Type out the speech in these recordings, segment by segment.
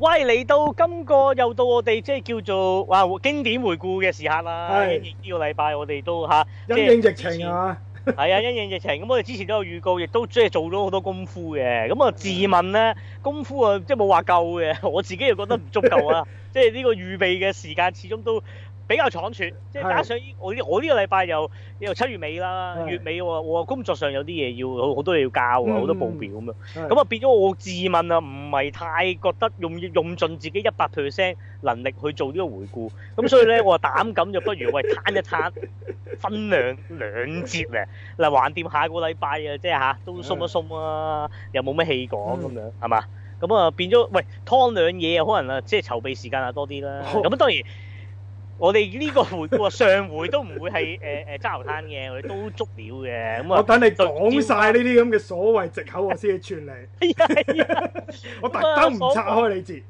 喂，嚟到今個又到我哋即係叫做哇經典回顧嘅時刻啦！呢、呢個禮拜我哋都嚇、啊、因應疫情啊，係啊，因應疫情咁， 我哋之前都有預告，亦都即係做咗好多功夫嘅。咁啊，自問咧功夫啊，即係冇話夠嘅，我自己又覺得唔足夠啊，即係呢個預備嘅時間始終都比較倉促，即係加上我呢，我呢個禮拜又又七月尾啦，月尾喎，我工作上有啲嘢要，好多嘢要交喎，好、嗯、多報表咁樣，咁啊變咗我自問啊，唔係太覺得用用盡自己一百 percent 能力去做呢個回顧，咁所以咧我啊膽敢就不如喂攤一攤，分兩兩節啊，嗱橫掂下個禮拜啊，即係嚇都鬆一鬆啊，又冇咩戲講咁樣，係、嗯、嘛？咁啊變咗喂劏兩嘢可能啊即係籌備時間啊多啲啦，咁啊當然。我哋呢個回顧上回都唔會係誒誒爭拗攤嘅，都足料嘅。咁我等你講晒呢啲咁嘅所謂藉口啊先嚟。係啊，我特登唔拆開你字。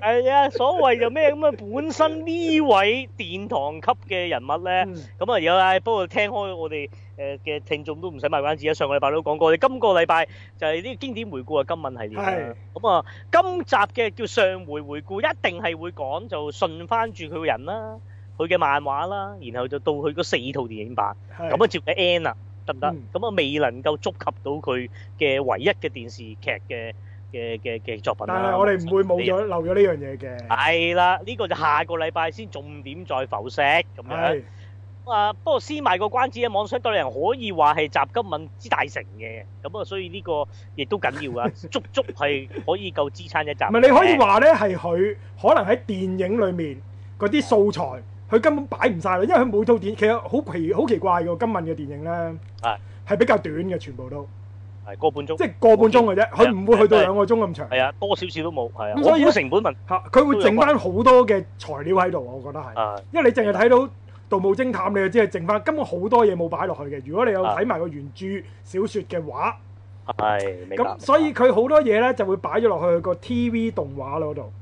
係啊，所謂就咩咁啊？本身呢位殿堂級嘅人物咧，咁啊而家不過聽開我哋誒嘅聽眾都唔使賣關子啊。上個禮拜都講過，今個禮拜就係呢個經典回顧啊。今敏系列。係。咁啊，今集嘅叫上回回顧，一定係會講就順翻住佢個人啦。佢嘅漫畫啦，然後就到佢嗰四套電影版，咁啊接嘅 N 啦，得唔得？咁啊未能夠觸及到佢嘅唯一嘅電視劇嘅嘅嘅嘅作品。但係我哋唔會冇咗漏咗呢樣嘢嘅。係啦，呢個就下個禮拜先重點再剖析咁樣。啊，不過先賣個關子啊，網上多人可以話係集今敏之大成嘅，咁啊所以呢個亦都緊要啊，足足係可以夠支撐一集。唔係你可以話咧，係佢可能喺電影裏面嗰啲素材。佢根本擺唔晒啦，因為佢每套電影其實好奇好奇怪嘅。今敏嘅電影咧，係比較短嘅，全部都係個半鐘，即係個半鐘嘅啫。佢唔會去到兩個鐘咁長。係啊，多少少都冇。係啊，咁所以本成本問嚇，佢會剩翻好多嘅材料喺度。我覺得係，因為你淨係睇到《盜夢偵探》，你就知係剩翻根本好多嘢冇擺落去嘅。如果你有睇埋個原著小說嘅話，係咁，所以佢好多嘢咧就會擺咗落去個 TV 動畫嗰度。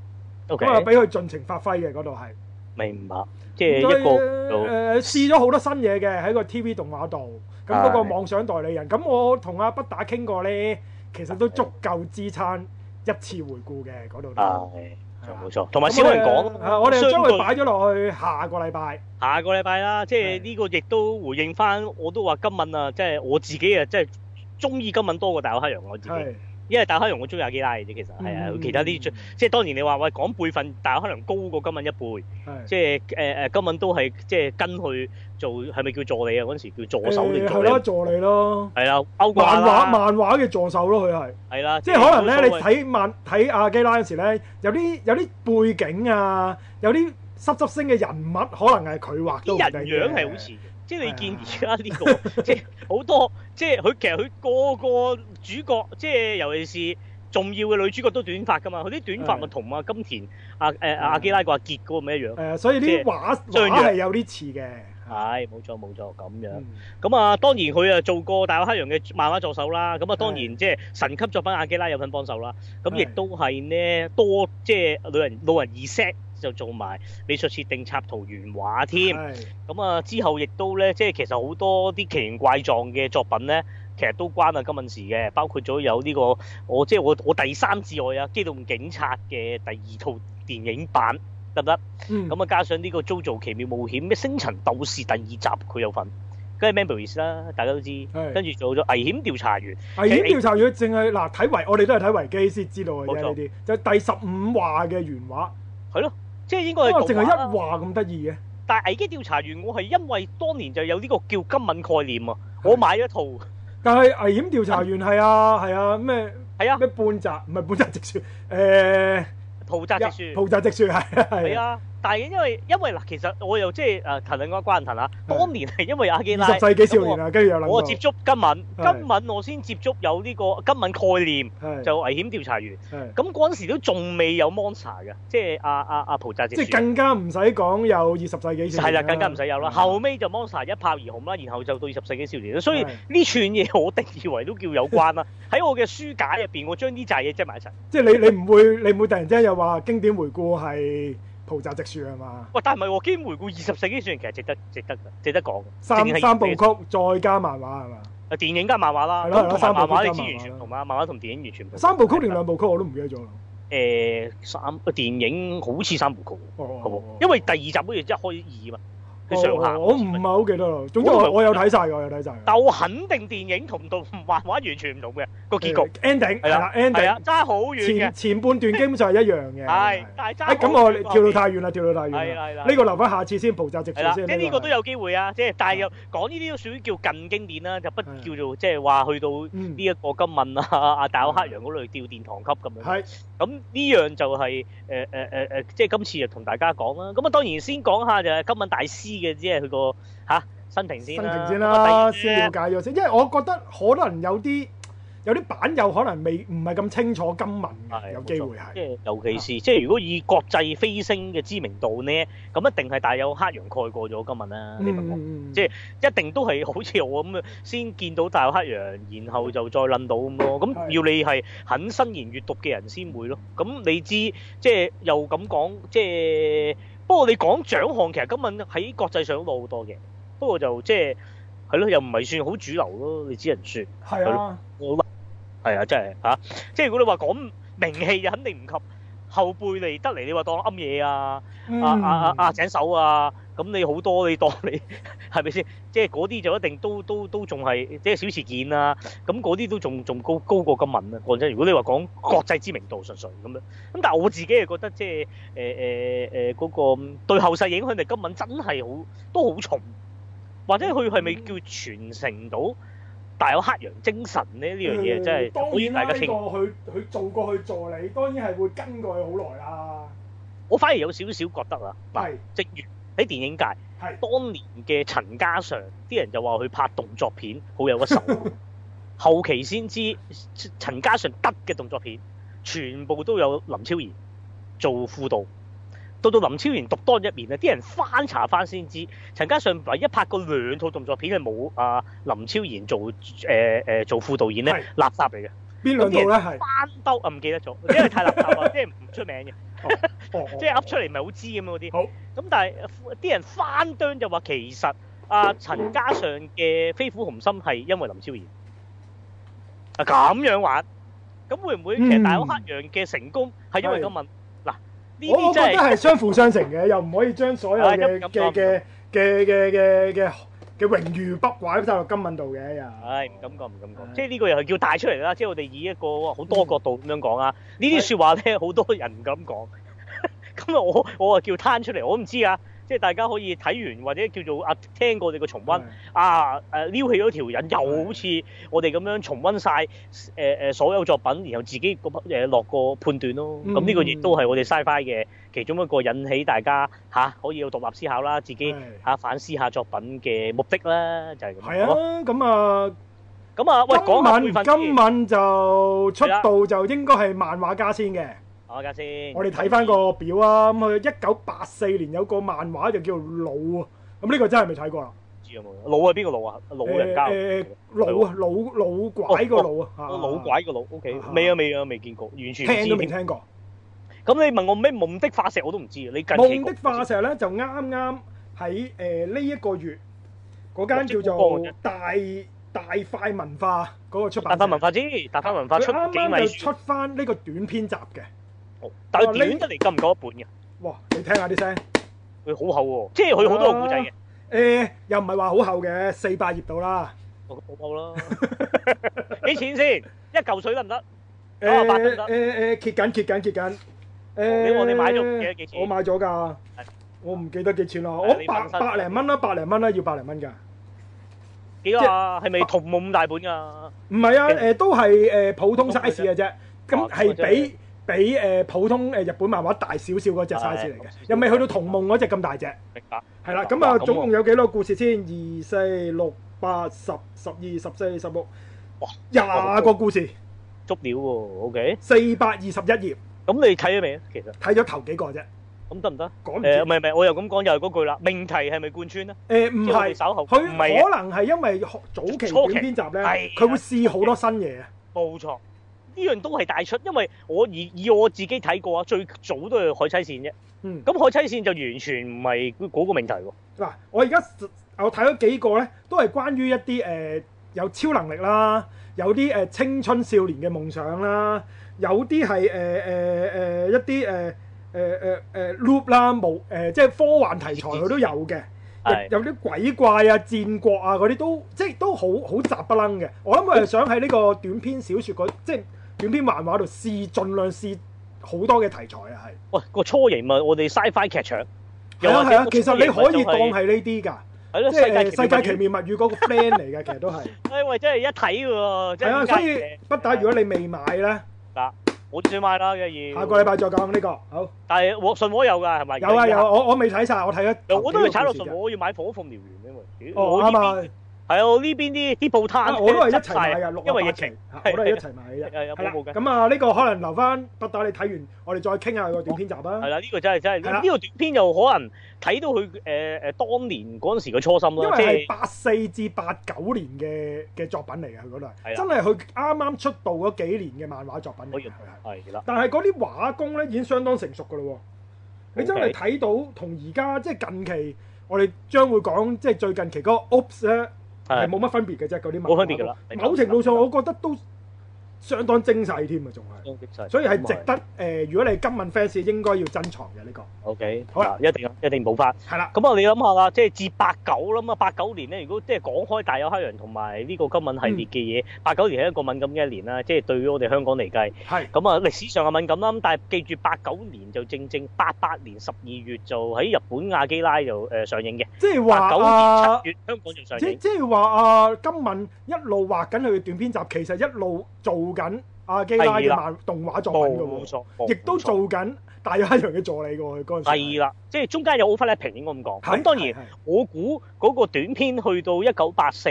咁啊，俾佢盡情發揮嘅嗰度係。明白，即係一個誒、呃、試咗好多新嘢嘅喺個 TV 動畫度，咁嗰個妄想代理人。咁我同阿不打傾過咧，其實都足夠支撐的一次回顧嘅嗰度。啊，冇錯，同埋小文講、嗯呃，我哋將佢擺咗落去下個禮拜，下個禮拜啦。即係呢個亦都回應返，我都話今敏啊，即係我自己啊，即係鍾意今敏多過大友克洋我自己。因為大黑熊我中意阿基拉嘅啫，其實係啊，其他啲即係當然你話喂，講輩分，大黑熊高過今敏一輩，即係誒誒今敏都係即係跟佢做，係咪叫助理啊？嗰陣時叫助手嚟嘅。係咯，助理咯。係啦，漫畫漫畫嘅助手咯，佢係。係啦，即係可能咧，你睇漫睇阿基拉嗰陣時咧，有啲有啲背景啊，有啲濕濕聲嘅人物，可能係佢畫都。人樣係好似。即係你見而家呢個， 即係好多，即係佢其實佢個個主角，即係尤其是重要嘅女主角都短髮㗎嘛。佢啲短髮咪同啊金田啊誒、 欸、阿基拉個話結嗰個咪一樣。誒， 所以啲畫畫係有啲似嘅。係、哎，冇錯冇錯，咁樣。咁、嗯、啊，當然佢啊做過大友克洋嘅漫畫助手啦。咁啊，當然即係神級作品阿基拉有份幫手啦。咁亦都係呢多即係老人老人二 s 就做埋美術設定插圖原畫添，咁啊、嗯、之後亦都咧，即係其實好多啲奇形怪狀嘅作品咧，其實都關啊今敏嘅，包括咗有呢個我即係我我第三至愛啊，機動警察嘅第二套電影版得唔得？咁啊、嗯、加上呢個 JoJo 奇妙冒險嘅《星塵鬥士》第二集佢有份，跟住 Memories 啦，大家都知道，跟住做咗危險調查員，危險調查員淨係嗱睇維我哋都係睇維基先知道嘅呢啲。冇錯，就第十五話嘅原畫係咯。即、就、係、是、應該係咁啦。淨係一話咁得意嘅。但係《但危險調查員》嗯，我係因為當年就有呢個叫今敏概念啊。我買咗一套。但係《危險調查員》係啊係啊咩？係啊咩半澤唔係半澤直樹誒？蒲澤直樹蒲澤直係啊。但係因為因為嗱，其實我又即係誒，騰你講關騰啊，當年係因為阿基拉，二十世紀少年啊跟住有諗我，我接觸今敏，今敏我先接觸有呢、這個今敏概念，就危險調查員。咁嗰陣時都仲未有 monster 嘅、就是啊啊啊，即係阿阿阿浦澤即係更加唔使講有二十世紀少年。係啦、啊，更加唔使有啦、啊。後尾就 monster 一炮而紅啦，然後就到二十世紀少年啦。所以呢串嘢我定義為都叫有關啦。喺我嘅書架入面，我將呢扎嘢擠埋一齊。即係你你唔會你唔會突然之間又話經典回顧係？ 浦澤直樹係嘛？喂，但係唔係喎，經回顧二十世紀算其實值得、值得、值得講。三三部曲再加漫畫係嘛？啊，電影加漫畫啦，同漫，漫畫你知完全唔同啊！漫畫同電影完全唔同。三部曲定兩部曲我都唔記得咗啦。誒、欸，三啊，電影好似三部曲，係、oh, oh, oh, oh, oh, oh. 因為第二集好似一開二嘛。上下我唔係好記得啦，總之我有睇曬嘅，我有睇曬。但我肯定電影同動畫畫完全唔同嘅，個結局 ending 係啦，ending 差好遠。前前半段基本上係一樣嘅。係，但係差好遠。咁我跳到太遠啦，跳到太遠啦。係啦係啦。呢個留翻下次先，蒲雜直上先。即係呢個都有機會啊！即係但係又講呢啲都屬於叫近經典啦，就不叫做即係話去到呢一個今敏啊、大友克洋嗰類吊殿堂級咁樣。係。咁呢樣就係誒誒誒，即係今次就同大家講啦。咁啊，當然先講下就係今敏大師嘅，即係佢個嚇身平先啦，先啦，先解了解咗先，因為我覺得可能有啲。有啲版友可能未唔係咁清楚今敏嘅，有機會係。即係尤其是即係如果以國際飛升嘅知名度呢，咁、啊、一定係大友克洋蓋過咗今敏啦。即係一定都係好似我咁樣，先見到大友克洋，然後就再諗到咁咯。咁要你係很身然閱讀嘅人先會咯。咁你知即係又咁講，即係不過你講獎項，其實今敏喺國際上都好多嘅。不過就即係係咯，又唔係算好主流咯。你只能說係啊。我話係啊，真係嚇！即係如果你話講名氣，又肯定唔及後輩嚟得嚟。你話當噏嘢啊，啊啊啊啊井守啊，咁你好多你當你係咪先？即係嗰啲就一定都都都仲係即係小事件啊！咁嗰啲都仲仲高高過今敏啊！或者，如果你話講國際知名度，純粹咁樣咁，但係我自己係覺得即係誒誒誒嗰個對後世影響力，今敏真係好都好重，或者佢係咪叫傳承到？但有黑羊精神咧，呢樣嘢真係、嗯，當然大家過佢佢做過去助理，當然係會跟過去好耐啦。我反而有少少覺得啦，嗱，職業喺電影界，當年嘅陳嘉上，啲人就話佢拍動作片好有一手， 後期先知陳嘉上得嘅動作片，全部都有林超賢做輔導。到到林超賢獨當一面，啊！啲人翻查翻先知，陳嘉上唯一拍過兩套動作片係冇阿林超賢做誒誒、呃、做副導演咧，垃圾嚟嘅。邊兩套咧？係翻兜啊！唔記得咗，因為太垃圾啦、啊，即係唔出名嘅，即係噏出嚟咪好知咁樣嗰啲。好咁，但係啲人翻釣就話其實阿、啊、陳嘉上嘅飛虎雄心係因為林超賢、嗯。啊咁樣玩，咁會唔會其實大黑羊嘅成功係因為個問？嗯我我覺得係相輔相成嘅， 又唔可以將所有嘅嘅嘅嘅嘅嘅嘅嘅榮譽筆拐都掙落今敏度嘅，又係唔敢講唔敢講、哎。即係呢個又係叫帶出嚟啦，即係我哋以一個好多角度咁樣講、嗯、 啊。呢啲説話咧，好多人唔敢講。今日我我啊叫攤出嚟，我唔知啊。即係大家可以睇完或者叫做啊聽過我哋個重温啊撩起咗條癮，又好似我哋咁樣重温晒、呃、所有作品，然後自己落個、呃、判斷咯。咁、嗯、呢、這個亦都係我哋 Sci-Fi 嘅其中一個引起大家、啊、可以有獨立思考啦，自己、啊、反思下作品嘅目的啦，就係、是、咁咯。係啊，咁啊，咁啊，喂，今敏今敏就出道就應該係漫畫家先嘅。啊、先我哋睇翻個表啊！咁佢一九八四年有個漫畫就叫老啊，咁呢個真係未睇過啦。知有冇？老係邊個老啊？老人家我看。誒、欸欸，老啊，老老鬼個老、哦哦、啊。老拐個老，O K。未、okay，啊，未啊，未見過，完全、啊。聽都未聽過。咁你問我咩夢的化石我都唔知啊！你近期夢的化石咧，就啱啱喺誒呢一個月嗰間叫做大大塊文化嗰個出版社。大塊文化之大塊文化出。啱啱就出翻呢個短篇集嘅。但係短得嚟夠唔夠一本嘅？哇！你聽下啲聲，佢好厚喎。即係佢好多個古仔嘅。誒，又唔係話好厚嘅，四百頁度啦。我個薄薄咯。幾錢先？一嚿水得唔得？我話百都得。誒誒，揭緊揭緊揭緊。誒，我你買咗幾多幾錢？我買咗噶。我唔記得幾錢啦。我百百零蚊啦，百零蚊啦，要百零蚊噶。幾多係咪同冇咁大本噶？唔係啊，誒，都係誒普通 size 嘅啫。咁係俾。比誒、呃、普通誒、呃、日本漫畫大少少嗰隻 size 嚟嘅，又未去到童夢嗰隻咁大隻。明白，係啦，咁啊、嗯、總共有幾多個故事先？二四六八十十二十四十六，哇，廿個故事足料喎。O K，四百二十一頁。咁你睇咗未啊？其實睇咗頭幾個啫。咁得唔得？誒唔係唔係，我又咁講又係嗰句啦。命題係咪貫穿咧？誒唔係，佢可能係因為早期早集咧，佢會試好多新嘢啊。冇錯。呢樣都係大出，因為我以以我自己睇過啊，最早都係海妻線啫。嗯。咁海妻線就完全唔係嗰個命題喎。嗱，我而家我睇咗幾個咧，都係關於一啲誒、呃、有超能力啦，有啲誒、呃、青春少年嘅夢想啦，有啲係誒誒誒一啲誒誒誒 loop 啦，冇誒、呃、即係科幻題材佢都有嘅，的有啲鬼怪啊、戰國啊嗰啲都即係都好好雜不楞嘅。我諗佢係想喺呢個短篇小說嗰即係。短篇漫畫度試，盡量試好多嘅題材啊，係。喂、哦，嗰個初型啊，我哋 sci-fi 劇場。有、就是、啊係啊，其實你可以當係呢啲㗎。係咯、啊就是，世界奇妙物語嗰、呃、個 friend 嚟嘅，其實都係。 哎喂，真係一睇喎。係啊，所以、啊、不打如果你未買咧，嗱，我想買啦嘅下個禮拜再講呢、這個。好。但係王信我有㗎，係咪？有啊有啊啊，我我未睇晒。我睇咗。我都要踩到信我，我要買《火鳳燎原》因為這。哦啱啊。係啊，呢邊啲啲報攤，我都係一齊買噶，六廿八期，我都係一齊買啫。係啦，咁啊，呢個可能留翻，不打你睇完，我哋再傾下個短片集啦。係、哦、啦，呢、呢個真係真係，呢、呢個短片又可能睇到佢誒誒當年嗰陣時嘅初心啦。因為係八四至八九年嘅嘅作品嚟嘅，佢嗰度真係佢啱啱出道嗰幾年嘅漫畫作品嚟嘅，係啦。但係嗰啲畫工咧已經相當成熟㗎咯。你真係睇到同而家即係近期，我哋將會講即係最近期嗰個 Oops 咧、啊。係冇乜分別嘅啫，嗰啲冇分別㗎啦。某程度上，我覺得都。相當精細添啊，仲係，所以係值得誒、嗯呃。如果你係今敏 fans 應該要珍藏嘅呢、這個。O、okay, K，好啦，一定一定保翻。係啦，咁、嗯、啊，你諗下啦，即係至八九啦嘛，八九年咧，如果即係講開大友克洋同埋呢個今敏系列嘅嘢，八、嗯、九年係一個敏感嘅一年啦，即係對於我哋香港嚟計。係。咁啊，歷史上嘅敏感啦，咁但係記住八九年就正正八八年十二月就喺日本亞基拉就誒上映嘅。即係話八九年七月、啊、香港就上映。即即係話啊，今敏一路畫緊佢嘅短篇集，其實一路做。做緊阿基拉嘅漫動畫作品嘅冇錯，亦都做緊。帶咗一樣嘅助理過去嗰陣時係啦，即係中間有 overlapping 應該咁講。咁當然我估嗰個短片去到一九八四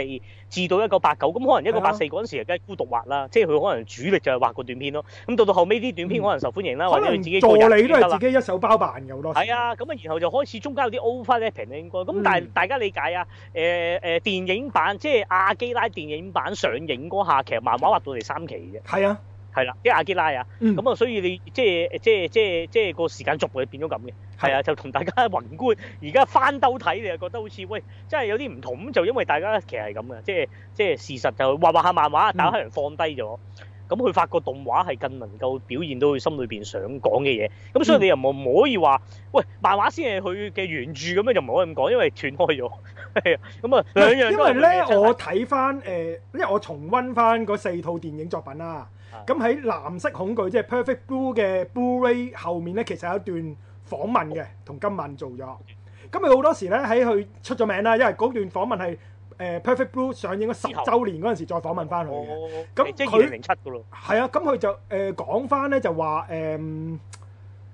至到一九八九，咁可能一九八四嗰陣時梗係孤獨畫啦、啊，即係佢可能主力就係畫個短片咯。咁到到後尾啲短片可能受歡迎啦、嗯，或者佢自己助理都係自己一手包辦嘅好多時。係啊，咁啊，然後就開始中間有啲 overlapping 應該咁、嗯。但係大家理解啊，誒、呃、誒、呃、電影版即係阿基拉電影版上映嗰下，其實漫畫畫到第三期嘅。係啊。係啦，啲阿基拉呀，咁、嗯、啊，所以你即係即係即係即係個時間逐步變咗咁嘅，係啊，就同大家宏觀而家翻兜睇，你又覺得好似喂，真係有啲唔同，就因為大家其實係咁嘅，即係即係事實就畫、是、畫下漫畫，但係可能放低咗，咁、嗯、佢發覺動畫係更能夠表現到佢心裏邊想講嘅嘢，咁所以你又唔唔可以話、嗯、喂漫畫先係佢嘅原著咁樣，就唔可以咁講，因為斷開咗，咁啊、嗯，兩樣，因為咧我睇翻誒，因為我，睇翻、呃、我重溫翻嗰四套電影作品啦。咁喺藍色恐懼即係、就是、Perfect Blue 嘅 Blu-ray 後面咧，其實有一段訪問嘅，同今敏做咗。咁佢好多時咧喺佢出咗名啦，因為嗰段訪問係誒、呃、Perfect Blue 上映咗十週年嗰陣時再訪問翻佢嘅。咁即係二零零七嘅咯。係、哦、啊，咁佢就誒講翻咧，就話誒誒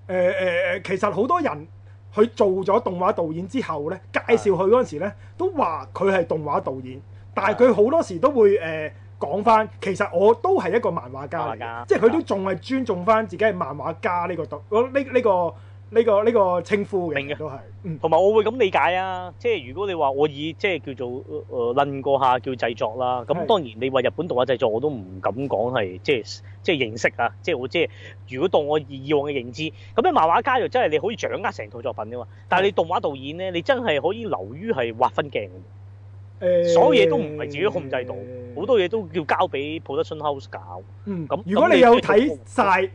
誒，其實好多人佢做咗動畫導演之後咧，介紹佢嗰陣時咧，都話佢係動畫導演，但係佢好多時都會誒。呃講翻，其實我都係一個漫畫家嚟，即係佢都仲係尊重翻自己係漫畫家呢、這個讀，呢、這、呢個呢、這個呢、這個這個稱呼嘅。都係，同、嗯、埋我會咁理解啊，即係如果你話我以即係叫做誒論、呃、過下叫製作啦，咁當然你話日本動畫製作我都唔敢講係即係即係認識啊，即係我即係如果到我以往嘅認知，咁啊漫畫家就真係你可以掌握成套作品噶嘛，但係你動畫導演咧，你真係可以留於係劃分鏡、欸，所有嘢都唔係自己控制到。欸好多嘢都要交俾 Production House 搞。嗯，咁如果你有睇曬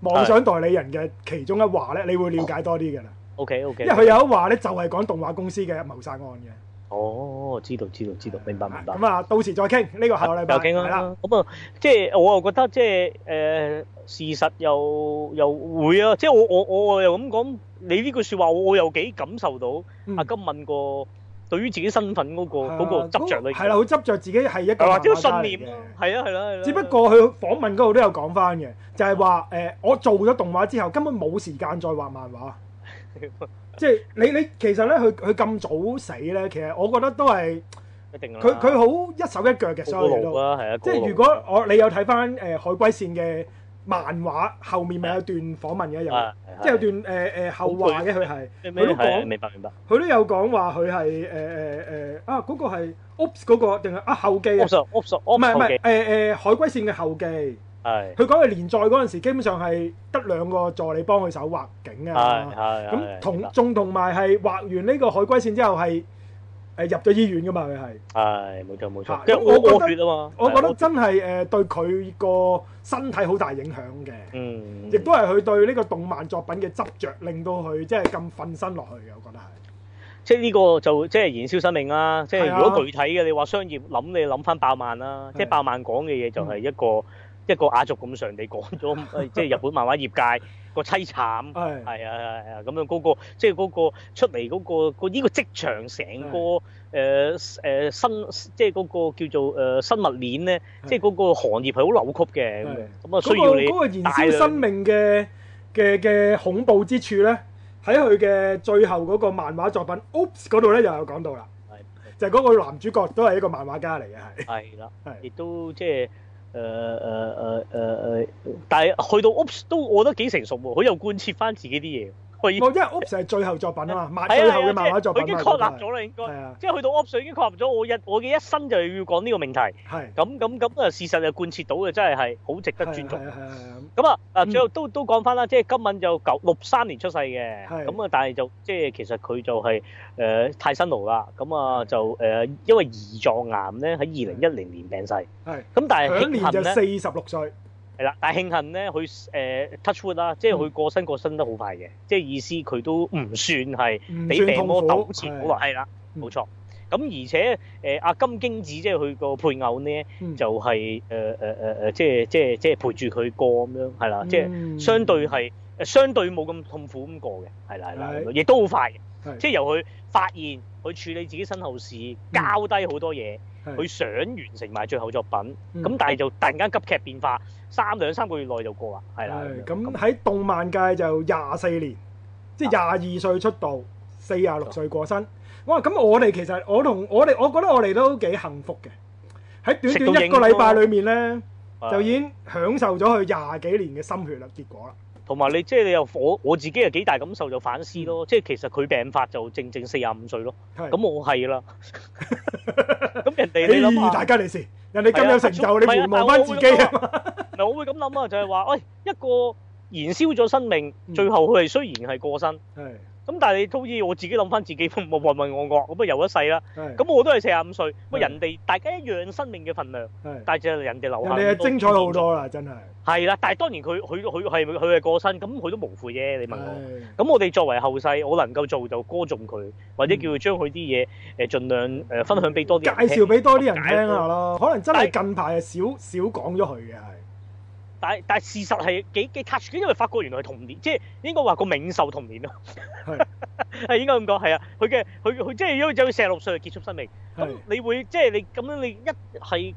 妄想代理人嘅其中一話咧，你會瞭解多啲嘅啦。O K O K，因為佢有一話咧，就係講動畫公司嘅謀殺案嘅。哦，知道知道知道，明白明白。咁啊，到時再傾呢個下個禮拜。就傾啦。係啦。咁啊，即係我又覺得即係誒事實又又會啊！即係我我我又咁講，你呢句説話我又幾感受到。阿金問過。對於自己身份嗰，那個嗰着，是那個那個那個，是執著係啦，佢執着自己係一個畫信念係啊，係啦，係啦。只不過佢訪問嗰度都有講翻嘅，就係，是，話，呃、我做咗動畫之後根本冇時間再畫漫畫。即 係你你其實咧，佢佢咁早死咧，其實我覺得都係一定。佢佢好一手一腳嘅，啊，所有嘢啊，即係，就是，如果我你有睇翻，呃、海歸線嘅。漫畫後面咪有一段訪問嘅，即有即係有段誒誒、呃、後話嘅，佢係佢都講明白明白，佢都有講話佢係誒啊嗰、嗰個係 oops 嗰、嗰個定係啊後記啊，唔係唔係誒誒海歸線嘅後記，佢講佢連載嗰陣時候，基本上係得兩個助理幫佢手畫景啊，係係咁同仲同埋係畫完呢個海歸線之後係。誒入咗醫院噶嘛佢係，係冇錯冇錯，因、啊、我我血啊嘛，我覺得真係誒對佢個身體好大影響嘅，嗯，亦都係佢對呢個動漫作品嘅執着，令到佢即係咁奮身落去嘅，我覺得係，即係呢個就即係燃燒生命啦、啊，即係如果具體嘅、啊、你話商業諗你諗翻爆漫啦、啊，啊、即係爆漫講嘅嘢就係一個、嗯、一個雅俗咁常地講咗， 即係日本漫畫業界。啊啊啊啊嗰個淒慘係係啊係啊，咁樣嗰個即係嗰個出嚟嗰、嗰個呢、呢個職場成個誒誒、啊呃、新即係嗰個叫做誒生、呃、物鏈咧，即係嗰個行業係好扭曲嘅咁樣，咁啊，啊需要你。但、那、係、個嗰個、生命嘅嘅嘅恐怖之處咧，喺佢嘅最後嗰個漫畫作品 oops 嗰度咧又有講到啦、啊啊，就係、是、嗰個男主角都係一個漫畫家嚟嘅係係啦，亦、啊啊啊、都即係。就是誒誒誒誒誒，但係去到 oops 都，我覺得幾成熟喎，佢又貫徹翻自己啲嘢。我即係《OPUS》係最後作品啊嘛，麥最後嘅漫畫作品。佢已經確立咗啦，應該。係啊。即係去到《OPUS》已經確立咗，我一我嘅一生就要講呢個命題。係。咁咁咁啊，事實就貫徹到嘅，真係係好值得尊重。係係係。咁啊，嗱，最後都都講翻啦，即係今敏就九六三年出世嘅，咁啊，但係就即係其實佢就係誒太辛勞啦，咁啊就誒因為胰臟癌咧喺二零一零年病逝。係。咁但係享年就四十六歲。係啦，但係慶幸咧，佢誒、呃、touch wood 啦，即係佢過身過身得好快嘅，即、嗯、係意思佢都唔算係俾病魔糾纏好耐，係啦，冇、嗯、錯。咁而且誒阿、呃、金京子即係佢個配偶咧、嗯，就係誒誒誒誒，即係即係即係陪住佢過咁樣，係啦，即、嗯、係、就是、相對係誒、呃、相對冇咁痛苦咁過嘅，係啦係啦，亦都好快嘅，即係、就是、由佢發現佢處理自己身後事，交低好多嘢。嗯佢想完成埋最後作品，咁但係就突然間急劇變化，三兩三個月內就過啦，係啦。咁喺動漫界就廿四年，即係廿二歲出道，四十六歲過身。哇！咁我哋其實我同我哋，我覺得我哋都幾幸福嘅。喺短短一個禮拜裡面呢，就已經享受咗佢廿幾年嘅心血啦，結果啦。同埋你即係你又我我自己又幾大感受就反思咯，嗯、即係其實佢病發就正正四十五歲咯，咁我係啦。咁 人哋家 你諗下，大家嚟事， 人哋咁有成就，啊、你回望翻自己啊？嗱，我會咁諗啊，就係、是、話，喂、哎，一個燃燒咗生命，嗯、最後佢係雖然係過身。嗯 咁但係你都好似我自己諗翻自己，我渾渾噩噩，咁啊由一世啦。咁我都係四十五歲，咁人哋大家一樣生命嘅份量，係但係就人哋留下。人哋係精彩好多啦，真係。係啦、啊，但係當然佢佢佢係佢嘅過身，咁佢都無悔啫。你問我，咁我哋作為後世，我能夠做就歌頌佢，或者叫佢將佢啲嘢誒盡量誒分享俾多啲、嗯、介紹俾多啲人聽解下咯。可能真係近排係少少講咗佢嘅係。但係但係事實係幾幾 touch，因為發覺原來係童年，即係應該話個冥壽童年咯，係 應該咁講，係啊，佢嘅佢佢即係要將佢四十六歲就結束生命。咁你會即係你咁樣你一係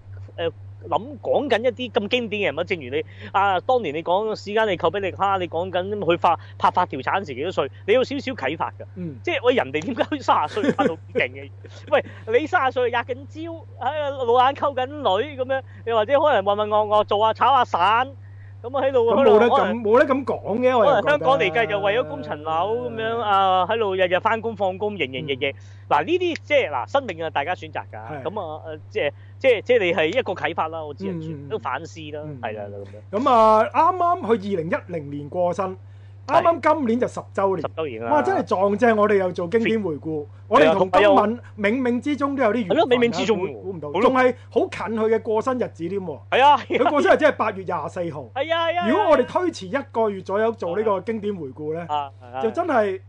諗講緊一啲咁經典嘅人物，正如你啊，當年你講時間，你扣俾你，哈！你講緊佢拍發條產時幾多歲？你有少少啟發㗎、嗯，即係喂人哋點解卅歲拍到勁嘅？喂，歲 喂你卅歲壓緊蕉，喺老眼溝緊女咁樣，你或者可能混混噩噩做下、啊、炒下、啊、散。咁啊喺度咁冇得咁冇得咁講嘅，我係香港嚟計就為咗供層樓咁、哎、樣、哎、啊，喺度日日翻工放工，營營役役。嗱呢啲即係嗱，生、就是、命啊大家選擇㗎，咁啊誒即係即係即係你係一個啟發啦，我只能都反思啦，係啦咁樣。咁啊啱啱去二零一零年過身，啱啱今年就十周年，年，哇！真係撞正我哋又做經典回顧，我哋同金敏冥冥之中都有啲冥預感，估唔到，仲係好近佢嘅過身日子添。係啊，佢過身日子係八月廿四號。係啊係啊。如果我哋推遲一個月左右做呢個經典回顧咧，就真係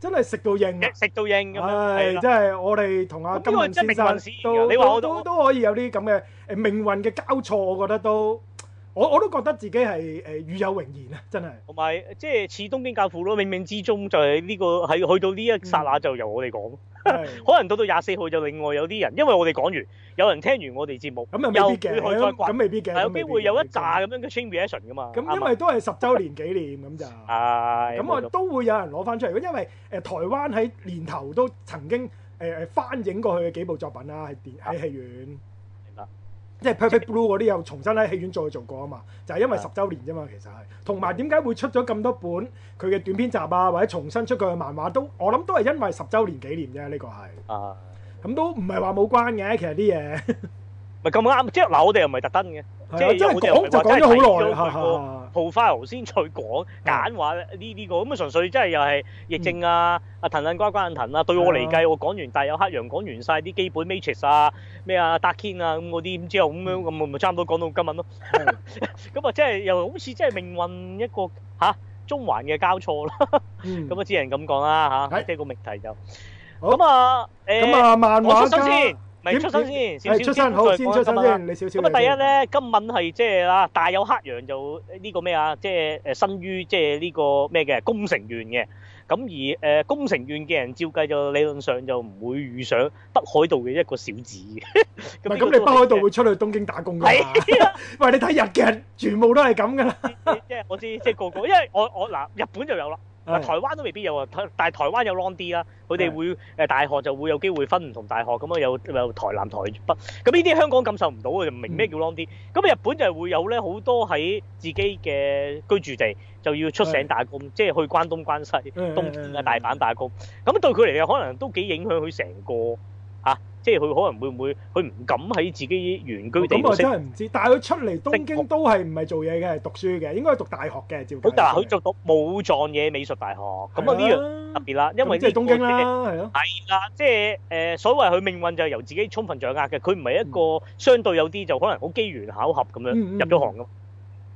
真係食到應，食到應咁真係我哋同阿金敏先生都你都都，都可以有啲咁嘅誒命運嘅交錯，我覺得都。我我都覺得自己係誒與有榮焉啊！真係同埋即係似東京教父咯，冥冥之中就係呢、呢個喺去到呢一剎那就由我哋講。 可能到到廿四號就另外有啲人，因為我哋講完，有人聽完我哋節目，咁又未必嘅。咁未必嘅，有機會有一扎咁樣嘅 streaming 嘅嘛。咁因為都係十週年紀念咁、啊、就係。咁啊、哎、都會有人攞翻出嚟，因為誒台灣喺年頭都曾經誒誒翻映過去嘅幾部作品啦，喺電喺戲院。即係 Perfect Blue 嗰啲又重新喺戲院再做過啊嘛，就係因為十週年啫嘛，其實係。同埋點解會出咗咁多本佢嘅短篇集啊？或者重新出佢嘅漫畫都，我諗都係因為十週年紀念啫，呢個係。啊。咁都唔係話冇關嘅，其實啲嘢。咪咁啱，即係嗱，我哋又唔係特登嘅。即係有啲人唔係話，真係睇咗佢個鋪花遊先再講簡話咧？呢呢個咁啊，純粹真係又係疫症啊！啊騰騰呱呱騰啊！對我嚟計，我講完，但係有黑羊講完曬啲基本 matrix 啊、咩啊、打堅啊咁嗰啲，之後咁樣咁咪咪差唔多講到今日咯。咁啊，真係又好似真係命運一個嚇中環嘅交錯啦。咁啊，只能咁講啦嚇。即係個命題就咁啊！咁啊，漫畫家。咪出身先，少少先再講啦。咁啊，第一咧，今日係即係啦，大有黑羊就呢個咩啊？即係誒生於即係呢個咩嘅工程院嘅。咁而誒工程院嘅人，照計就理論上就唔會遇上北海道嘅一個小子嘅。唔係咁，你北海道會出去東京打工㗎嘛？係啊，喂，你睇日劇全部都係咁㗎啦。即係我知，即係個個，因為我我嗱日本就有啦。台灣都未必有啊，但係台灣有 long 啲啦，佢哋會誒大學就會有機會分唔同大學，咁啊有有台南、台北，咁呢啲香港感受唔到啊，就唔明咩叫 long 啲。咁日本就會有咧，好多喺自己嘅居住地就要出省打工，即係去關東、關西、東京大阪打工，咁對佢嚟講可能都幾影響佢成個。嚇、啊！即係佢可能會唔會佢唔敢喺自己原居地？我真係唔知道。但係佢出嚟東京都係唔係做嘢嘅，係讀書嘅，應該係讀大學嘅。照佢嗱，佢就讀武藏野美術大學。咁啊，呢樣特別啦，因為、這個、即係東京啦，係咯。係啦，即係誒所謂佢命運就係由自己充分掌握嘅，佢唔係一個、嗯、相對有啲就可能好機緣巧合咁樣入咗行咁。佢、嗯嗯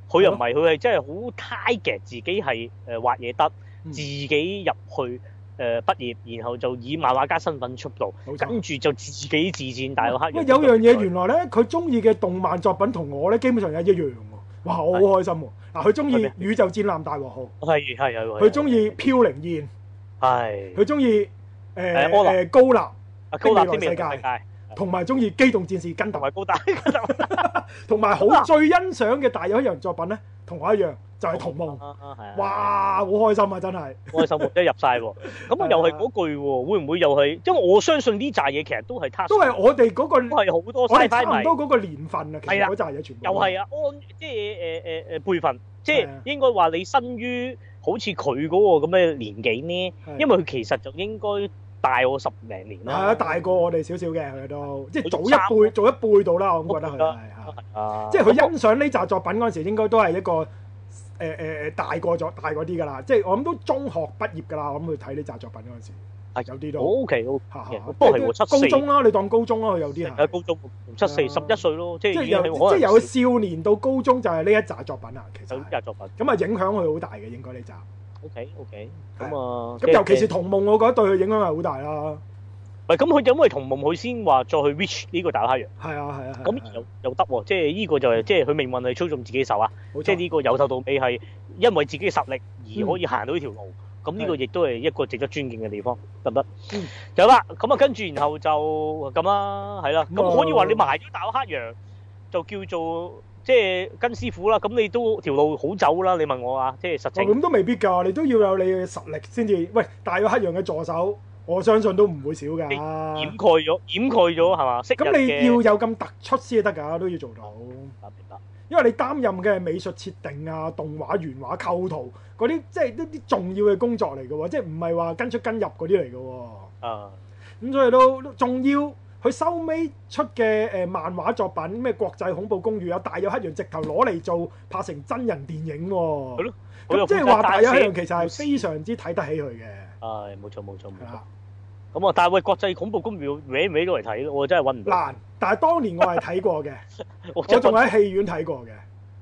嗯、又唔係，佢係真係好 target 自己係誒、呃、畫嘢得、嗯，自己入去。誒、呃、畢業，然後就以漫畫家身份出道，跟住就自己自戰、嗯、大黑，黑。喂，有樣嘢原來咧，佢中意嘅動漫作品同我咧基本上係一樣喎。哇，我好開心喎！嗱，佢中意《宇宙戰艦大和號》，佢中意《飄零燕》，佢中意高立，呃呃《高立、高立嘅未來世界》。同埋中意《機動戰士鋼彈》同埋高達，同埋好最欣賞嘅，但有一樣作品咧，同我一樣就係、是《童夢》啊啊啊。哇！好、啊啊啊、開心啊，真係。開心，即係入晒喎。咁啊，那又係嗰句喎、啊，會唔會又係？因為我相信呢扎嘢其實都係、那個，都係我哋嗰個，都係好多差唔多嗰個年份其實是是啊。係啦，嗰扎嘢全部。又係啊，安即係誒誒誒輩分，即係應該話你生於好似佢嗰個咁嘅年紀呢，因為佢其實就應該。大我十零年啦，係啊，大過我哋少少嘅佢都，即係早一輩，早一輩到啦、啊。我覺得佢係啊，啊，即係佢欣賞呢紮作品嗰陣時候，應該都係一個誒誒誒大過咗、大過啲㗎喇。即係我諗都中學畢業㗎喇。我諗佢睇呢紮作品嗰陣時候、啊，有啲都 OK OK，嚇嚇，不過都高中啦，74，你當高中啦，佢有啲係。喺高中，七四十一歲咯，即係即係由少年到高中就係呢一紮作品啦，其實作品。咁啊，影響佢好大嘅應該呢紮。O K O K，咁啊，咁尤其是同盟，我覺得對佢影響係好大啦。係，咁佢因為同盟，佢先話再去 reach 呢個大黑羊。係啊係啊，咁又又得喎，即係呢個就係即係佢命運係操縱自己的手啊，即係呢個由頭到尾係因為自己嘅實力而可以行到呢條路，咁、嗯、呢個亦都係一個值得尊敬嘅地方，得唔得？有、嗯、啦，咁、嗯、啊，跟住然後就咁啦，係啦，咁、嗯、可以話你埋咗大黑羊，就叫做。即係跟師傅啦，咁你都條路好走啦。你問我啊，即係實證。哦，咁都未必㗎，你都要有你嘅實力先至。喂，大約有黑羊嘅助手，我相信都唔會少㗎。掩蓋咗，掩蓋咗係嘛？咁你要有咁突出先得㗎，都要做到。明白。因為你擔任嘅係美術設定啊、動畫原畫構圖嗰啲，即係一啲重要嘅工作嚟㗎喎，即係唔係話跟出跟入嗰啲嚟㗎喎。啊。咁所以都重要。佢收尾出嘅誒漫畫作品咩國際恐怖公寓啊，有大有黑羊直頭攞嚟做拍成真人電影喎，喔。係咯，咁即係話大有黑羊，其實係非常之睇得起佢嘅。係冇錯冇錯冇錯。咁啊，但係喂，國際恐怖公寓歪歪過嚟睇我真係揾唔到。嗱，但係當年我係睇過嘅， 我仲喺戲院睇過嘅，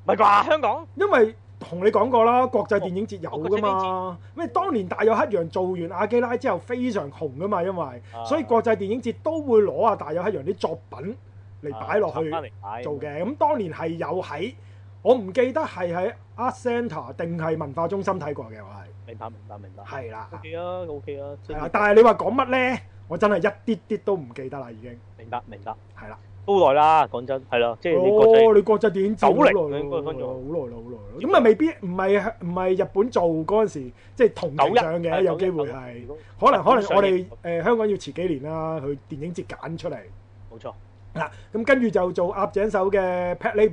唔係啩？香港？因為。同你講過啦，國際電影節有噶嘛？咩？當年大友克洋做完《阿基拉》之後非常紅噶嘛，因為所以國際電影節都會攞啊大友克洋啲作品嚟擺落去做嘅。咁當年係有喺，我唔記得係喺 Art Center 定係文化中心睇過嘅，我係。明白，明白，明白。係啦。O K 啦，O K 啦。但係你話講乜呢？我真係一啲啲都唔記得啦，已經。明白，明白。係啦。都耐啦，講真係咯，即係你國際電影，應該分咗好耐啦，好耐咯。咁啊，未必唔係唔係日本做嗰陣時，即係同期上嘅有機會係，可能可能我哋誒香港要遲幾年啦，去電影節揀出嚟。冇錯嗱，咁跟住就做押井守嘅《Patlabor》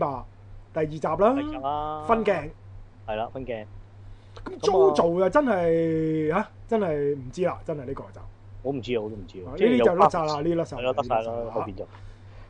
第二集啦，分鏡係啦，分鏡。咁 JoJo 又真係嚇，真係唔知啦，真係呢個就我唔知啊，我都唔知啊。呢啲就甩曬啦，呢啲甩曬啦，後邊就。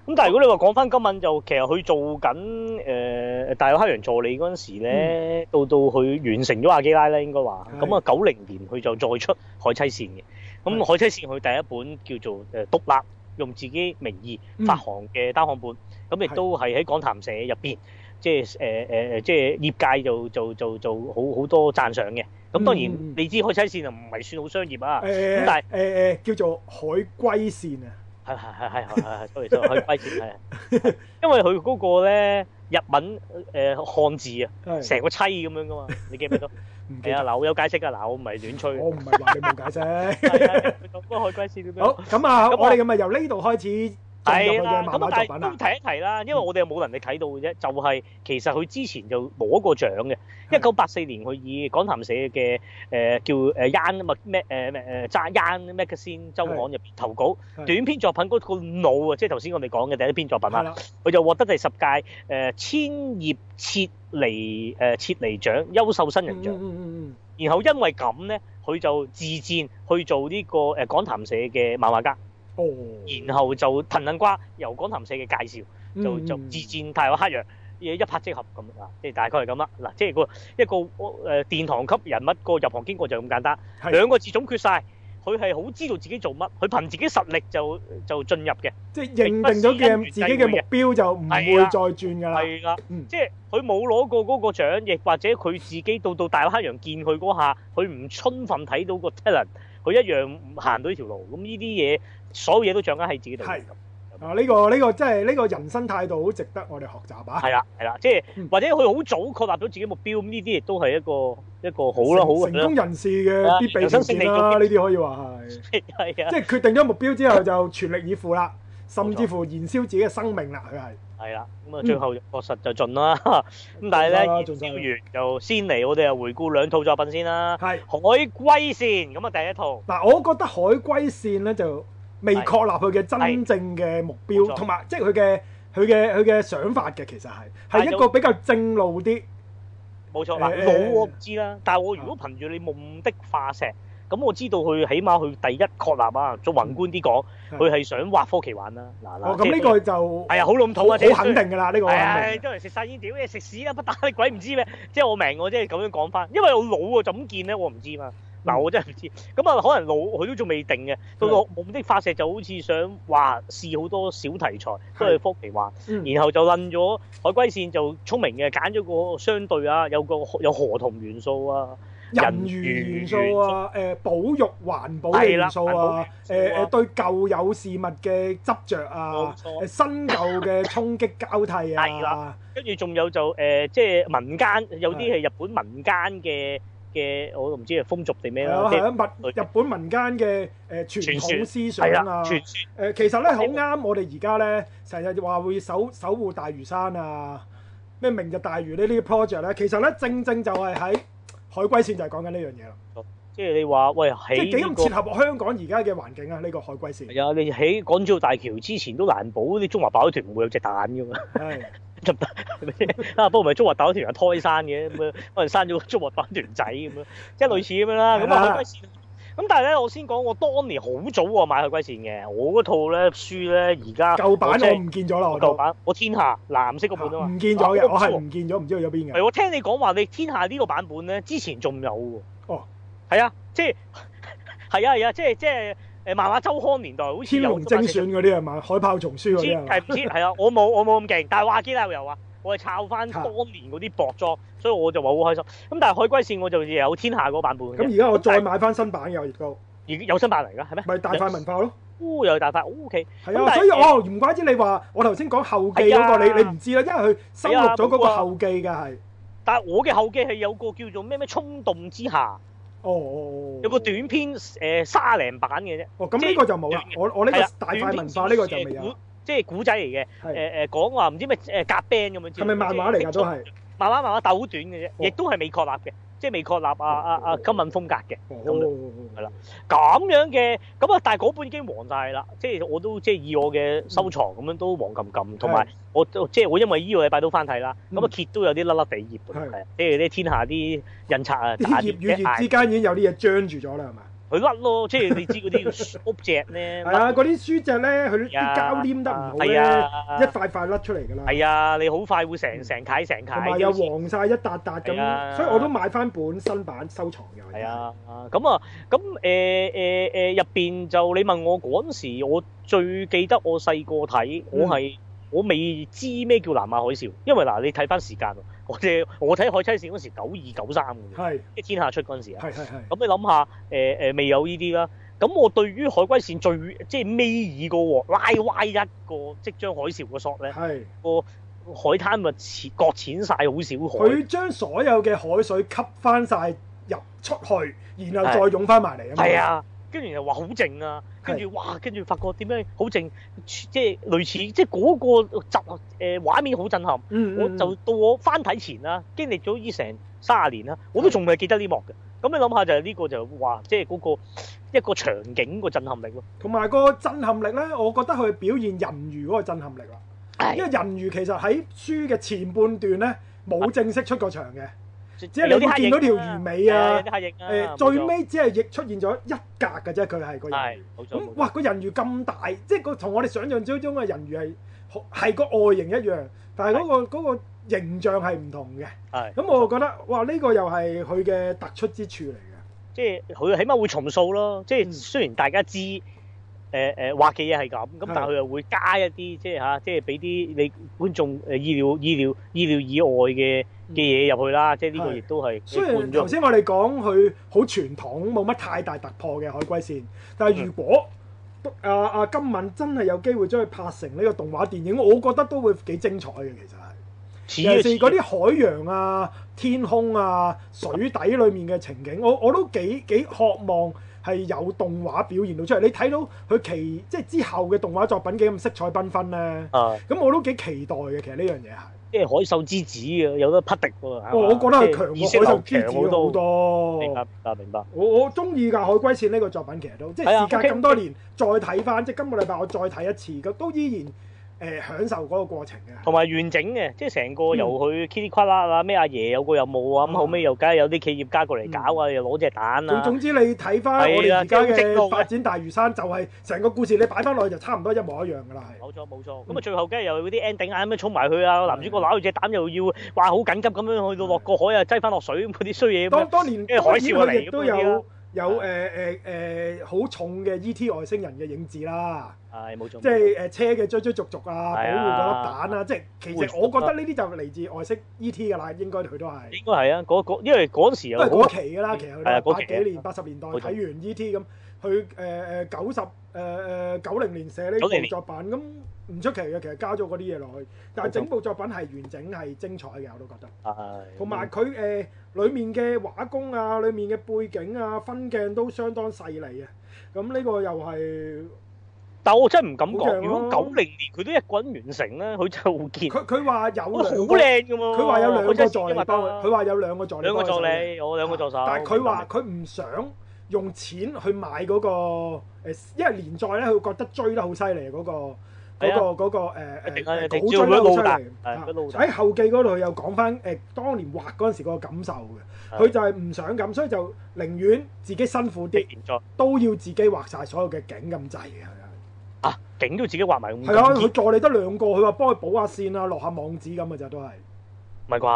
咁但如果你話講翻今晚，就其實佢做緊誒、呃、大友克洋助理嗰陣時咧、嗯，到到佢完成咗阿基拉咧應該話，咁啊九零年佢就再出海歸線嘅。咁海歸線佢第一本叫做誒、呃、獨立，用自己名義發行嘅單行本，咁、嗯、亦都係喺講談社入邊，即係即係業界就就就就好好多讚賞嘅。咁、嗯、當然你知海歸線就唔係算好商業啊，咁、欸、但係、欸欸、叫做海歸線啊。係係係係係係，sorry sorry 海歸線係，因為佢嗰個咧日文誒漢、呃、字啊，成個妻咁樣噶嘛，你記唔記得、哎？唔記得啊？嗱我有解釋噶，嗱我唔係亂吹，我唔係話你冇解釋 對、啊。咁，個海歸線點樣？好，咁啊， 我哋咁咪由呢度開始。係啦，咁啊，但係都提一提啦，因為我哋又冇能力睇到嘅啫。就係其實佢之前就攞過獎嘅，一九八四年佢以講談社嘅誒叫誒 Yan 啊嘛咩誒誒揸 Young Magazine 週刊入邊投稿短篇作品嗰個腦啊，即係頭先我哋講嘅第一篇作品啊，佢就獲得第十屆誒千葉徹彌誒徹彌獎優秀新人獎。嗯嗯嗯嗯。然後因為咁咧，佢就自薦去做呢個誒講談社嘅漫畫家。哦、oh，然後就騰騰瓜，由講談社嘅介紹，就就自薦大友克洋，一拍即合咁啊！即係大概係咁啦。嗱，即係個一個誒、呃、殿堂級人物個入行經過就咁簡單，兩個字總結晒，佢係好知道自己做乜，佢憑自己實力就就進入嘅。即係認定咗嘅自己嘅目標就唔會再轉㗎啦。係啦、啊啊嗯，即係佢冇攞過嗰個獎，亦或者佢自己到到大友克洋見佢嗰下，佢唔充分睇到個 talent，佢一樣唔行到呢條路。咁呢啲嘢。所有嘢都掌握喺自己度。係啊，呢、啊呢個呢、呢個真係呢個人生態度好值得我哋學習啊，係啊！係啦，係啦，即係、嗯、或者佢好早確立到自己目標呢啲亦都係一個一個好咯，好成，成功人士嘅必備、啊、線啦、啊。呢啲可以話係係啊，即係決定咗目標之後就全力以赴啦、 啊，甚至乎燃燒自己嘅生命啦。佢係係啦，咁啊最後確實就盡啦。咁、嗯、但係咧，燃燒完就先嚟，我哋又回顧兩套作品先啦、啊。係、啊、海龜線咁啊，第一套。嗱、啊，我覺得海龜線咧就未確立佢嘅真正嘅目標，同埋即係佢嘅佢嘅佢嘅想法嘅，其實係係一個比較正路啲，冇錯啦。腦、呃、我唔知啦、嗯，但係我如果憑住你夢的化石，咁、嗯、我知道佢起碼佢第一確立啊、嗯，做宏觀啲講，佢係想畫科技玩啦。嗱、嗯，咁呢個就係、就是哎、啊，好老土啊，好肯定㗎啦，呢個。哎、這個哎，哎，都係食晒煙屌嘢食屎啦，不打你鬼唔知咩？即、就、係、是、我明，我即係咁樣講翻，因為我腦啊就咁見咧，我唔知嘛。嗱、嗯，我真係唔知，咁啊，可能老佢都仲未定嘅，個目的，的發射就好似想話試好多小題材去福奇話，然後就揾咗海龜線就聰明嘅，揀咗個相對啊，有個有河童元素啊，人魚元素啊，元素啊、呃，保育環保元素啊，誒、啊呃、對舊有事物嘅執着啊，冇錯，新舊嘅衝擊交替啊，跟住仲有就即係民間有啲係日本民間嘅。嘅我唔知係風俗定咩啦，日本民間嘅誒傳統思想啊，誒、啊呃、其實咧好啱我哋而家咧成日話會守守護大嶼山啊，咩明日大嶼呢啲 project 咧、啊，其實咧正正就係喺海歸線就係講緊呢樣嘢啦。即係你話喂，即係幾咁切合香港而家嘅環境啊？呢、呢個海歸線。係啊，你起港珠澳大橋之前都難保啲中華白海豚唔會有隻蛋㗎嘛。啊， 不過唔係足滑豆，有條係胎生嘅，咁啊，可能生咗足滑翻條仔咁樣，即係類似咁樣啦。咁啊，海歸線。咁但係咧，我先講，我當年好早買海歸線嘅，我嗰套咧書咧而家舊版我唔見咗啦，版我，我天下藍色嗰本的啊嘛，唔見咗嘅，我係唔見咗，唔知去咗邊嘅。係我聽你講話，說你天下呢個版本咧，之前仲有喎。哦，係啊，即啊係啊，即係即係。係啊，即係誒漫畫周刊年代好似《天龍精選》嗰啲啊嘛，《海豹叢書》嗰啲係唔知係啊，我冇我冇咁勁，但係華僑都又啊，我係抄翻當年嗰啲薄裝，所以我就話好開心。咁但係《海歸線》我就有天下個版本。咁而家我再買翻新版又亦都，而有新版嚟㗎係咩？咪大塊文化咯，哦又大塊，O K。係、OK、啊，所以哦，唔怪之你話，我頭先講後記嗰個你、啊、你唔知啦，因為佢收錄咗嗰個後記㗎係。但係我嘅後記係有一個叫做咩咩衝動之下。哦、oh, 有個短篇誒，沙、呃、鷹版嘅啫。哦咁呢個就冇啦，我我呢個大塊文化呢個就未有，短即係古仔嚟嘅，誒，誒、呃，講話唔知咩誒，夾 band 咁樣，係咪漫畫嚟噶都係漫畫，漫畫漫畫漫畫鬥短嘅啫，亦都係未確立嘅。即係未確立啊啊啊今敏風格嘅咁樣啦，咁、哦哦哦、樣嘅咁啊，但係嗰本已經黃晒啦。即係我都即係以我嘅收藏咁樣都黃咁咁，同、嗯、埋我都即係我因為呢個禮拜都翻睇啦。咁啊揭都有啲甩甩地葉嘅，即係啲天下啲印刷啊，打熱嘅，係啊，之間已經有啲嘢張住咗啦，係嘛？佢甩咯，即係你知嗰啲 b j e 書脊咧，係啊，嗰啲書脊呢，佢 啲、哎、膠黏得唔好咧、哎，一塊塊甩出嚟㗎啦。係、哎、啊，你好快會成成曬成曬。同埋又黃晒一笪笪咁，所以我都買返本新版收藏㗎。係、哎、啊，咁啊，咁、哎、入、呃呃呃、面就你問我嗰陣時，我最記得我細個睇，我係我未知咩叫南亞海嘯，因為嗱你睇返時間咯。我即係我睇海歸線嗰陣時，九二九三嘅，即係天下出嗰陣時。咁你諗下，呃呃，未有呢啲啦。咁我對於海歸線最即係尾二個拉歪一個，即將海潮嘅索咧，個海灘咪淺，割淺曬好少海。佢將所有嘅海水吸翻曬入出去，然後再湧翻埋嚟啊嘛。跟住又話好靜啊，跟住哇，跟住發覺點樣好靜？即係類似，即係嗰個集畫面好震撼。嗯嗯嗯，我就到我翻睇前啦，經歷咗已成三十年啦，我都仲未記得呢幕嘅。咁你諗下就係呢、呢個就話、係嗰個，即係嗰個一個場景嘅個震撼力咯。同埋個震撼力咧，我覺得佢表現人魚嗰個震撼力啦。哎、因為人魚其實喺書嘅前半段咧，冇正式出過場嘅。哎呀哎呀即係你都見到條魚尾啊！誒、嗯啊、最尾只係亦出現咗一格嘅啫，佢係個人魚。係，咁、嗯、哇，個人魚咁大，即係個同我哋想象之中嘅人魚係係個外形一樣，但係嗰、嗰個嗰個形象係唔同嘅。係。咁我就覺得哇，呢、呢個又係佢嘅突出之處嚟嘅。即係佢起碼會重數咯。即係雖然大家知誒誒畫嘅嘢係咁，咁、嗯呃、但係佢又會加一啲即係嚇，即係俾啲你觀眾誒意料意料意料以外嘅。嘅嘢入去啦、嗯，即係呢個亦都係。雖然頭先我哋講佢好傳統，冇乜太大突破嘅海龜線，但係如果阿阿、嗯啊、今敏真係有機會將佢拍成呢個動畫電影，我覺得都會幾精彩嘅。其實係，尤其是嗰啲海洋啊、天空啊、水底裏面嘅情景，啊、我我都幾幾渴望係有動畫表現到出嚟。你睇到佢其即係之後嘅動畫作品幾咁色彩繽紛咧，咁、啊、我都幾期待嘅。其實呢樣嘢係即係海獸之子嘅，有得匹敵喎、哦，係嘛？我覺得佢強過海獸之子好多。明白，明白。明白，我我中意㗎，《海歸線》呢個作品其實都，即係時隔咁多年、okay. 再睇翻，即係今個禮拜我再睇一次，佢都依然。誒享受嗰個過程嘅，同埋完整嘅、嗯，即係成個由佢 Kitty l 啦、嗯，咩阿爺有個任務、嗯、有冇啊，咁後尾又梗係有啲企業家過嚟搞啊、嗯，又攞隻蛋啊。總總之你睇翻我哋而家嘅發展大嶼山，就係成個故事你擺翻落去就差唔多一模一樣噶啦。冇錯，冇錯。咁、嗯、啊，最後梗係又啲 ending 啊，咩衝埋去啊，男主角攞住隻蛋又要，哇，好緊急咁樣去到落個海啊，擠翻落水咁嗰啲衰嘢，當當年。海嘯都有。有誒好、呃呃呃、重嘅 E.T 外星人嘅影子啦，係冇錯，即係誒、呃、車嘅追追逐逐啊，保護嗰粒蛋啊，即係其實我覺得呢啲就嚟自外星 E.T 噶啦，應該佢都係應該係啊、嗰個，因為嗰陣時有嗰期㗎啦，其實八幾年八十年代睇、啊、完 E.T 咁，佢誒誒九十。呃誒誒，九零年寫呢部作品，咁唔出奇嘅。其實加咗嗰啲嘢落去，但係整部作品係完整係精彩嘅，我都覺得。係。同埋佢誒裡面嘅畫工啊，裡面嘅背景啊，分鏡都相當細膩嘅。咁呢個又係，但我真係唔敢講。如果九零年佢都一個人完成咧，佢就見。佢佢話有兩個好靚嘅喎。佢話有兩個助理。佢話有兩個助理，兩個助理，我兩個助手。但係佢話佢唔想。用錢去買嗰、嗰個，因為連載咧，佢覺得追得好犀利嗰個嗰、嗰個嗰、嗰個好追、呃、得好犀利。喺後記嗰度佢又講翻誒，當年畫嗰陣時個感受嘅，佢就係唔想咁，所以就寧願自己辛苦啲，都要自己畫晒所有嘅景咁滯啊！景都要自己畫埋。係佢助理得兩個，佢話幫佢補下線啊，落下網紙咁啊，就都係。唔係啩？係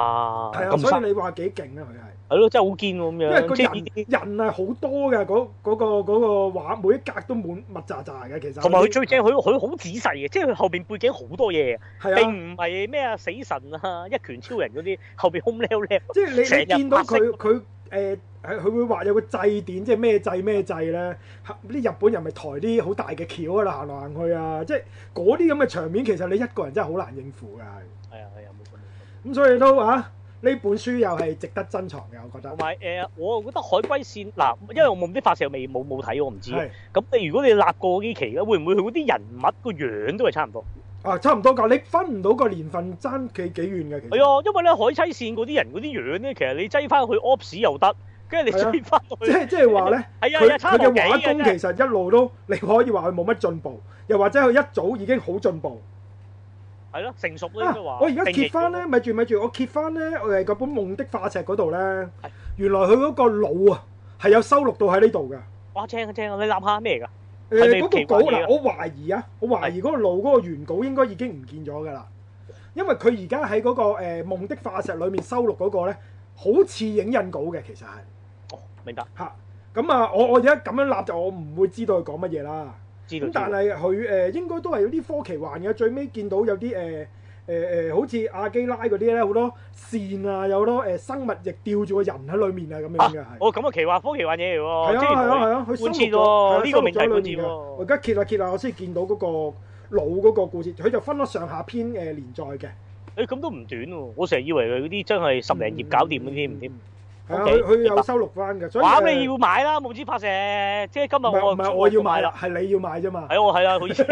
啊，所以你話幾勁咧，佢係。係咯，真係好堅喎咁樣。因為人人嘅、嗰個人人係好多嘅，嗰、嗰、嗰個畫每一格都滿密質質嘅，其實。同埋佢最正，佢佢好仔細嘅，即係佢後邊背景好多嘢。係啊。並唔係咩啊死神啊一拳超人嗰啲後邊空溜溜。即係你，你見到佢佢誒佢會話有個祭典，即係咩祭咩祭咧？啲、嗯、日本人咪抬啲好大嘅轎啊！行來行去啊，即係嗰啲咁嘅場面、嗯，其實你一個人真係好難應付㗎。係、嗯。啊係啊冇錯。咁所以都、嗯、啊。呢本書又係值得珍藏嘅，我覺得。同埋誒，我覺得海歸線嗱、啊，因為我冇啲發射未冇冇睇，我唔知。咁你如果你立過幾期咧，會唔會佢嗰啲人物個樣都係差唔多？啊，差唔多㗎，你分唔到個年份爭幾幾遠嘅。其實。係啊，因為咧海歸線嗰啲人嗰啲樣咧，其實你擠翻去 OPUS 又得，跟住你擠翻。即即係話咧？係啊，一佢嘅畫工其實一路都，你可以話佢冇乜進步，又或者佢一早已經好進步。係咯，成熟、啊、我呢我而家揭翻咧，咪住咪住，我揭翻咧，誒、呃，嗰本《夢的化石》嗰度咧，原來佢嗰個腦啊，係有收錄到喺呢度噶。哇正啊！正啊，你諗下咩嚟噶？誒，嗰、呃那個稿嗱，我懷疑啊，我懷疑嗰、啊、個腦嗰個原稿應該已經唔見咗噶啦。因為佢而家喺嗰個誒《夢、呃、的化石》裏面收錄嗰個咧，好似影印稿嘅，其實係。哦，明白。吓、啊，咁啊，我我而家咁樣立就，我唔會知道佢講乜嘢啦。咁但係佢誒應該都係有啲科幻嘅，最尾見到有啲誒誒誒，好似阿基拉嗰啲咧，好多線啊，有好多誒生物亦吊住個人喺裡面啊，咁樣嘅係。哦，咁啊，奇幻科幻嘢喎。係啊係啊係啊，佢生物液呢、啊啊啊啊啊啊啊呢個問題喎。我而家揭下揭下，我先見到嗰個老嗰個故事，佢就分咗上下篇誒、呃、連載嘅。誒、欸，咁都唔短喎、啊！我成日以為佢啲真係十零頁搞掂嗰啲唔掂。嗯嗯嗯。係佢，佢有收錄翻嘅，所以話你要買啦《夢之化石》，即係今日我唔係我要買啦，係你要買啫嘛。係我係啦，好意思。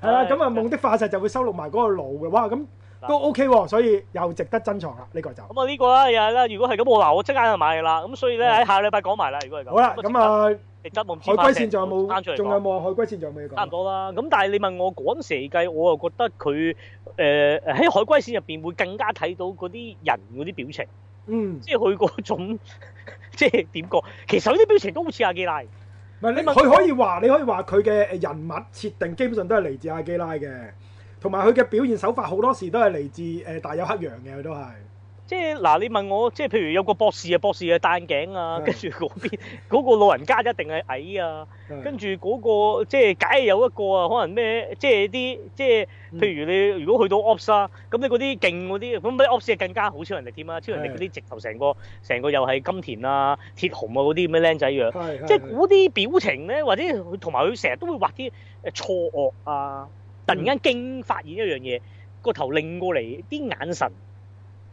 係啦，咁啊，《夢的化石》就會收錄埋嗰個爐嘅。哇，咁～都、那個、OK 喎、啊，所以又值得珍藏啦。呢、這個就咁啊，呢個啦又係啦。如果係咁，我嗱我即刻就買噶啦。咁所以咧喺、嗯、下個禮拜講埋啦。如果係咁，好啦，咁啊，值得我唔知海龜線仲有冇仲有冇海龜線仲未講？差唔多啦。咁但係你問我講蛇計，我又覺得佢喺、呃、海龜線入邊會更加睇到嗰啲人嗰啲表情，嗯，即係佢嗰種，即係點講？其實啲表情都好似阿基拉。唔係你問，佢可以話你可以話佢嘅人物設定基本上都係嚟自阿基拉嘅。同埋佢嘅表現手法好多時都係嚟自誒、呃、大有黑羊嘅，佢都係。即係嗱，你問我，即係譬如有個博士啊，博士啊戴眼鏡啊，跟住嗰邊嗰、嗰個老人家一定係矮啊，跟住嗰個即係假如有一個啊，可能咩即係啲即係譬如你如果去到 Ops 啊，咁你嗰啲勁嗰啲，咁比 Ops 更加好超人哋添啊，超人哋嗰啲直頭成個成個又係金田啊、鐵雄啊嗰啲咁嘅靚仔樣，那些即係嗰啲表情咧，或者同埋佢成日都會畫啲誒錯愕啊。突然間驚發現一樣嘢，個頭擰過嚟，啲眼神，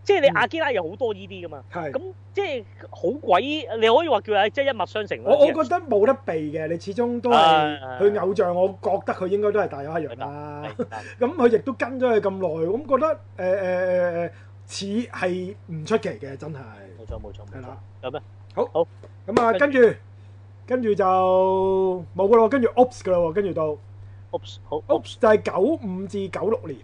即係你阿基拉有好多呢啲噶嘛？係。咁即係好鬼，你可以話叫即係一脈相承咯。我我覺得冇得避嘅，你始終都係佢偶像，我覺得佢應該都係大有希望啦。咁佢亦都跟咗佢咁耐，咁覺得誒誒誒似係唔出奇嘅，真係。冇錯冇錯。係啦，有咩？好好咁啊！跟住跟住就冇噶咯，跟住 oops 噶咯，跟住到。ops 好 ops 就係九五至九六年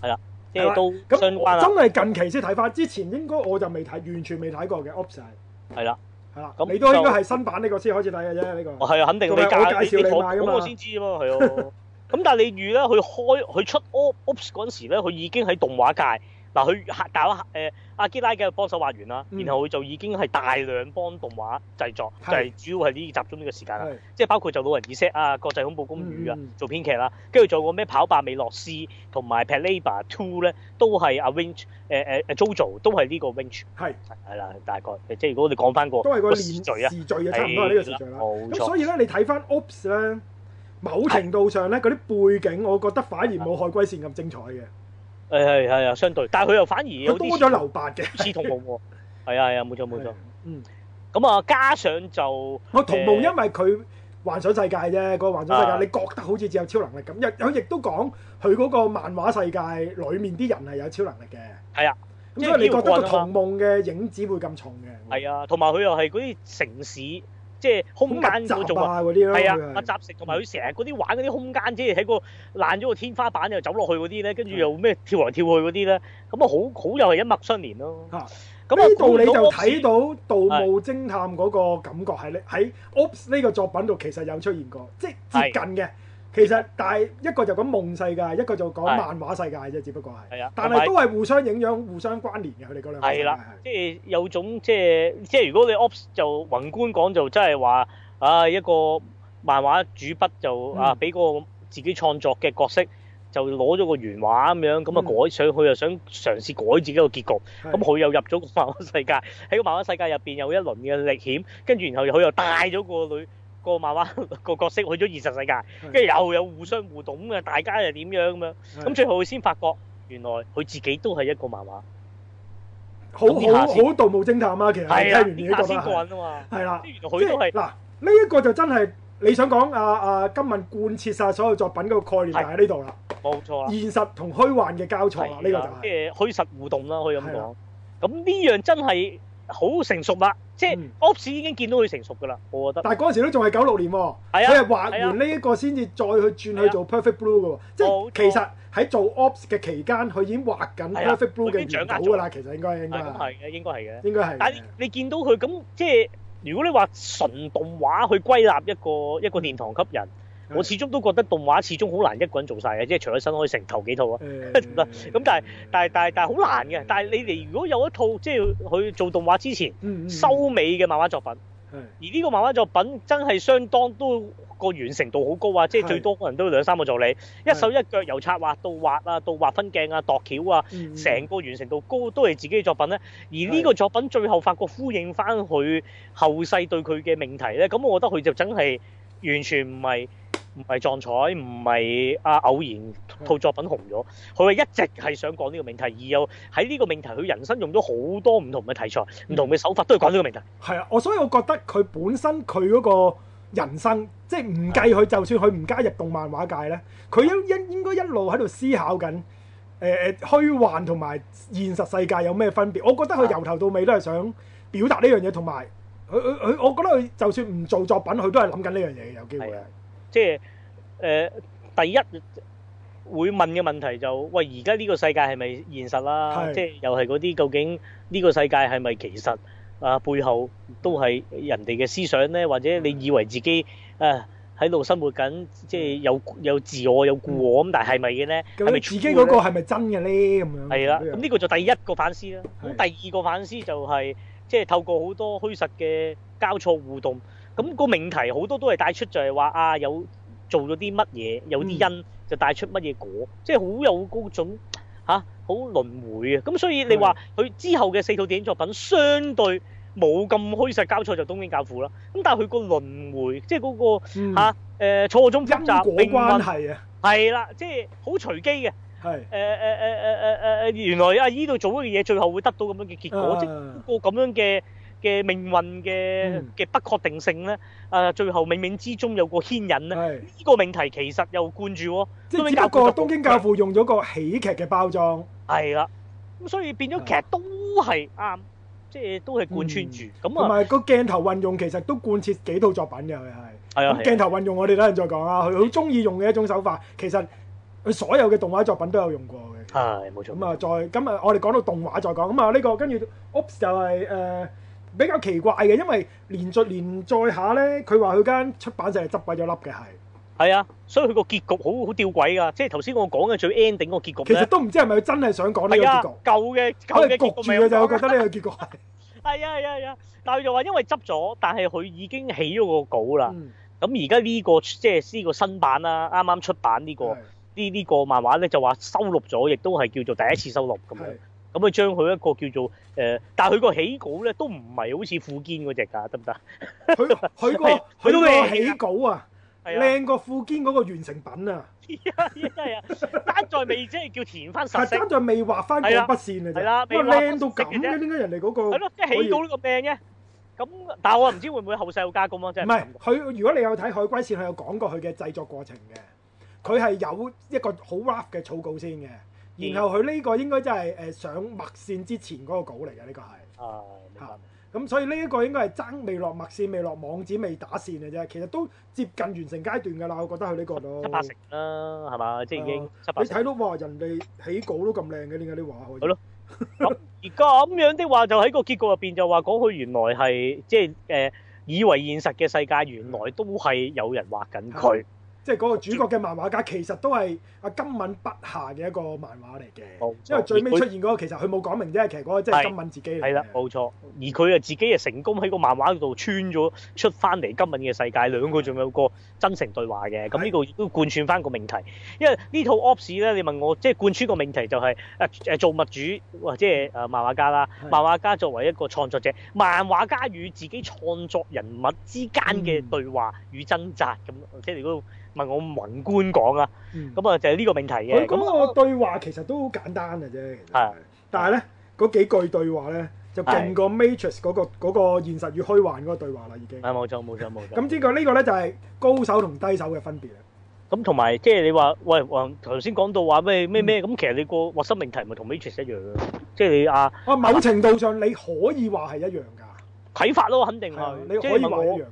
係啦，即係都咁真係近期先睇返，之前應該我就未睇，完全未睇過嘅 ops 係係啦係啦，咁你都應該係新版呢個先開始睇嘅啫呢個。係啊，肯定介你，你，你介你，你我咁我先知咯，係咁 但係你預咧，佢開佢出 ops ops 嗰陣時咧，佢已經喺動畫界。嗱、啊，佢搞誒阿基拉嘅幫手畫完啦、嗯，然後佢就已經係大量幫動畫製作，是就係、是、主要係呢集中呢個時間啦。即係包括就老人 Z 啊、國際恐怖公寓、嗯、做劇啊做編劇啦，跟住做過咩跑霸美洛斯同埋 Patlabor Two 咧，都係阿 Wing 誒 Jojo 都係呢個 Wing。係係啦，大概即係如果你哋講翻個都係個連續序嘅，差唔多係呢個序。咁所以咧，你睇翻 OPUS 咧，某程度上咧嗰啲背景，我覺得反而冇海龜線咁精彩嘅。誒係係啊，相對，但係佢又反而有啲……多咗留白嘅，似《童夢》喎。係啊係啊，冇錯冇錯。啊、嗯，咁啊，加上就我《童夢》，因為佢幻想世界啫，嗰個幻想世界、啊、你覺得好似只有超能力咁。又佢亦都講佢嗰個漫畫世界裡面啲人係有超能力嘅。係啊。即係你覺得個《童夢》嘅影子會咁重嘅？係啊，同埋佢又係嗰啲城市。即係空間嗰種啊，係啊，密集、啊、食同埋佢成日嗰啲玩嗰啲空間，即係喺個爛咗個天花板走下又走落去嗰啲咧，跟住又咩跳來跳去嗰啲咧，咁啊好好又係一脈相連咯嚇。咁啊，到 Obs，你就睇到道理就睇到《盜墓偵探》嗰個感覺係咧喺《Ops》呢個作品度其實有出現過，是的即係接近嘅。其實，但係一個就講夢世界，一個就講漫畫世界啫，只不過係。係啊。但係都係互相影響、互相關聯嘅，佢哋嗰兩。係啦。即係有種即係即係，如果你 Ops 就宏觀講就真係話啊一個漫畫主筆就啊俾個自己創作嘅角色、嗯、就攞咗個原畫咁樣就，咁啊改上去又想嘗試改自己個結局。係。咁佢又入咗個漫畫世界，喺個漫畫世界入邊有一輪嘅歷險，跟住然後佢又帶咗個女。那個漫畫個角色去咗現實世界，跟住又有互相互動，大家又點樣咁樣？咁最後先發覺，原來佢自己都係一個漫畫，好好好盜墓偵探啊！其實，睇完點解覺得係？係啦，即係嗱，呢一、這個就真係你想講啊啊，今敏貫徹晒所有作品嗰個概念就喺呢度啦，冇錯啊！現實同虛幻嘅交錯，呢、這個就係、是、虛實互動啦、啊，可以咁講。咁呢樣真係好成熟啦、啊。即、就、係、是嗯、Ops 已經見到佢成熟嘅啦，我覺得。但係嗰陣時都仲係九六年喎、喔，佢係、啊、畫完呢一個先至再去轉去做 Perfect Blue 嘅、喔啊，即係、哦、其實喺做 Ops 嘅期間，佢已經畫緊 Perfect、啊、Blue 嘅原稿㗎啦，其實應該係應該係嘅，應該係嘅。應該係。但係你你見到佢咁，即係、就是、如果你話純動畫去歸納一個一個殿堂級人。我始終都覺得動畫始終好難一個人做晒嘅，即係除咗新海誠頭幾套啊，咁、嗯、 但係但係但係但係好難嘅。但係你哋如果有一套，即係佢做動畫之前、嗯嗯、收尾嘅漫畫作品，嗯、而呢個漫畫作品真係相當都個完成度好高啊！是即係最多可能都兩三個助理一手一腳由策劃到畫啊，到畫分鏡啊、度橋啊，成個完成度高都係自己嘅作品咧、啊。而呢個作品最後發覺呼應翻佢後世對佢嘅命題咧，咁我覺得佢就真係完全唔係。唔係撞彩，唔係啊！偶然套作品紅咗，佢係一直係想講呢個命題。而又喺呢個命題，佢人生用咗好多唔同嘅題材、唔同嘅手法，都係講呢個命題。係啊，我所以我覺得佢本身佢嗰個人生，即唔計佢，就算佢唔加入動漫畫界咧，佢應應該一路喺度思考緊誒、呃、虛幻同埋現實世界有咩分別。我覺得佢由頭到尾都係想表達呢樣嘢，同埋佢佢佢，我覺得佢就算唔做作品，佢都係諗緊呢樣嘢，有機會。即係誒、呃、第一會問嘅問題就，喂，而家呢個世界係咪現實啦？即係又係嗰啲究竟呢個世界係咪其實啊、呃、背後都係人哋嘅思想咧？或者你以為自己誒喺度生活緊，即係有有自我有故我咁、嗯，但係係咪嘅咧？係咪自己嗰個係咪真嘅咧？咁樣係啦。咁呢個就第一個反思啦。咁第二個反思就係、是、即係透過好多虛實嘅交錯互動。咁、嗰個命題好多都係帶出就係話啊有做咗啲乜嘢有啲因就帶出乜嘢果，嗯、即係好有嗰種好、啊、輪迴啊！咁所以你話佢之後嘅四套電影作品相對冇咁虛實交錯就《東京教父》啦。咁但係佢個輪迴即係嗰、嗰個嚇誒、嗯啊呃、錯綜複雜因果關係啊，係啦，即係好隨機嘅。係、呃呃呃呃、原來啊，呢度做嘅嘢，最後會得到咁樣嘅結果，啊、即係個咁樣嘅。嘅命運嘅嘅不確定性咧，啊，最後冥冥之中有個牽引咧。呢個命題其實又貫住喎。即係而家個東京教父用咗個喜劇嘅包裝。係啦，咁所以變咗其實都係啱，即係都係貫穿住。咁啊，同埋個鏡頭運用其實都貫徹幾套作品嘅，佢係。係啊。咁鏡頭運用我哋等陣再講啊。佢好中意用嘅一種手法，其實佢所有嘅動畫作品都有用過嘅。係冇錯。咁啊，再咁啊，我哋講到動畫再講。咁啊，呢個跟住，oops，就係誒。比較奇怪嘅，因為連續連載下咧，佢話佢間出版社係執鬼咗粒嘅，係。係啊，所以佢個結局好好吊詭㗎，即係頭先我講嘅最 ending 個結局。其實都唔知係咪佢真係想講呢個結局是。舊嘅舊嘅結局咪？我覺得呢個結局係。係啊係啊，係啊。但佢就話因為執咗，但係佢已經起咗個稿啦。咁而家呢個即係呢個新版啦，啱啱出版呢個呢呢個漫畫咧，就話收錄咗，亦都係叫做第一次收錄咁樣。咁啊，將佢一個叫做誒、呃，但係佢個起稿咧都唔係好似富堅嗰隻㗎，得唔得？佢佢、嗰個佢、啊、個起稿啊，靚過、啊、富堅嗰個完成品啊！真係啊，啊，啊，單在未即係叫填翻實，係單在未畫翻鋼筆線啊！哇、啊，靚到咁，點解、啊、人哋嗰個係咯、啊，即係起稿個呢咁靚嘅，咁但係我唔知會唔會後世有加工啊？即係唔係佢？如果你有睇海歸線，佢有講過佢嘅製作過程嘅，佢係有一個好 rough 嘅草稿先嘅。然後佢呢個應該真係誒上墨線之前嗰個稿嚟嘅，呢、這個係嚇。咁、啊、所以呢一個應該係爭未落墨線、未落網紙、未打線嘅啫。其實都接近完成階段㗎啦，我覺得佢呢個都七八成啦，係嘛？即係已經七八你睇到哇，人哋起稿都咁靚嘅，點解畫去？係咯。咁而家咁樣的話，就喺個結局入邊就話講佢原來係即係誒以為現實嘅世界原來都係有人畫緊佢，即係嗰個主角嘅漫畫家其實都係阿今敏筆下嘅一個漫畫嚟嘅，因為最尾出現嗰個其實佢冇講明啫，其實嗰個即係今敏自己嚟，係啦，冇錯。而佢啊自己啊成功喺個漫畫度穿咗出翻嚟今敏嘅世界，兩個仲有一個真誠對話嘅。咁呢個都貫穿翻個命題，因為呢套 ops 咧，你問我即係貫穿個命題就係誒誒造物主或者係誒漫畫家啦，漫畫家作為一個創作者，漫畫家與自己創作人物之間嘅對話與掙扎咁，嗯、即係嗰個。問我宏觀講啊，咁、嗯、啊就係呢個命題嘅。咁我對話其實都好簡單嘅啫，其實。係。但係咧，嗰幾句對話咧就勁過 Matrix 嗰、嗰個嗰、嗰個現實與虛幻嗰個對話啦，已經。係冇錯冇錯冇錯。咁呢 個呢個咧就係高手同低手嘅分別啦。咁同埋即係你話喂我頭先講到話咩咩咩咁，什麼嗯、其實你個核心命題唔係同 Matrix 一樣嘅？即、就、係、是、你阿。啊，某程度上你可以話係一樣㗎、啊。啟發咯、啊，肯定係。你可以話一樣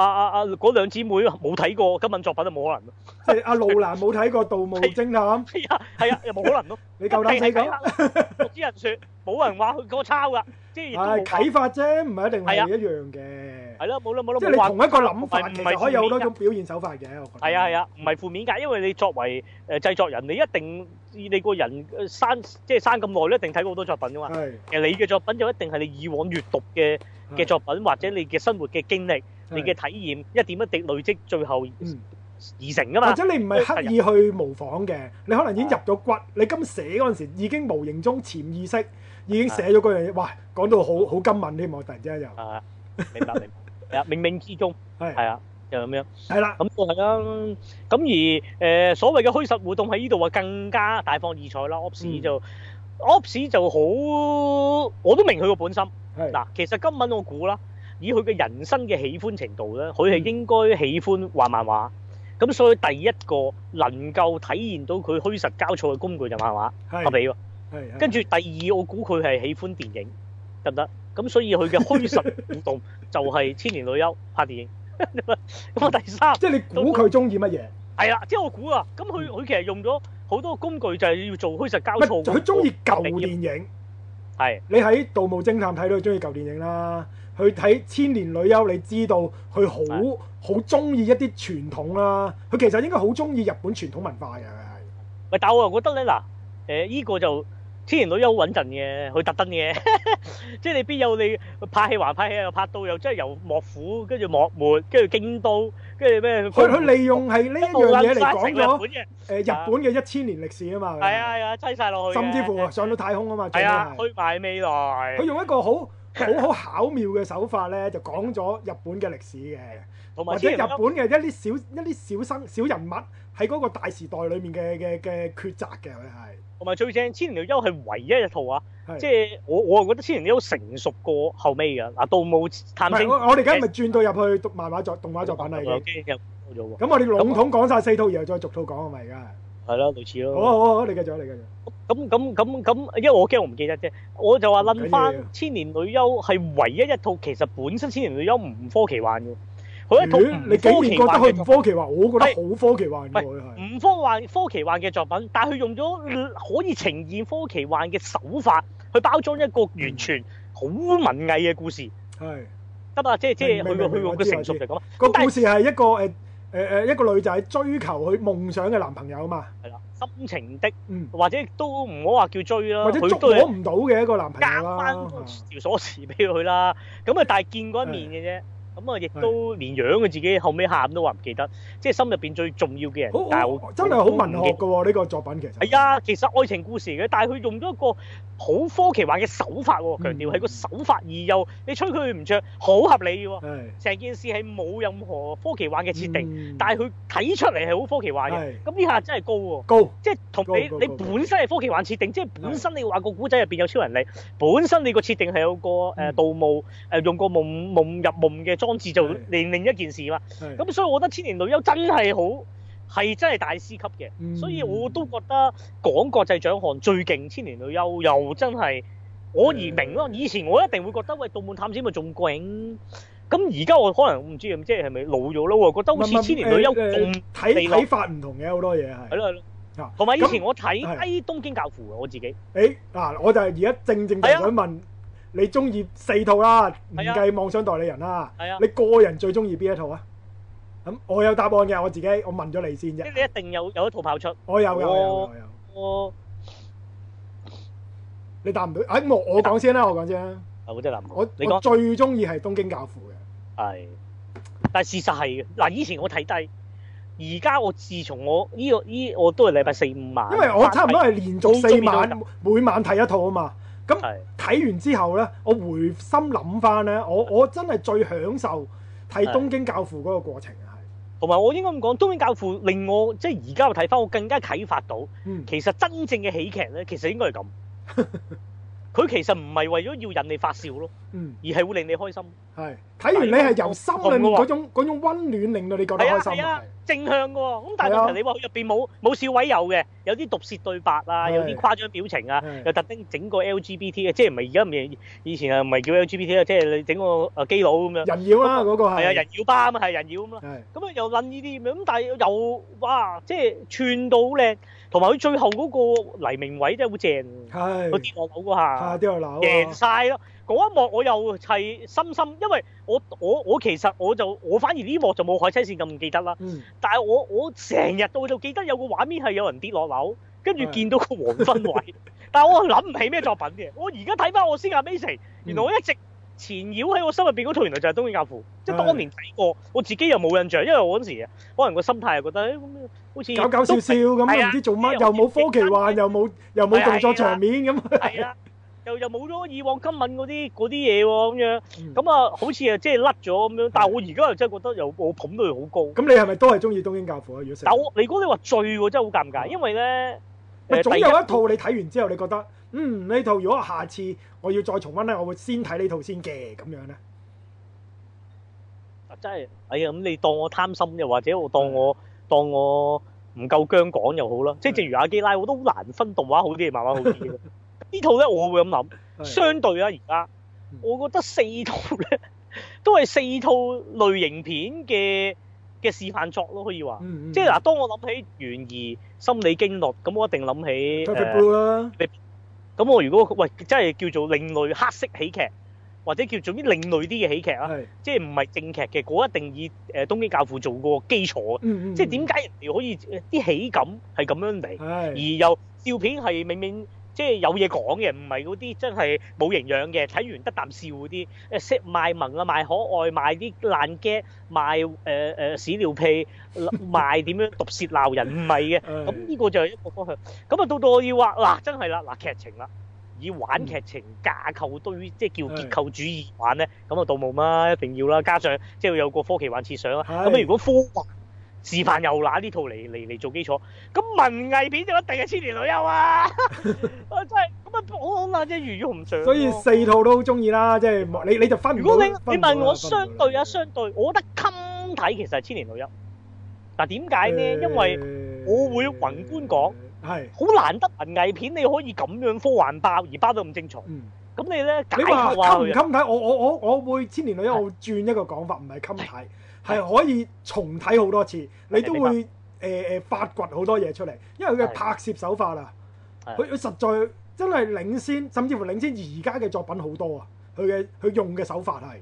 阿阿阿嗰兩姊妹冇睇過今敏作品，就冇可能咯。即係阿路蘭冇睇過《盜夢偵探》啊，係啊，係啊，又冇可能咯。你夠膽睇咁？啲人説冇人話佢個抄㗎，即係啟發啫，唔係一定話係一樣嘅。係咯，冇啦冇啦。即係你同一個諗法，其實可以有好多種表現手法嘅。我覺得係啊係啊，唔係負面噶，因為你作為誒製作人，你一定你個人生即係生咁耐咧，一定睇過好多作品㗎嘛。係，其實你嘅作品就一定係你以往閱讀嘅嘅作品，或者你嘅生活嘅經歷。的你嘅體驗一點一滴累積，最後而成噶嘛？或、嗯、者你唔係刻意去模仿嘅，你可能已經入咗骨。你今寫嗰陣時，已經無形中潛意識已經寫咗嗰樣嘢。哇，講到好好今敏添喎！突然之間又係啊，明白明白，冥 冥明明之中係係啊，就咁樣係啦。咁係啦。咁、就是、而誒、呃、所謂嘅虛實活動喺呢度啊，更加大放異彩啦！Ops 就 o、嗯、就好，我都明佢個本心。嗱，其實今敏我估啦。以佢嘅人生嘅喜歡程度咧，佢係應該喜歡畫漫畫。咁所以第一個能夠體現到佢虛實交錯嘅工具就漫畫。係咪？係係。跟住第二，我估佢係喜歡電影，得唔得？咁所以佢嘅虛實互動就係千年女優拍電影。咁啊，第三。即係你估佢中意乜嘢？係 啊，即係我估啊。咁佢佢其實用咗好多工具就係要做虛實交錯。佢中意舊電影。係。你喺《盜夢偵探》睇到佢中意舊電影啦。去睇千年女優，你知道佢好好中意一啲傳統啦、啊。佢其實應該好中意日本傳統文化嘅。但我又覺得咧，嗱、呃，誒、這、依個就千年女優好穩陣嘅，佢特登嘅， 即係你邊有你拍戲話拍戲又拍到又即係由幕府跟住幕末跟住京都跟住咩？佢佢利用係呢一樣嘢嚟講咯，誒，日本嘅一千年歷史啊嘛。係啊係啊，擠晒落去。甚至乎上到太空啊嘛。係啊，去埋未來。佢用一個好好 好巧妙嘅手法咧，就講咗日本嘅歷史嘅，或者日本嘅一啲小一啲小生小人物喺嗰個大時代裏面嘅嘅嘅抉擇嘅，佢係。同埋最正《千年女優》係唯一一套啊！即係我我係覺得《千年女優》成熟過後尾嘅嗱，《盜夢偵探》。唔係我我哋而家咪轉到入去讀漫畫作動畫作品嚟嘅。咁、嗯嗯嗯嗯、我哋統統講晒四套，然後再逐套講係咪而家？是係啦，類似咯。好、啊，好、啊，好，你繼續，你繼續。咁咁咁咁，因為我驚我唔記得啫，我就話撚翻《千年女優》係唯一一套，其實本身《千年女優》唔科奇幻嘅。佢、欸、一套唔科奇幻嘅，你竟然覺得佢唔科奇幻，我覺得好科奇幻唔科幻、科奇幻嘅作品，但係佢用咗可以呈現科奇幻嘅手法去包裝一個完全好、嗯、文藝嘅故事。係得嘛？即係即係。佢用佢用成熟就係咁啦。個故事係一個誒。誒、呃、一個女仔追求佢夢想嘅男朋友啊嘛，係啦，心情的，嗯、或者都唔好話叫追啦，或者捉摸唔到嘅一個男朋友啦，加翻條鎖匙俾佢啦，咁啊，但係見過一面嘅啫。哎咁啊，亦都連樣嘅自己後尾喊都話唔記得，即係心入邊最重要嘅人。但係好真係好文學嘅喎，呢個作品其實係啊、哎，其實愛情故事嘅，但係佢用咗一個好科技幻嘅手法強調係個手法而又、嗯、你吹佢唔着好合理嘅成、嗯、件事係冇任何科技幻嘅設定，嗯、但係佢睇出嚟係好科技幻嘅。咁、嗯、呢下真係高喎，高即係同你你本身係科技幻設定，即係本身你話個古仔入邊有超人力，嗯、本身你個設定係有個誒盜墓誒用個夢夢入夢嘅裝備。字就另另一件事嘛，咁所以我覺得千年女優真係好，係真係大師級嘅、嗯，所以我都覺得講國際獎項最勁，千年女優又真係我而明咯。以前我一定會覺得喂，《盜夢偵探》咪仲勁，咁而家我可能唔知，即係係咪老咗咯？我覺得好似千年女優睇睇法唔同嘅好多嘢係。係咯係咯，同埋、啊、以前我睇《東京教父》我自己。誒、哎、啊！我就係而家正正想問。咁樣你中意四套啦，唔計妄想代理人啦。係啊。你個人最中意邊一套啊？咁我有答案嘅，我自己我問咗你先啫。你一定有有一套爆出。我有，我有，我有，我有。我你答唔到？哎，我我講先啦，我講先。我真係答唔到。我最中意係《東京教父》嘅。係，但係事實係嘅。嗱，以前我睇低，而家我自從我呢、呢個呢、呢個、我都係禮拜四五晚，因為我差唔多係連續四晚每晚睇一套啊嘛。咁睇完之後呢，我回心諗翻呢，我我真係最享受睇《東京教父》嗰個過程啊，係。同埋我應該咁講，《東京教父》令我即係而家我睇翻，我更加啟發到，嗯、其實真正嘅喜劇呢，其實應該係咁。 佢其實唔係為咗要人哋發笑咯，嗯，而係會令你開心。係睇完你係由心裏嗰種嗰、嗯、種溫暖令到你覺得開心啊，啊，啊，啊，正向嘅喎。咁但係其實你話佢入邊冇冇笑位，有嘅，有啲毒舌對白啊，有啲誇張表情啊，又特登整個 LGBT 嘅、啊，即係唔係而家唔係以前啊，啊，唔係叫 LGBT 啦，即係你整個啊基佬咁樣人妖啦，嗰個係啊，人妖吧嘛係、啊、人妖咁咯。咁啊，啊又諗呢啲，咁咁但係又哇，即係串到好靚。同埋佢最後嗰個黎明位真係好正，佢跌落樓嗰下，跌落樓贏晒咯！嗰一幕我又係深深，因為我我我其實我就我反而呢幕就冇海青線咁記得啦、嗯。但係我我成日到就記得有個畫面係有人跌落樓，跟住見到個黃昏位， 但係我諗唔起咩作品嘅。我而家睇翻我先阿 Macy，原來我一直。嗯纏繞喺我心入邊嗰套，原來就係《東京教父》，即係當年睇過，我自己又冇印象，因為我嗰陣時啊，可能個心態係覺得，哎、好似搞搞笑笑咁，唔知做乜，又冇科技幻，又冇又冇動作場面咁。係啊，又又冇咗以往今敏嗰啲嗰啲嘢喎，咁樣咁啊，好似啊，即係甩咗咁樣。但係我而家又真係覺得又我捧到佢好高。咁你係咪都係中意《東京教、嗯、父》啊？如果成？但我你估你話最真係好尷尬，因為咧，咪總有一套你睇完之後你覺得。嗯，呢套如果下次我要再重溫咧，我會先睇呢套先嘅咁樣咧。啊，真係哎呀，咁你當我貪心又或者我當我當我唔夠薑講又好啦，即係正如阿基拉，我都難分動畫好啲，漫畫好啲 呢套咧，我會咁諗，相對啦，啊，而家、嗯、我覺得四套咧都係四套類型片嘅嘅示範作咯，啊，可以話、嗯嗯，即係嗱，當我諗起懸疑、心理驚悚，咁我一定諗起。咁我如果喂真係叫做另類黑色喜劇，或者叫做啲另類啲嘅喜劇啊，即係唔係正劇嘅，嗰一定以誒、呃《東京教父》做個基礎，嗯嗯嗯，即係點解人哋可以啲喜感係咁樣嚟，而又照片係明明？即係有嘢講嘅，唔係嗰啲真係冇營養嘅，睇完得啖笑嗰啲。誒識賣萌啊，賣可愛，賣啲爛 gag，賣誒誒、呃呃、屎尿屁，賣點樣毒舌鬧人，唔係嘅。咁呢個就係一個方向。咁啊，到到我要話嗱，真係啦，嗱劇情啦，以玩劇情架構，對於即係叫結構主義玩咧，咁啊盜墓嘛一定要啦，加上即係有個科技玩幻想啦。咁啊，如果科幻示範又拿呢套嚟嚟嚟做基礎，咁文藝片就一定係《千年女優》啊！ 我真係咁啊，好好啊，即係如魚無上。所以四套都好中意啦，即係你你就分唔到。如果你你問我，我相對啊，相對，我覺得襟睇其實係《千年女優》但為什麼。嗱點解呢？因為我會宏觀講，係、欸、好難得文藝片你可以咁樣科幻爆，而包到咁精彩。咁、嗯、你咧你構話襟唔襟睇，我我我我會《千年女優》我轉一個講法，唔係襟睇。係可以重睇好多次，你都會誒誒發掘好多嘢出嚟，因為佢嘅拍攝手法啊，佢佢實在真係領先，甚至乎領先而家嘅作品好多啊！佢嘅佢用嘅手法係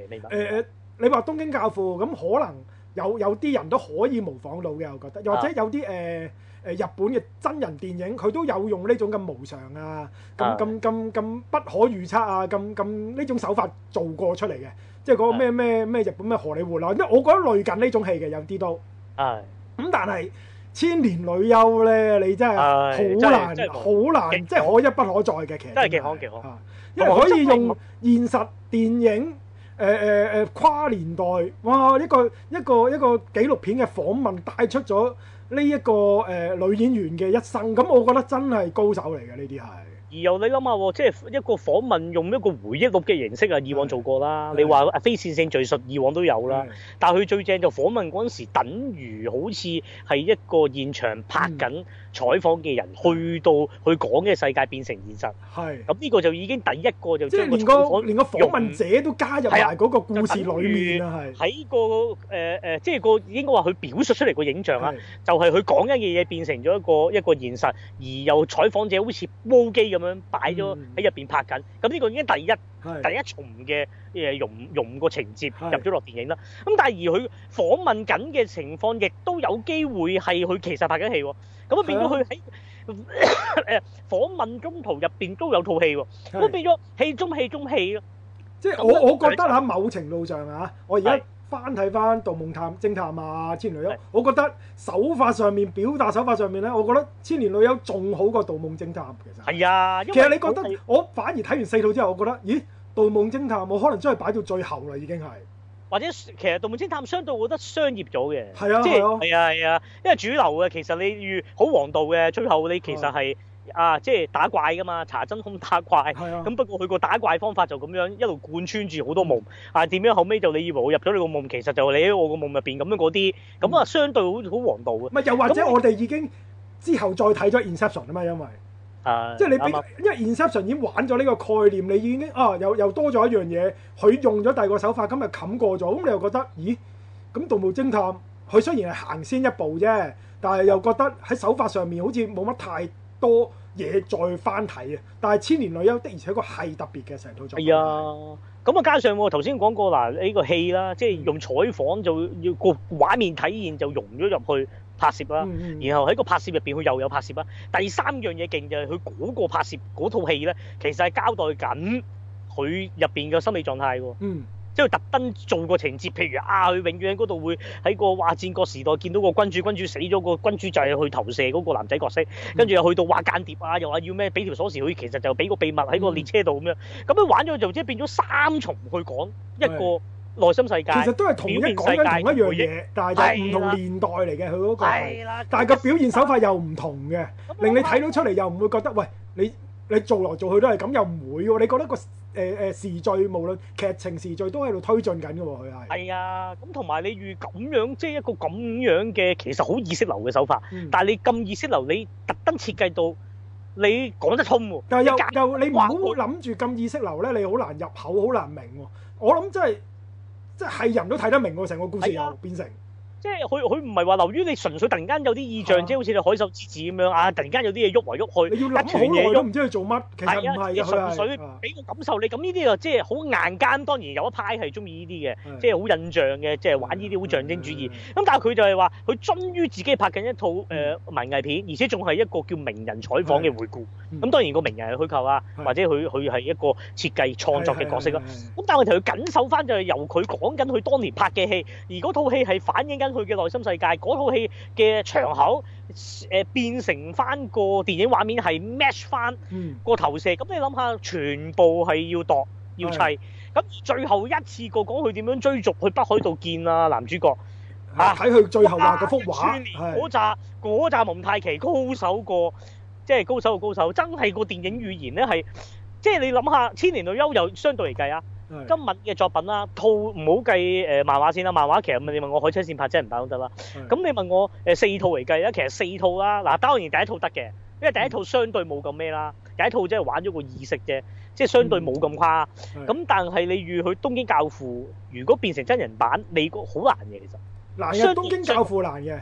係明白誒誒，你話東京教父咁，可能有有啲人都可以模仿到嘅，我覺得，又或者有啲誒誒日本嘅真人電影，佢都有用呢種咁無常啊，咁咁咁咁不可預測啊，咁咁呢種手法做過出嚟嘅。即係嗰個咩咩咩日本咩荷里活啦，因為我覺得類近呢種戲嘅有啲都，係咁但係千年女優咧，你真係好難好難，即係可一不可再嘅其實真。真係極好極好、啊，因為可以用現實電影誒誒誒跨年代，哇一個一個一個紀錄片嘅訪問帶出咗呢一個誒、呃、女演員嘅一生，咁我覺得真係高手嚟嘅呢啲係。而又你諗下喎，即係一個訪問用一個回憶錄嘅形式啊，以往做過啦。你話非線性敘述，以往都有啦。是但係佢最正就訪問嗰陣時，等於好似係一個現場拍緊。採訪嘅人去到佢講嘅世界變成現實，係咁呢個就已經第一個就即係連個連個訪問者都加入埋嗰個故事裏面，喺個誒誒、呃，即係個應該話佢表述出嚟個影像啊，就係、是、佢講緊嘅嘢變成咗一個一個現實，而又採訪者好似煲機咁樣擺咗喺入邊拍緊，咁、嗯、呢個已經第一的第一重嘅誒融融個情節入咗落電影啦，咁但係而佢訪問緊嘅情況，亦都有機會係佢其實拍緊戲喎，咁啊變咗佢喺誒訪問中途入邊都有套戲喎，都變咗戲中戲中戲咯。即係我我覺得喺某程度上啊，我而家翻睇翻《盜夢探偵探》啊，《千年女優》，我覺得手法上面表達手法上面咧，我覺得《千年女優》仲好過《盜夢偵探》其實。係啊，其實你覺得我反而睇完四套之後，我覺得咦？《盜夢偵探》冇可能真係擺到最後啦，已經係，或者其實《盜夢偵探》相對我覺得商業咗嘅，係啊係啊，即係係啊，係啊，係啊。因為主流嘅其實你如好王道嘅，最後你其實係啊，啊即係打怪噶嘛，查真空打怪，咁、啊、不過佢個打怪方法就咁樣一路貫穿住好多夢，但係點樣後屘就你以為我入咗你個夢，其實就你喺我個夢入邊咁樣嗰啲，咁啊相對好好王道嘅，唔係又或者我哋已經之後再睇咗《Inception》啊嘛，因為。Uh, 即係你俾，right. 因為 Inception 已經玩咗呢個概念，你已經啊又又多咗一樣嘢，佢用咗第二個手法，咁咪冚過咗，咁你又覺得，咦？咁《盜夢偵探》佢雖然係行先一步啫，但係又覺得喺手法上面好似冇乜太多嘢再翻睇啊！但係《千年女優》的而且確係特別嘅成套作品、哎。係啊，咁啊加上我頭先講過嗱呢、呢個戲啦，即係用採訪就要個畫面體現就融咗入去。拍攝啦、啊嗯嗯，然後喺個拍攝入邊佢又有拍攝啊。第三樣嘢勁就係佢嗰個拍攝嗰套戲咧，其實係交代緊佢入邊嘅心理狀態喎。嗯，即係佢特登做個情節，譬如啊，佢永遠喺嗰度會喺個話戰國時代見到個君主，君主死咗，個君主就係去投射嗰個男仔角色，跟住又去到話間諜啊，又話要咩俾條鎖匙，佢其實就俾個秘密喺個列車度咁樣，咁、嗯、樣玩咗就即係變咗三重去講、嗯、一個。內心世界其實都係同一講緊同一樣嘢，但係就唔同年代嚟嘅佢嗰個。係啦，但係個表現手法又唔同嘅，令你睇到出嚟又唔會覺得喂，你你做來做去都係咁又唔會喎。你覺得個誒誒時序無論劇情時序都喺度推進緊㗎喎，佢係。係啊，咁同埋你遇咁樣即係一個咁樣嘅其實好意識流嘅手法，但係你咁意識流，你特登設計到你講得通喎。但係又又你唔好諗住咁意識流咧，你好難入口，好難明。我諗真係。即係人都睇得明喎，成個故事又變成。啊即係佢佢唔係話流於你純粹突然間有啲意象，啊、即係好似你海獸之子咁樣啊！突然間有啲嘢喐嚟喐去，要諗嘢都唔知佢做乜。其實唔係啊，你純粹俾個感受你。咁呢啲啊，這這即係好硬。間。當然有一派係中意呢啲嘅，即係好印象嘅，即係玩呢啲好象徵主義。咁但係佢就係話，佢終於自己拍緊一套誒、嗯呃、文藝片，而且仲係一個叫名人採訪嘅回顧。咁當然個名人係虛構啊，或者佢佢係一個設計創作嘅角色啦。咁但係問題佢緊守翻就係由佢講緊佢當年拍嘅戲，而嗰套戲係反映緊。佢嘅內心世界，嗰套戲嘅場口誒、呃、變成翻個電影畫面係 match 翻個投射，咁、嗯、你諗下，全部係要度要砌，咁、嗯嗯、最後一次過講佢點樣追逐去北海道見啊男主角，嚇喺佢最後畫嘅幅畫，嗰扎扎蒙太奇高手過，即、就、係、是、高手過高手，真係個電影語言咧係，即係你諗下，千年女優又相對嚟計啊！的今日嘅作品啦，套唔好計誒漫畫先啦，漫畫其實咁你問我海賊線拍真人版都得啦。咁你問我誒四套為計啦，其實四套啦，嗱當然第一套得嘅，因為第一套相對冇咁咩啦，第一套即係玩咗個意識啫，即係相對冇咁誇。咁但係你預去東京教父如果變成真人版，你個好難嘅其實，難嘅東京教父難嘅。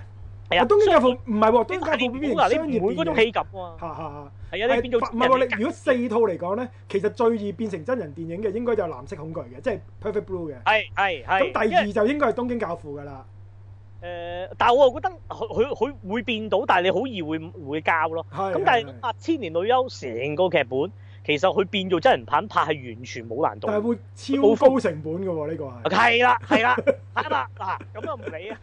係啊，東京教父唔係喎，東京教父變型商業變嗰種氣感喎，係啊，你變做真唔係喎，你、啊啊啊、如果四套嚟講咧，其實最易變成真人電影嘅應該就係藍色恐懼嘅，即係 Perfect Blue 嘅。係係係。咁第二就應該係東京教父㗎啦、呃。但係我又覺得佢佢佢會變到，但係你好易會會交咯。咁但係八、啊、千年女優成個劇本。其實佢變做真人版拍係完全冇難度，但係會超高成本㗎喎呢個係。 係啦，係啦，係 啦，嗱咁又唔理啊！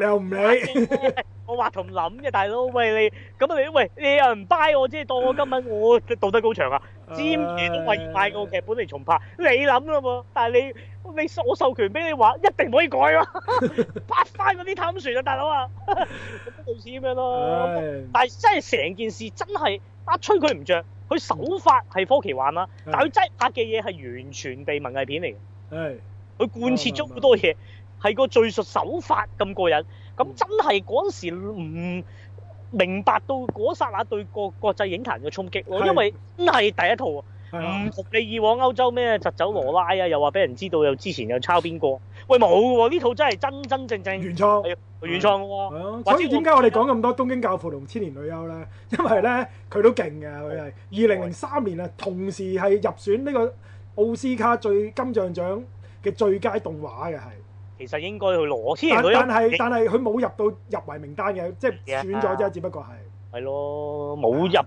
你又唔理 我說不，我話同諗嘅大佬，喂，你咁啊！你喂！你又唔 buy 我，即係當我今日我道德高強 啊！佔住都為賣個劇本嚟重拍，你諗啦喎，但係你。你所授權俾你話，一定唔可以改咯、啊，撥翻嗰啲探船啊，大佬啊，好似咁樣咯。但係真係成件事真係，一吹佢唔着。佢手法係科奇玩啦，但係佢真係拍嘅嘢係完全係文藝片嚟嘅。係，佢貫徹咗好多嘢，係個敘述手法咁過癮，咁真係嗰陣時唔明白到嗰剎那對個國際影壇嘅衝擊咯，因為唔係第一套啊。係啊、嗯，你以往歐洲咩《疾走羅拉》啊，又話俾人知道又之前又抄邊個？喂，冇喎，呢套真係真真正正原創，嗯、原創喎、嗯！所以點解我哋講咁多《東京教父》同《千年女優》咧？因為咧佢都勁嘅，佢係二零零三年啊，同時係入選呢個奧斯卡最金像獎嘅最佳動畫嘅係。其實應該佢攞《千年女優》，但係但係佢冇入到入圍名單嘅，即係選咗啫、啊，只不過係。係咯，冇入。啊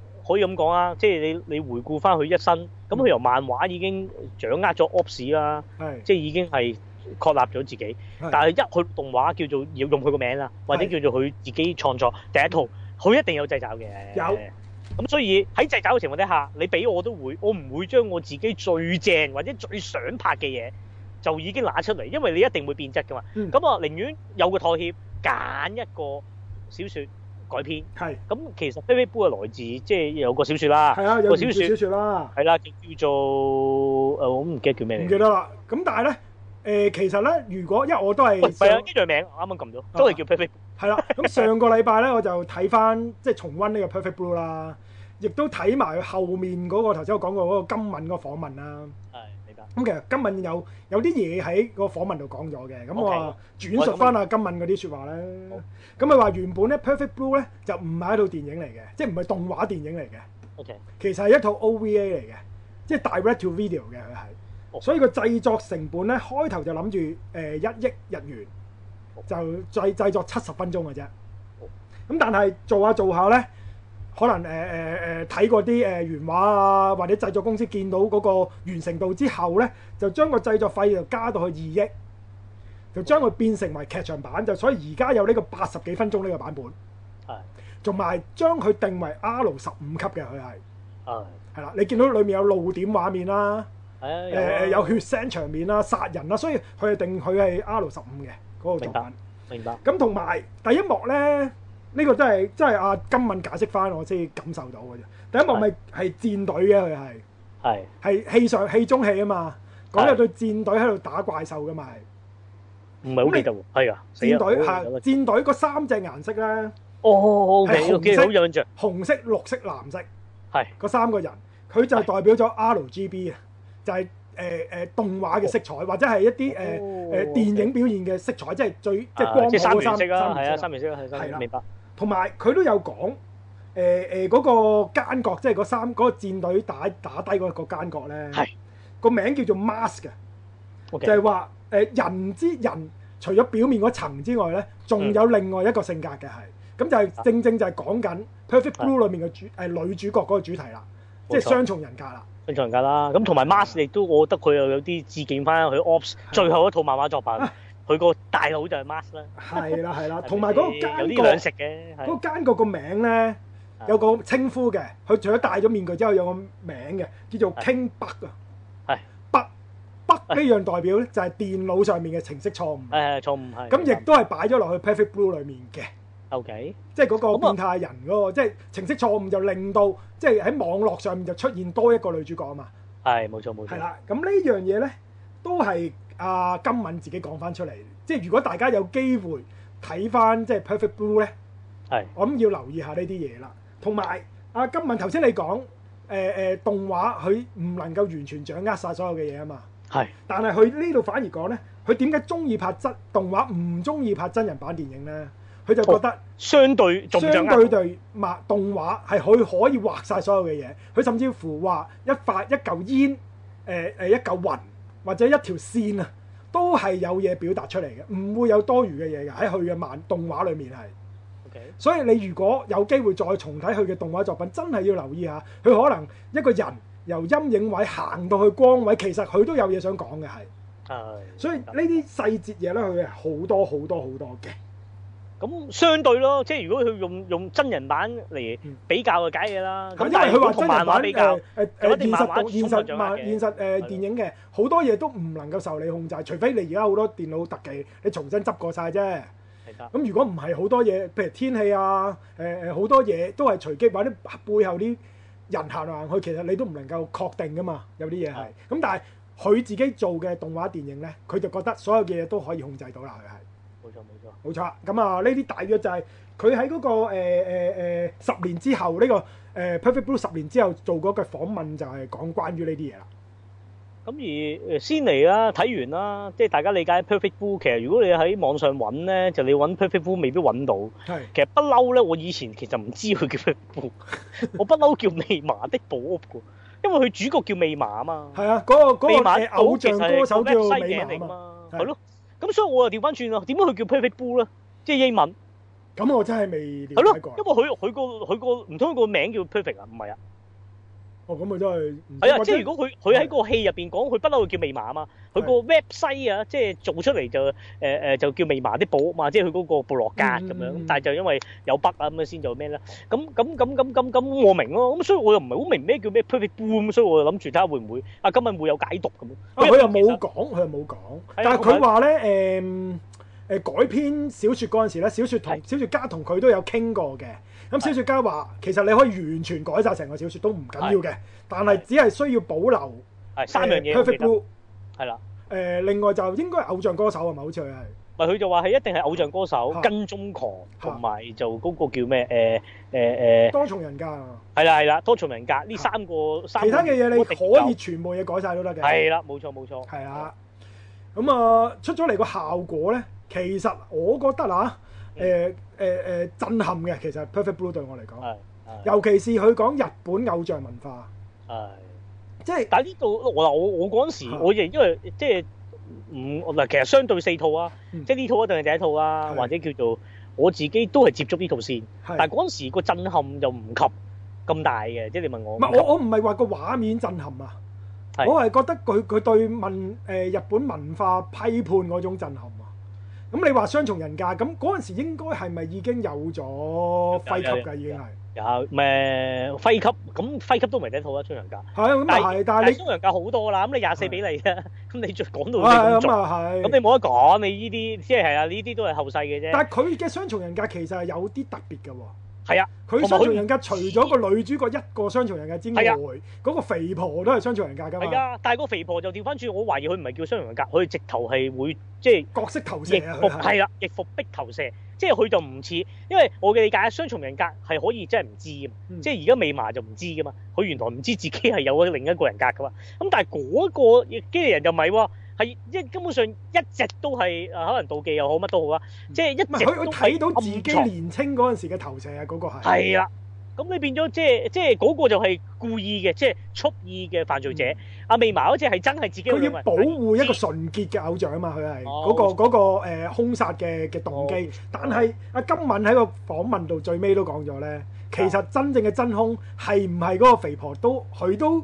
可以咁講啊，即係你你回顧翻佢一生，咁佢由漫畫已經掌握咗 ops 啦、嗯，即係已經係確立咗自己。嗯、但係一去動畫叫做要用佢個名啦、嗯，或者叫做佢自己創作第一套，佢一定有制裁嘅。有。咁所以喺制裁嘅情況底下，你俾我都會，我唔會將我自己最正或者最想拍嘅嘢就已經攞出嚟，因為你一定會變質噶嘛。咁、嗯、啊，寧願有個妥協，揀一個小説。改編係咁，其實《Perfect Blue》係來自即係有個小説啦，係啊，有個小説啦，係啦，叫叫做誒、呃，我唔記得叫咩唔記得啦。咁但係咧，誒、呃，其實咧，如果因為我都係，係啊，呢個名我啱啱撳咗，都係叫 Perfect Blue，《Perfect Blue》係啦。咁上個禮拜咧，我就睇翻即係重温呢個，那個《Perfect Blue》啦，亦都睇埋後面嗰個頭先我講過嗰個今敏個訪問啦，係。咁其實今敏有有啲嘢喺個訪問度講咗嘅，咁我啊轉述翻阿今敏嗰啲説話咧。咁佢話原本咧 Perfect Blue 咧就唔係一套電影嚟嘅，即係唔係動畫電影嚟嘅。OK，其實係一套 OVA 嚟嘅，即係 direct to video 嘅佢係。Okay. 所以個製作成本咧，開頭就諗住誒一億日元就製製作七十分鐘嘅啫。咁但係做下做下咧。可能誒誒誒睇過啲誒、呃、原畫啊，或者製作公司見到嗰個完成度之後呢，就將個製作費就加到去二億，就將佢變成為劇場版就。所以而家有呢個八十幾分鐘呢個版本，係，同埋將佢定為 R 十五級嘅佢係，係啦。你見到裏面有露點畫面啦，誒有、呃、有血腥場面啦、殺人啦，所以佢係定佢係 R 十五嘅嗰個作品。明白。咁同埋第一幕呢。呢、這個真係，真係阿今敏解釋翻，我先感受到嘅啫。第一幕咪係戰隊嘅佢係，係係戲上戲中戲啊嘛。講係對戰隊喺度打怪獸嘅嘛，係唔係好記得喎？啊、嗯，戰隊係戰隊嗰三隻顏色咧，哦、oh, okay,，okay, 紅色、紅色、綠色、藍色，係三個人，佢就代表咗 R、G、B 啊，就係誒誒動畫嘅色彩，oh. 或者係一啲誒誒電影表現嘅色彩，即係最、oh. 呃、即係光。三色啦、啊，係三原色啦、啊，啦、啊啊啊，明白。明白。同埋佢都有講，誒誒嗰個奸角，即係嗰三嗰、嗰個戰隊打打低嗰個奸角咧，個名叫做 Mask 嘅、okay.，就係話誒人之人，除咗表面嗰層之外咧，仲有另外一個性格嘅係，咁、嗯、就係正正就係講緊 Perfect Blue 裏面嘅主誒、啊呃、女主角嗰個主題啦，即係雙重人格啦。雙重人格啦，咁同埋 Mask 亦、啊、都，我覺得佢又有啲致敬翻佢 Ops 最後一套、啊、漫畫作品。啊佢個大佬就係 mask 啦，係啦係啦，同埋嗰個奸角，有啲兩食嘅。嗰奸角個名咧有個稱呼嘅，佢除咗戴咗面具之後有個名嘅，叫做 King Bug 啊。係，Bug Bug 呢樣代表咧就係、是、電腦上面嘅程式錯誤。係係錯誤係。咁亦都係擺咗落去 Perfect Blue 裡面嘅。OK。即係嗰個變態人嗰個，即係程式錯誤就令到即係喺網絡上面就出現多一個女主角啊嘛。係冇錯冇錯。係啦，咁呢樣嘢咧都係。阿、啊、今敏自己講翻出嚟，即係如果大家有機會睇翻即係 Perfect Blue 咧，我諗要留意下呢啲嘢啦。同埋阿今敏頭先你講，誒、呃、誒動畫佢唔能夠完全掌握晒所有嘅嘢啊嘛，係。但係佢呢度反而講咧，佢點解中意拍真動畫，唔中意拍真人版電影咧？佢就覺得、哦、相對相對對漫動畫係佢可以畫晒所有嘅嘢，佢甚至乎話一發一嚿煙，誒、呃、誒一嚿雲。或者一條線啊，都係有嘢表達出嚟嘅，唔會有多餘嘅嘢嘅。喺佢嘅漫動畫裡面係，okay. 所以你如果有機會再重睇佢嘅動畫作品，真係要留意下。佢可能一個人由陰影位行到去光位，其實佢都有嘢想講嘅係。係 okay. 所以呢啲細節嘢咧，佢係好多好多好多嘅。咁相對咯，即係如果佢用用真人版嚟比較嘅解嘢啦。咁因為佢話真人版就係有啲漫畫、嗯嗯，現實漫現實、現實、呃、電影嘅好多嘢都唔能夠受你控制，除非你而家好多電腦特技，你重新執過晒啫。咁如果唔係好多嘢，譬如天氣啊，誒誒好多嘢都係隨機，或者背後啲人行行去，其實你都唔能夠確定㗎嘛。有啲嘢係。咁、嗯、但係佢自己做嘅動畫電影咧，佢就覺得所有嘅嘢都可以控制到啦。佢係冇錯冇。冇錯，咁啊呢啲大約就係佢喺嗰個誒誒、呃呃、十年之後呢、呢個誒、呃、Perfect Blue 十年之後做嗰個訪問，就係講關於呢啲嘢啦。咁而先嚟啦，睇完啦，即係大家理解 Perfect Blue。其實如果你喺網上揾咧，就你揾 Perfect Blue 未必揾到。係。其實不嬲咧，我以前其實唔知佢叫 Perfect Blue， 我不嬲叫未麻的寶屋嘅，因為佢主角叫未麻啊嘛。係啊，嗰、嗰個嗰、嗰個偶像歌手叫未麻啊嘛。係咯。咁所以我又調翻轉啊！點解佢叫 Perfect Blue 咧？即係英文。咁我真係未瞭解過。係咯，因為佢佢個佢個唔通個名叫 Perfect 啊？唔係啊？哦，咁咪真係，係啊，即係如果佢佢喺嗰個戲入邊講，佢不嬲會叫未麻啊嘛，佢個 website 啊，即係做出嚟就誒誒就叫未麻啲堡嘛，即係佢嗰個部落格咁樣，但係就因為有筆啊咁樣先做咩咧？咁咁咁咁咁咁我明咯。咁所以我又唔係好明咩叫咩 Perfect Blue，所以我又諗住睇下會唔會啊今日會有解讀咁。啊，佢又冇講，佢又冇講，但係佢話咧誒誒改編小説，嗰陣時咧，小説同小説家同佢都有傾過嘅。咁小説家話，其實你可以完全改晒成個小説都唔緊要嘅，的但係只係需要保留、呃、三樣嘢 perfect blue，係啦。誒、呃，另外就應該係偶像歌手係咪？好似係咪佢就話係一定係偶像歌手跟蹤狂，同埋就嗰個叫咩？誒誒誒多重人格啊，係啦係啦，多重人格呢三個,的三個其他嘅嘢你可以全部嘢改晒都得嘅。係啦，冇錯冇錯。係啊，咁啊出咗嚟個效果咧，其實我覺得啊，誒、嗯。誒、呃、誒、呃、震撼嘅，其實 Perfect Blue 對我嚟講，尤其是佢講日本偶像文化，即係、就係、但係呢度，我我我嗰陣時，我亦因為即係唔嗱，其實相對四套啊、嗯，即係呢套一定係第一套啊，或者叫做我自己都係接觸呢套先。但係嗰陣時個震撼就唔及咁大嘅，即係你問我，唔係我我唔係話個畫面震撼啊，我係覺得佢佢對文誒、呃、日本文化批判嗰種震撼。咁你話雙重人格，咁嗰陣時候應該係咪已經有咗輝級嘅已經係？有咩輝級？咁輝級都唔係頂好嘅雙， 雙重人格。係啊，咁但係你雙重人格好多啦。咁你廿四比例啫，咁你再講到啲咁，咁你冇得講。你呢啲即係係啊，呢啲都係後世嘅啫。但係佢嘅雙重人格其實有啲特別嘅喎。係啊，佢雙重人格除咗個女主角一個雙重人格之外，嗰、啊嗰個肥婆都係雙重人格噶嘛。係啊，但係個肥婆就調翻轉，我懷疑佢唔係叫雙重人格，佢直頭係會即係角色投射啊。係啦，亦伏、啊、逼投射，即係佢就唔似，因為我嘅理解，雙重人格係可以真係唔知嘅、嗯，即係而家未麻就唔知噶嘛。佢原來唔知自己係有另一個人格噶嘛。咁但係嗰個機器人就唔係喎。係一根本上一直都係啊，可能妒忌又好，乜都好啊、嗯，即係一直都睇到自己年青嗰陣時嘅頭像、嗯嗰個、啊，嗰個係係啊，咁你變咗即係即係嗰個就係故意嘅，即、就、係、是、蓄意嘅犯罪者。阿未矛好似係真係自己佢要保護一個純潔嘅偶像啊嘛，佢係嗰個嗰、嗰個誒、呃、兇殺嘅嘅動機。哦、但係阿今敏喺個訪問到最尾都講咗咧，其實真正嘅真兇係唔係嗰個肥婆都佢都。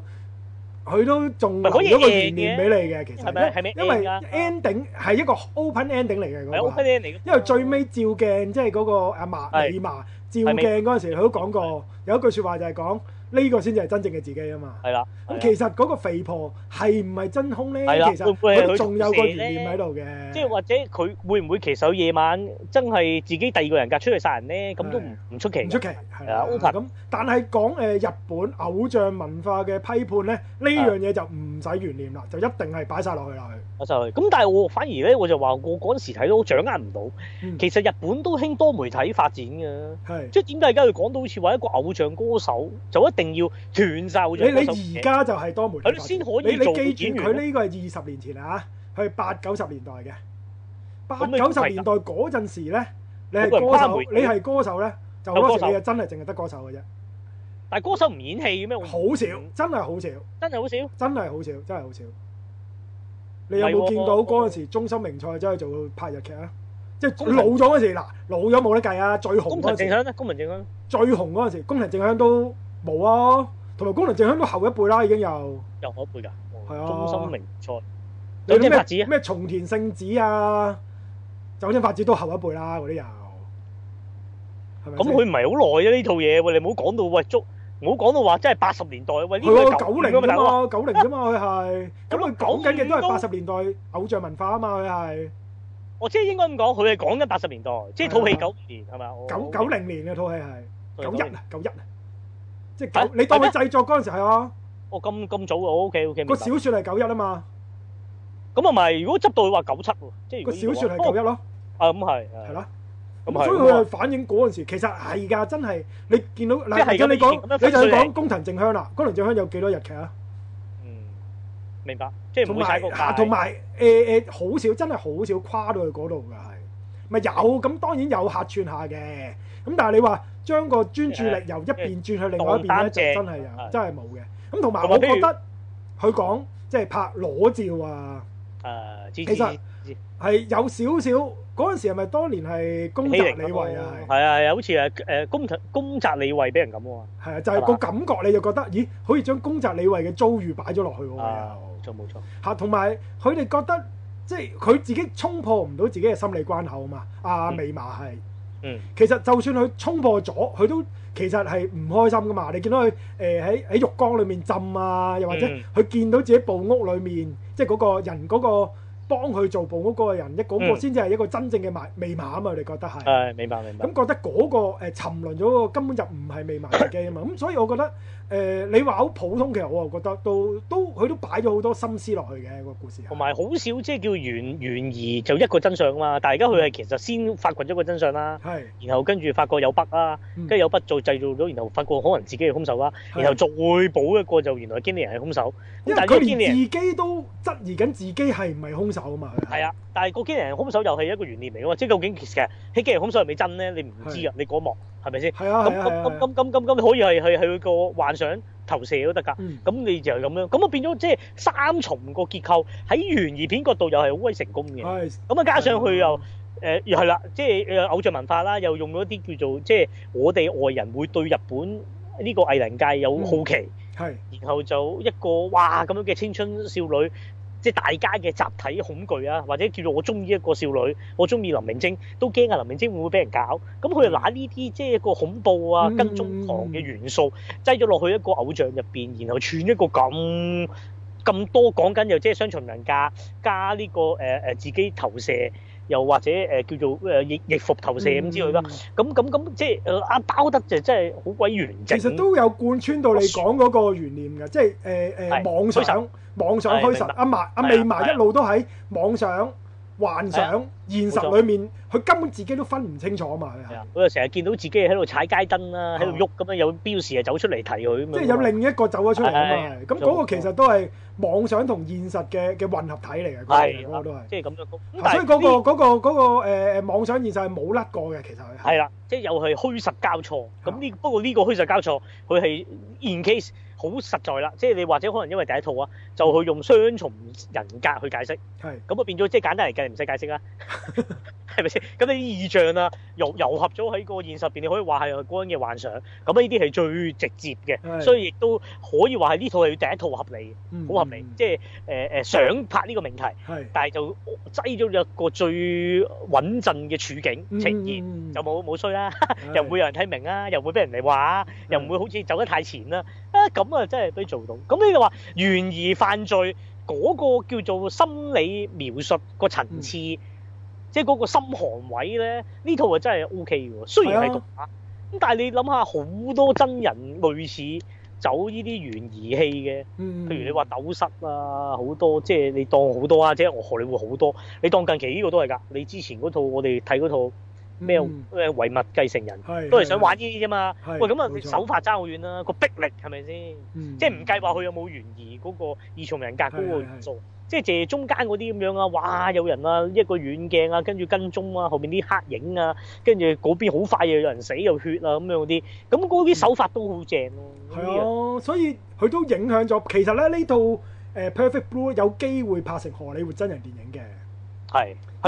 佢都仲留咗個懸念俾你嘅，其實，因為,係係係係因為 ending 係、啊、一個 open ending 嚟嘅嗰個，因為最尾照鏡即係嗰個阿嫲阿李嫲照鏡嗰陣時說，佢都講過有一句説話就係講。呢個先至係真正嘅自己啊嘛！係啦，咁其實嗰個肥婆係唔係真兇咧？係啦，佢仲有個懸念喺度嘅。即係或者佢會唔會騎手夜晚真係自己第二個人格出去殺人咧？咁都唔唔出奇。唔出奇係啦咁。但係講誒日本偶像文化嘅批判咧，呢樣嘢就唔使懸念啦，就一定係擺晒落去啦。咁但係我反而咧，我就話我嗰陣時睇到掌握唔到、嗯。其實日本都興多媒體發展嘅，即係點解而家佢講到好似話一個偶像歌手就一定要斷晒偶像，你而家就係多媒體，啊 8, 8, 那個、媒體，你先可以你記住，佢呢個係二十年前啊，佢係八九十年代嘅八九十年代嗰陣時咧，你係歌手，你係歌手咧就歌手，你真係淨係得歌手嘅啫。但係歌手唔演戲嘅咩？好少，真係好少，真係好少，真係好少，真係好少。你有冇見到嗰陣時中心名菜走去做拍日劇啊？即係老咗嗰時候，嗱老咗冇得計啊！最紅嗰時，宮田正香咧，宮田正香最紅嗰陣時，宮田正香都冇啊，同埋宮田正香都後一輩啦，已經有又後一輩㗎，係啊，中心名菜，酒井法子咩、啊、松田聖子啊，酒井法子都後一輩啦，嗰啲又咁佢唔係好耐啊。呢套嘢，喂，你唔好講到喂足。我講到話，即係八十年代喂，呢個九零啫嘛，九零啫嘛，佢係。咁佢講緊嘅都係八十年代偶像文化啊嘛，佢係。我即係應該咁講，佢係講緊八十年代，即係套戲九零年係嘛？九九零年嘅套戲係九一啊，九一啊。即係九，你當佢製作嗰陣時係啊？哦，咁咁早啊？O K O K。個小說係九一啊嘛。咁係咪，如果執到佢話九七喎，即係個小說係九一咯。啊咁係。係咯。所以佢係反映嗰陣時，其實係㗎，真係你見到嗱，而家你講，你就係講《工藤靜香》啦，《工藤靜香》有幾多日劇啊？嗯，明白。即係唔會睇個牌。同埋誒誒，好少真係好少跨到去嗰度㗎，係咪有？咁當然有客串下嘅，咁但係你話將個專注力由一邊轉去另外一邊咧，就真係呀真係冇嘅。咁同埋我覺得佢講即係拍裸照啊，誒，其實係有少少。嗰陣時係咪當年係宮澤理惠啊？係啊係啊，好似誒誒宮澤宮澤理惠俾人咁喎。係啊，就係個感覺，你就覺得，咦，好似將宮澤理惠嘅遭遇擺咗落去喎。啊，冇錯冇錯。嚇，同埋佢哋覺得，即係佢自己衝破唔到自己嘅心理關口啊嘛。啊，未嘛係。嗯。其實就算佢衝破咗，佢都其實係唔開心噶嘛。你見到佢誒喺喺浴缸裡面浸啊，又或者佢見到自己部屋裡面，即係嗰個人嗰個。幫佢做報嗰個人，那個、一個嗰個先至係一個真正嘅未未麻啊嘛！你、嗯、覺得係？係、嗯，明白明白。咁覺得嗰個沉淪咗個根本就唔係未麻嚟啊嘛？咁 所以我覺得。誒、呃，你話好普通，其實我又覺得都都佢都擺咗好多心思落去嘅、個故事。同埋好少即係叫懸懸疑就一個真相啊嘛！但係而家佢係其實先發掘咗個真相啦，然後跟住發覺有筆啦、啊，跟、嗯、住有筆做製造咗，然後發覺可能自己係兇手啦、啊啊，然後再會補一個就原來經理人係兇手。因為佢連自己都質疑緊自己係唔係兇手啊嘛。係啊，但係個經理人兇手又係一個懸疑嚟嘅嘛。即係究竟其實喺經理人兇手係咪真咧？你唔知啊，你嗰幕。係咪先？咁咁咁咁咁咁咁可以係係係個幻想投射都得㗎。咁你就係咁樣，咁啊變咗即係三重個結構喺懸疑片嗰度又係好鬼成功嘅。咁啊加上佢又誒係啦，即係偶像文化啦，又用咗啲叫做即係我哋外人會對日本呢個藝能界有好奇，係。然後就一個哇咁樣嘅青春少女。即、就、係、是、大家嘅集體恐懼啊，或者叫做我中意一個少女，我中意林明晶，都驚啊！林明晶會唔會俾人搞？咁佢哋拿呢啲即係一個恐怖啊、嗯、跟蹤狂嘅元素，擠咗落去一個偶像入邊，然後串一個咁咁多講緊又即係雙重人格，加呢、這個誒誒、呃、自己投射，又或者誒、呃、叫做誒逆逆服投射咁、嗯、之類啦。咁咁咁即係阿、呃、包得就真係好鬼完整，其實都有貫穿到你講嗰個懸念嘅，即係誒誒妄想。呃呃網上虛實，阿麻阿未麻一路都喺網上幻想對對對現實裡面，佢根本自己都分唔清楚啊嘛！你係，佢成日見到自己喺度踩街燈啦、啊，喺度喐咁樣，有標示啊走出嚟提佢啊嘛。即、就、係、是、有另一個走咗出嚟啊嘛。咁嗰、那個其實都係妄想同現實嘅嘅混合體嚟嘅，嗰、那個都係。即係咁樣，所以嗰、那個嗰、那個嗰、那個誒誒妄想現實係冇甩過嘅，其實係。啦，即係又係虛實交錯。咁呢、嗯這個、不過呢個虛實交錯，佢係 in case。好實在啦，即係你或者可能因為第一套啊，就去用雙重人格去解釋，咁啊變咗即係簡單嚟計唔使解釋啦，係咪先？咁你啲意象啊，融合咗喺個現實入邊，你可以話係個人嘅幻想，咁呢啲係最直接嘅，所以亦都可以話係呢套係第一套合理，好、嗯、合理，嗯、即係誒、呃、想拍呢個命題，但係就擠咗一個最穩陣嘅處境、嗯、呈現、嗯嗯、就冇冇衰啦， 又唔會有人睇明啊，又唔會俾人嚟話，又唔會好似走得太前啦，咁、啊。咁啊，真係都做到。咁呢個話懸疑犯罪嗰、嗰個叫做心理描述個層次，即係嗰個心寒位咧，呢套啊真係 O K 喎，雖然係動畫咁、啊、但係你諗下，好多真人類似走呢啲懸疑戲嘅、嗯，譬如你話抖室啊，好多，即、就、係、是、你當好多啊，即、就、係、是、我學你會好多。你當近期呢個都係㗎，你之前嗰套我哋睇嗰套。咩、嗯、誒遺物繼承人，是都係想玩呢啲啫嘛。喂，咁啊，手法爭好遠啦、啊，個迫力係咪先？即係唔計話佢有冇懸疑嗰個二重人格嗰個元素，是即係借中間嗰啲咁樣啊，哇！有人啊，一個遠鏡啊，跟住跟蹤啊，後面啲黑影啊，跟住嗰邊好快又有人死又血啊咁樣嗰啲，咁嗰啲手法都好正咯、啊。係啊，所以佢都影響咗。其實咧呢套誒 Perfect Blue 有機會拍成荷里活真人電影嘅。係。誒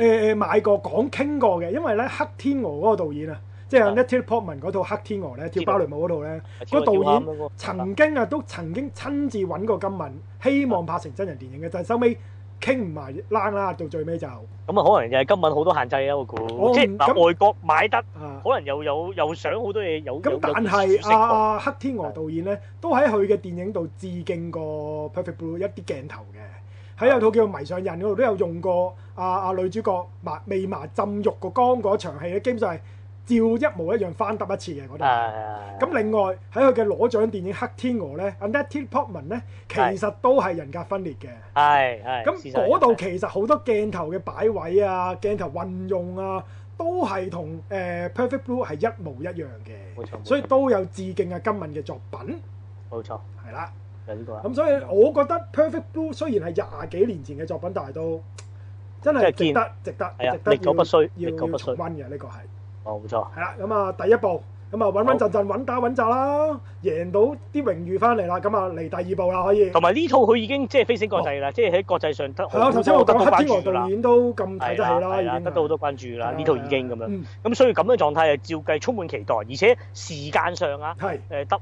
誒、呃、買過講傾過嘅，因為咧《黑天鵝》嗰個導演啊，即係 Natalie Portman 嗰套《黑天鵝》呢咧跳芭蕾舞嗰套咧，個導演曾經啊都曾經親自揾過今敏，希望拍成真人電影嘅，但係收尾傾唔埋欄啦，到最尾就咁啊，可能就係今敏好多限制啊，我估即係外國買得、啊、可能又有又想好多嘢，有咁但係啊，啊黑天鵝導演咧都喺佢嘅電影度致敬過 Perfect Blue 一啲鏡頭嘅。喺嗰套叫《迷上人》嗰度都有用過阿阿、啊啊、女主角麻未麻浸浴個缸嗰場戲，基本上係照一模一樣翻揼一次嘅。我哋咁另外喺佢嘅攞獎電影《黑天鵝》咧，啊《Natalie Portman 咧，其實都係人格分裂嘅。係、啊、係。咁嗰度其實好多鏡頭嘅擺位啊、鏡頭運用啊，都係同《誒、呃、Perfect Blue》係一模一樣嘅。冇錯。所以都有致敬啊今敏嘅作品。冇錯。係啦。咁、啊、所以，我覺得 Perfect Blue 雖然係廿幾年前嘅作品，但係都真係見得值得，值得，值得要，歷久不衰，歷久不衰重温嘅呢個係，冇、哦、錯。係啦，咁啊，第一部，咁啊，穩穩陣陣，穩打穩紮啦，贏到啲榮譽翻嚟啦，咁啊，嚟第二部啦，可以。同埋呢套佢已經即係飛升國際啦、哦，即係喺國際上得好多關注啦。片都咁睇得起啦，已啦，得到好多關注啦，呢套已經咁樣。咁、嗯、所以咁嘅狀態係照計充滿期待，而且時間上啊，係誒、呃、得喎。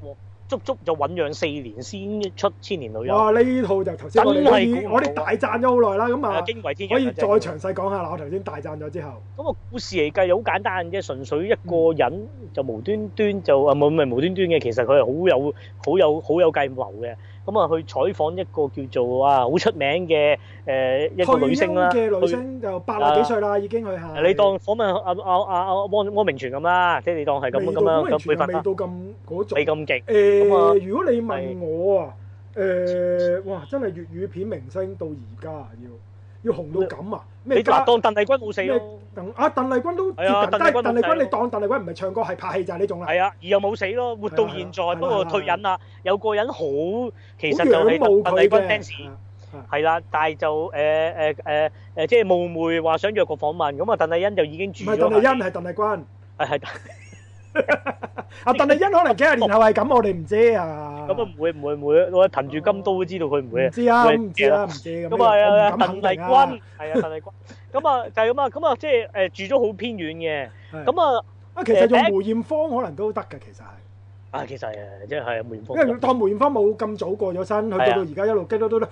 足足就醖釀四年先出《千年老友》哦。哇！呢套就頭先真係我哋大讚咗好耐啦，咁啊，啊，可以再詳細講下、啊、我頭先大讚咗之後。咁、咁個故事嚟計好簡單啫，純粹一個人就無端端就、嗯、啊冇咪無端端嘅，其實佢係好有好有好有計謀嘅。咁啊，去採訪一個叫做啊好出名嘅誒一個女星啦。退休嘅女星就八十幾歲啦，已經佢係、啊。你當訪問阿阿阿汪汪明荃咁啦，即係你當係咁樣咁樣培訓啦。汪明荃未到咁嗰種，未咁極。誒、欸嗯，如果你問我啊，誒、欸，哇，真係粵語片明星到而家要要紅到咁啊！你嗱當鄧麗君冇死咯，鄧啊鄧麗君都，但係鄧麗君你當鄧麗君唔係唱歌係拍戲咋，呢種係啊，而又冇死咯，活到現在，不過退隱啦。有個人好，其實就係鄧鄧麗君 dance，係啦，但係就誒誒誒誒即係冒昧話想約個訪問，咁啊鄧麗欣就已經住咗。唔係鄧麗欣係鄧麗君，係係。阿鄧麗欣可能幾十年後係咁，我哋唔知啊。咁啊唔會唔會唔會，我憑住金刀都知道佢唔會啊！知啊，唔知啦，唔知咁啊，鄧麗君，係啊，鄧麗君。咁啊就係咁啊，咁啊即係誒住咗好偏遠嘅。咁啊啊其實用梅艷芳可能都得㗎，其實係啊，其實誒即係梅艷芳，因為當梅艷芳冇咁早過咗身，佢到到而家一路跟都都去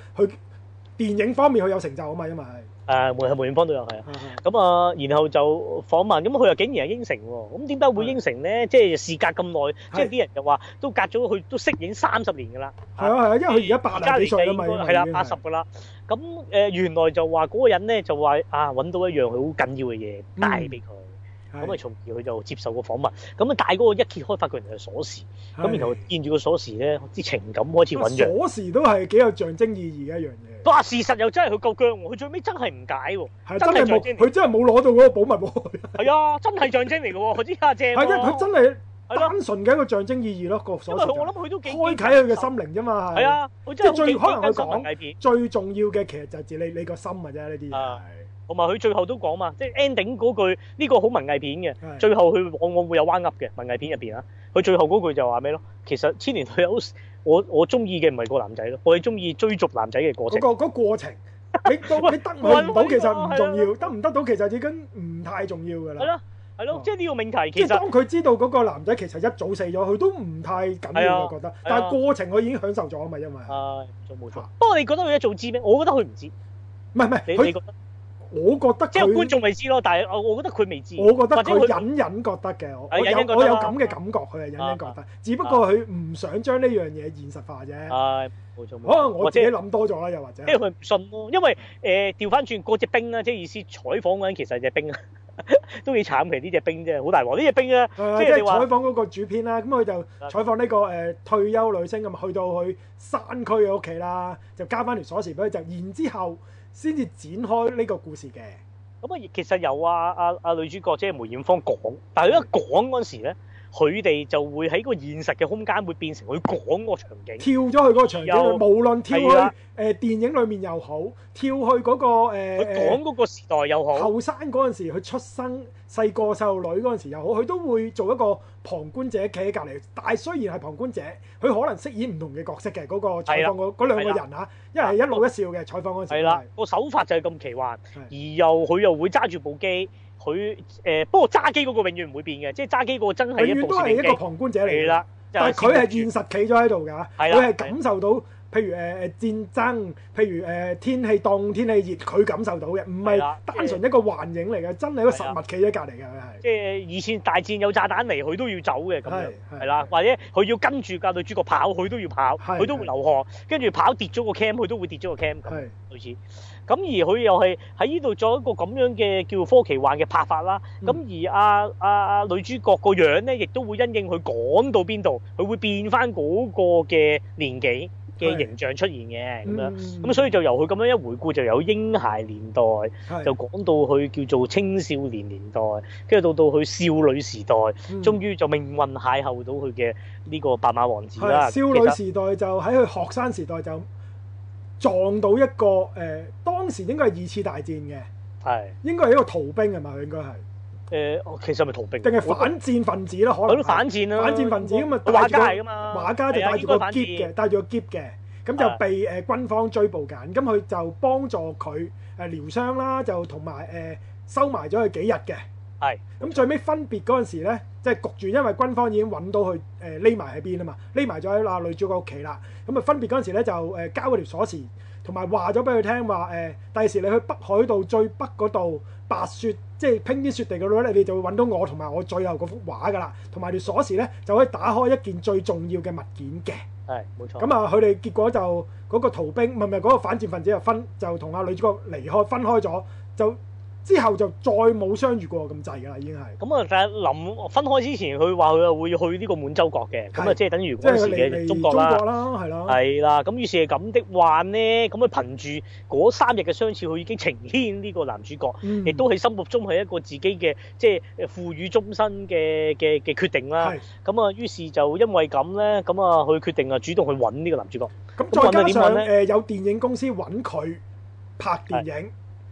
電影方面佢有成就啊嘛，因為。誒梅梅豔芳都有係啊，咁、嗯、啊，然後就訪問，咁佢又竟然係應承喎，咁點解會應承咧？是即係事隔咁耐，是即係啲人就話都隔咗，佢都識已經三十年㗎啦。係啊係啊，因為佢而家八零比賽啦係啦八十㗎啦。咁誒、呃、原來就話嗰個人咧就話啊揾到一樣好緊要嘅嘢帶俾佢，咁、嗯、啊從而佢就接受個訪問。咁啊帶嗰個一揭開發覺原來係鎖匙，咁然後見住個鎖匙咧啲情感開始揾著。鎖匙都係幾有象徵意義嘅一樣嘢。啊！事實又真係佢夠僵喎，佢最尾真係唔解喎，係真係冇，佢真係冇攞到嗰個寶物喎。係啊， 真係象徵嚟嘅喎，嗰知，家姐。係即佢真係單純嘅一個象徵意義囉。我諗佢都幾開啓佢嘅心靈啫嘛。係啊，佢真係好幾。即係最可能佢講最重要嘅，其實就係你你個心啊啫呢啲。同埋佢最後都講嘛，即係 ending 嗰句呢、呢個好文藝片嘅，最後佢往往會有彎曲嘅文藝片入邊啊。佢最後嗰句就話咩咯？其實千年女優。我我中意嘅唔係個男仔咯，我係中意追逐男仔嘅過程。嗰、嗰個嗰個過程， 你你得唔到、呢個、其實唔重要，得唔得到其實已經唔太重要㗎啦。係咯，係咯，即係呢個命題其實。即係當佢知道嗰個男仔其實一早死咗，佢都唔太緊要我覺得。但係過程我已經享受咗，咪因，因為。係，冇錯、啊。不過你覺得佢一早知咩？我覺得佢唔知。唔係唔係，你你覺得？我覺得即係觀眾未知咯，但係我我覺得佢未知，我覺得佢隱隱覺得嘅，我有咁嘅感覺，佢、啊、係隱隱覺得、啊覺隱隱覺得啊，只不過佢唔想將呢樣嘢現實化啫。係冇錯，可、啊、能我自己諗多咗啦，又或者因為佢唔信咯，因為誒調翻轉嗰隻兵啦，即係意思是採訪嗰陣其實兵 隻兵都幾慘，其實呢隻兵啫、啊，好大鑊呢隻兵咧，即、就、係、是就是、採訪嗰個主編啦，咁佢就採訪呢、這個誒、呃、退休女星咁，去到去山區嘅屋企啦，就加翻條鎖匙俾佢就，然之後。先至展開呢個故事嘅。咁啊，其實有啊，啊啊女主角即係梅艷芳講，但係如果講嗰陣時咧。佢哋就會喺個現實嘅空間，會變成佢講嗰個場景，跳咗去嗰個場景。無論跳去誒、呃、電影裏面又好，跳去嗰、嗰個誒、呃、講嗰個時代又好，後生嗰陣時佢出生細個細路女嗰時又好，佢都會做一個旁觀者，企喺隔離。但係雖然係旁觀者，佢可能飾演唔同嘅角色嘅嗰、嗰個採訪嗰嗰兩個人嚇，因為一係一老一少嘅採訪嗰陣時。係啦，個手法就係咁奇幻，而又佢又會揸住部機。佢誒，不過揸機嗰個永遠唔會變嘅，即係揸機嗰個真係永遠都係一個旁觀者嚟。係啦，但係佢係現實企咗喺度㗎，佢係感受到譬如誒誒，呃、戰爭，譬如誒，呃、天氣凍、天氣熱，佢感受到嘅，唔係單純一個幻影嚟嘅，真係一個實物企咗隔離㗎。即係，就是，以前大戰有炸彈嚟，佢都要走嘅咁樣，係啦，或者佢要跟住個女主角跑，佢都要跑，佢都會流汗，跟住跑跌咗個 cam，佢都會跌咗個 cam，係類似。咁而佢又係喺呢度做一個咁樣嘅叫科奇幻嘅拍法啦。咁、嗯、而阿阿阿女主角個樣咧，亦都會因應佢講到邊度，佢會變翻嗰個嘅年紀嘅形象出現嘅咁樣，咁、嗯、所以就由佢咁樣一回顧，就由嬰孩年代就講到去叫做青少年年代，跟住到到去少女時代，終、嗯、於就命運邂逅到佢嘅呢個白馬王子啦。少女時代就喺佢學生時代就撞到一個誒、呃，當時應該係二次大戰嘅，係應該係一個逃兵係嘛？佢應該係誒、呃，其實係咪逃兵？定係反戰分子啦？可能反戰，反戰分子咁啊，畫、嗯、家啊嘛，畫家就帶住個夾嘅，帶住個夾嘅，咁就被誒、呃、軍方追捕緊，咁佢就幫助佢誒療傷啦，就同埋誒收埋咗佢幾日嘅。係，咁最尾分別嗰陣時咧，即係焗住，因為軍方已經揾到佢誒匿埋喺邊啊嘛，匿埋咗喺啊女主角屋企啦。咁啊分別嗰陣時咧就誒交咗條鎖匙，同埋話咗俾佢聽話誒，第時你去北海道最北嗰度白雪，即係冰天雪地嗰度咧，你哋就會揾到我同埋我最後嗰幅畫噶啦，同埋條鎖匙咧就可以打開一件最重要嘅物件嘅。係，冇錯。咁啊，佢哋結果就嗰個逃兵，唔係唔係嗰個反戰分子就，分就同啊女主角離開，分開咗就。之後就再冇相遇過咁滯㗎啦，已經係。咁啊，其實臨分開之前，佢話佢會去呢個滿洲國嘅，咁啊，即係等於嗰陣時嘅中國啦。中國啦，係啦。係啦，咁於是係咁的話呢，咁佢憑住嗰三日嘅相處，佢已經情牽呢個男主角，亦、嗯、都喺心目中係一個自己嘅，即係賦予終身嘅嘅嘅決定啦。係。咁啊，於是就因為咁呢，咁啊，佢決定啊主動去揾呢個男主角。咁再加上誒、呃、有電影公司揾佢拍電影。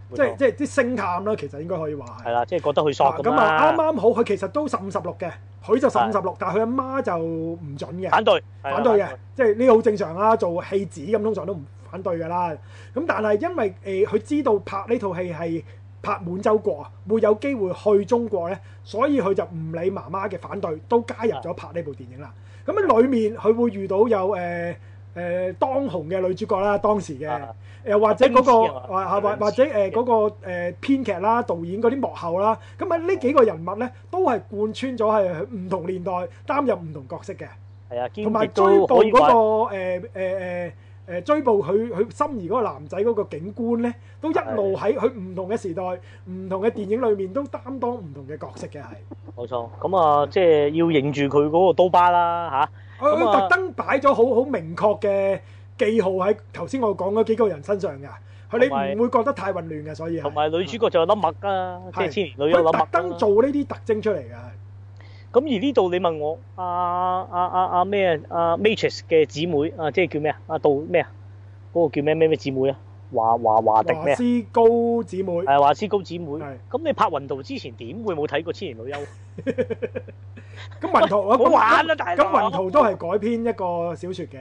即係即係啲星探啦，其實應該可以話係。啦，即係覺得佢 short 咁啊啱啱好，佢其實都十五十六嘅，佢就十五十六，十六,但係佢阿媽就唔準嘅。反對，的反對嘅，即係呢個好正常啦。做戲子咁通常都唔反對㗎啦。咁但係因為誒佢、呃、知道拍呢套戲係拍滿洲國啊，會有機會去中國咧，所以佢就唔理媽媽嘅反對，都加入咗拍呢部電影啦。咁喺裡面佢會遇到有誒。呃誒當紅嘅女主角啦，當時嘅，又或者嗰個或或或者誒嗰個誒編劇啦、導演嗰啲幕後啦，咁啊呢幾個人物咧，都係貫穿咗係唔同年代擔任唔同角色嘅。係啊，兼且都可以話。同埋追捕嗰個誒誒誒誒追捕佢佢心儀嗰個男仔嗰個警官咧，都一路喺佢唔同嘅時代、唔同嘅電影裏面都擔當唔同嘅角色嘅，係。冇錯，咁啊，即係要認住佢嗰個刀疤啦，嚇。我特登擺咗好好明確嘅記號，喺頭先我講嗰幾個人身上㗎，係你唔會覺得太混亂嘅，所以同埋女主角仲有粒墨啊，即係千年女優粒墨、啊、特登做呢啲特徵出嚟㗎。咁而呢度你問我，阿阿阿阿咩阿 Matrix 嘅姊妹啊，即係叫咩啊？阿杜咩啊？嗰、那個叫咩咩咩姊妹啊？華華華迪咩？華斯高姊妹。係華斯高姊妹。咁你拍《雲圖》之前點會冇睇過《千年女優》？咁 雲圖我玩啦、啊，但咁雲圖都係改編一個小說嘅，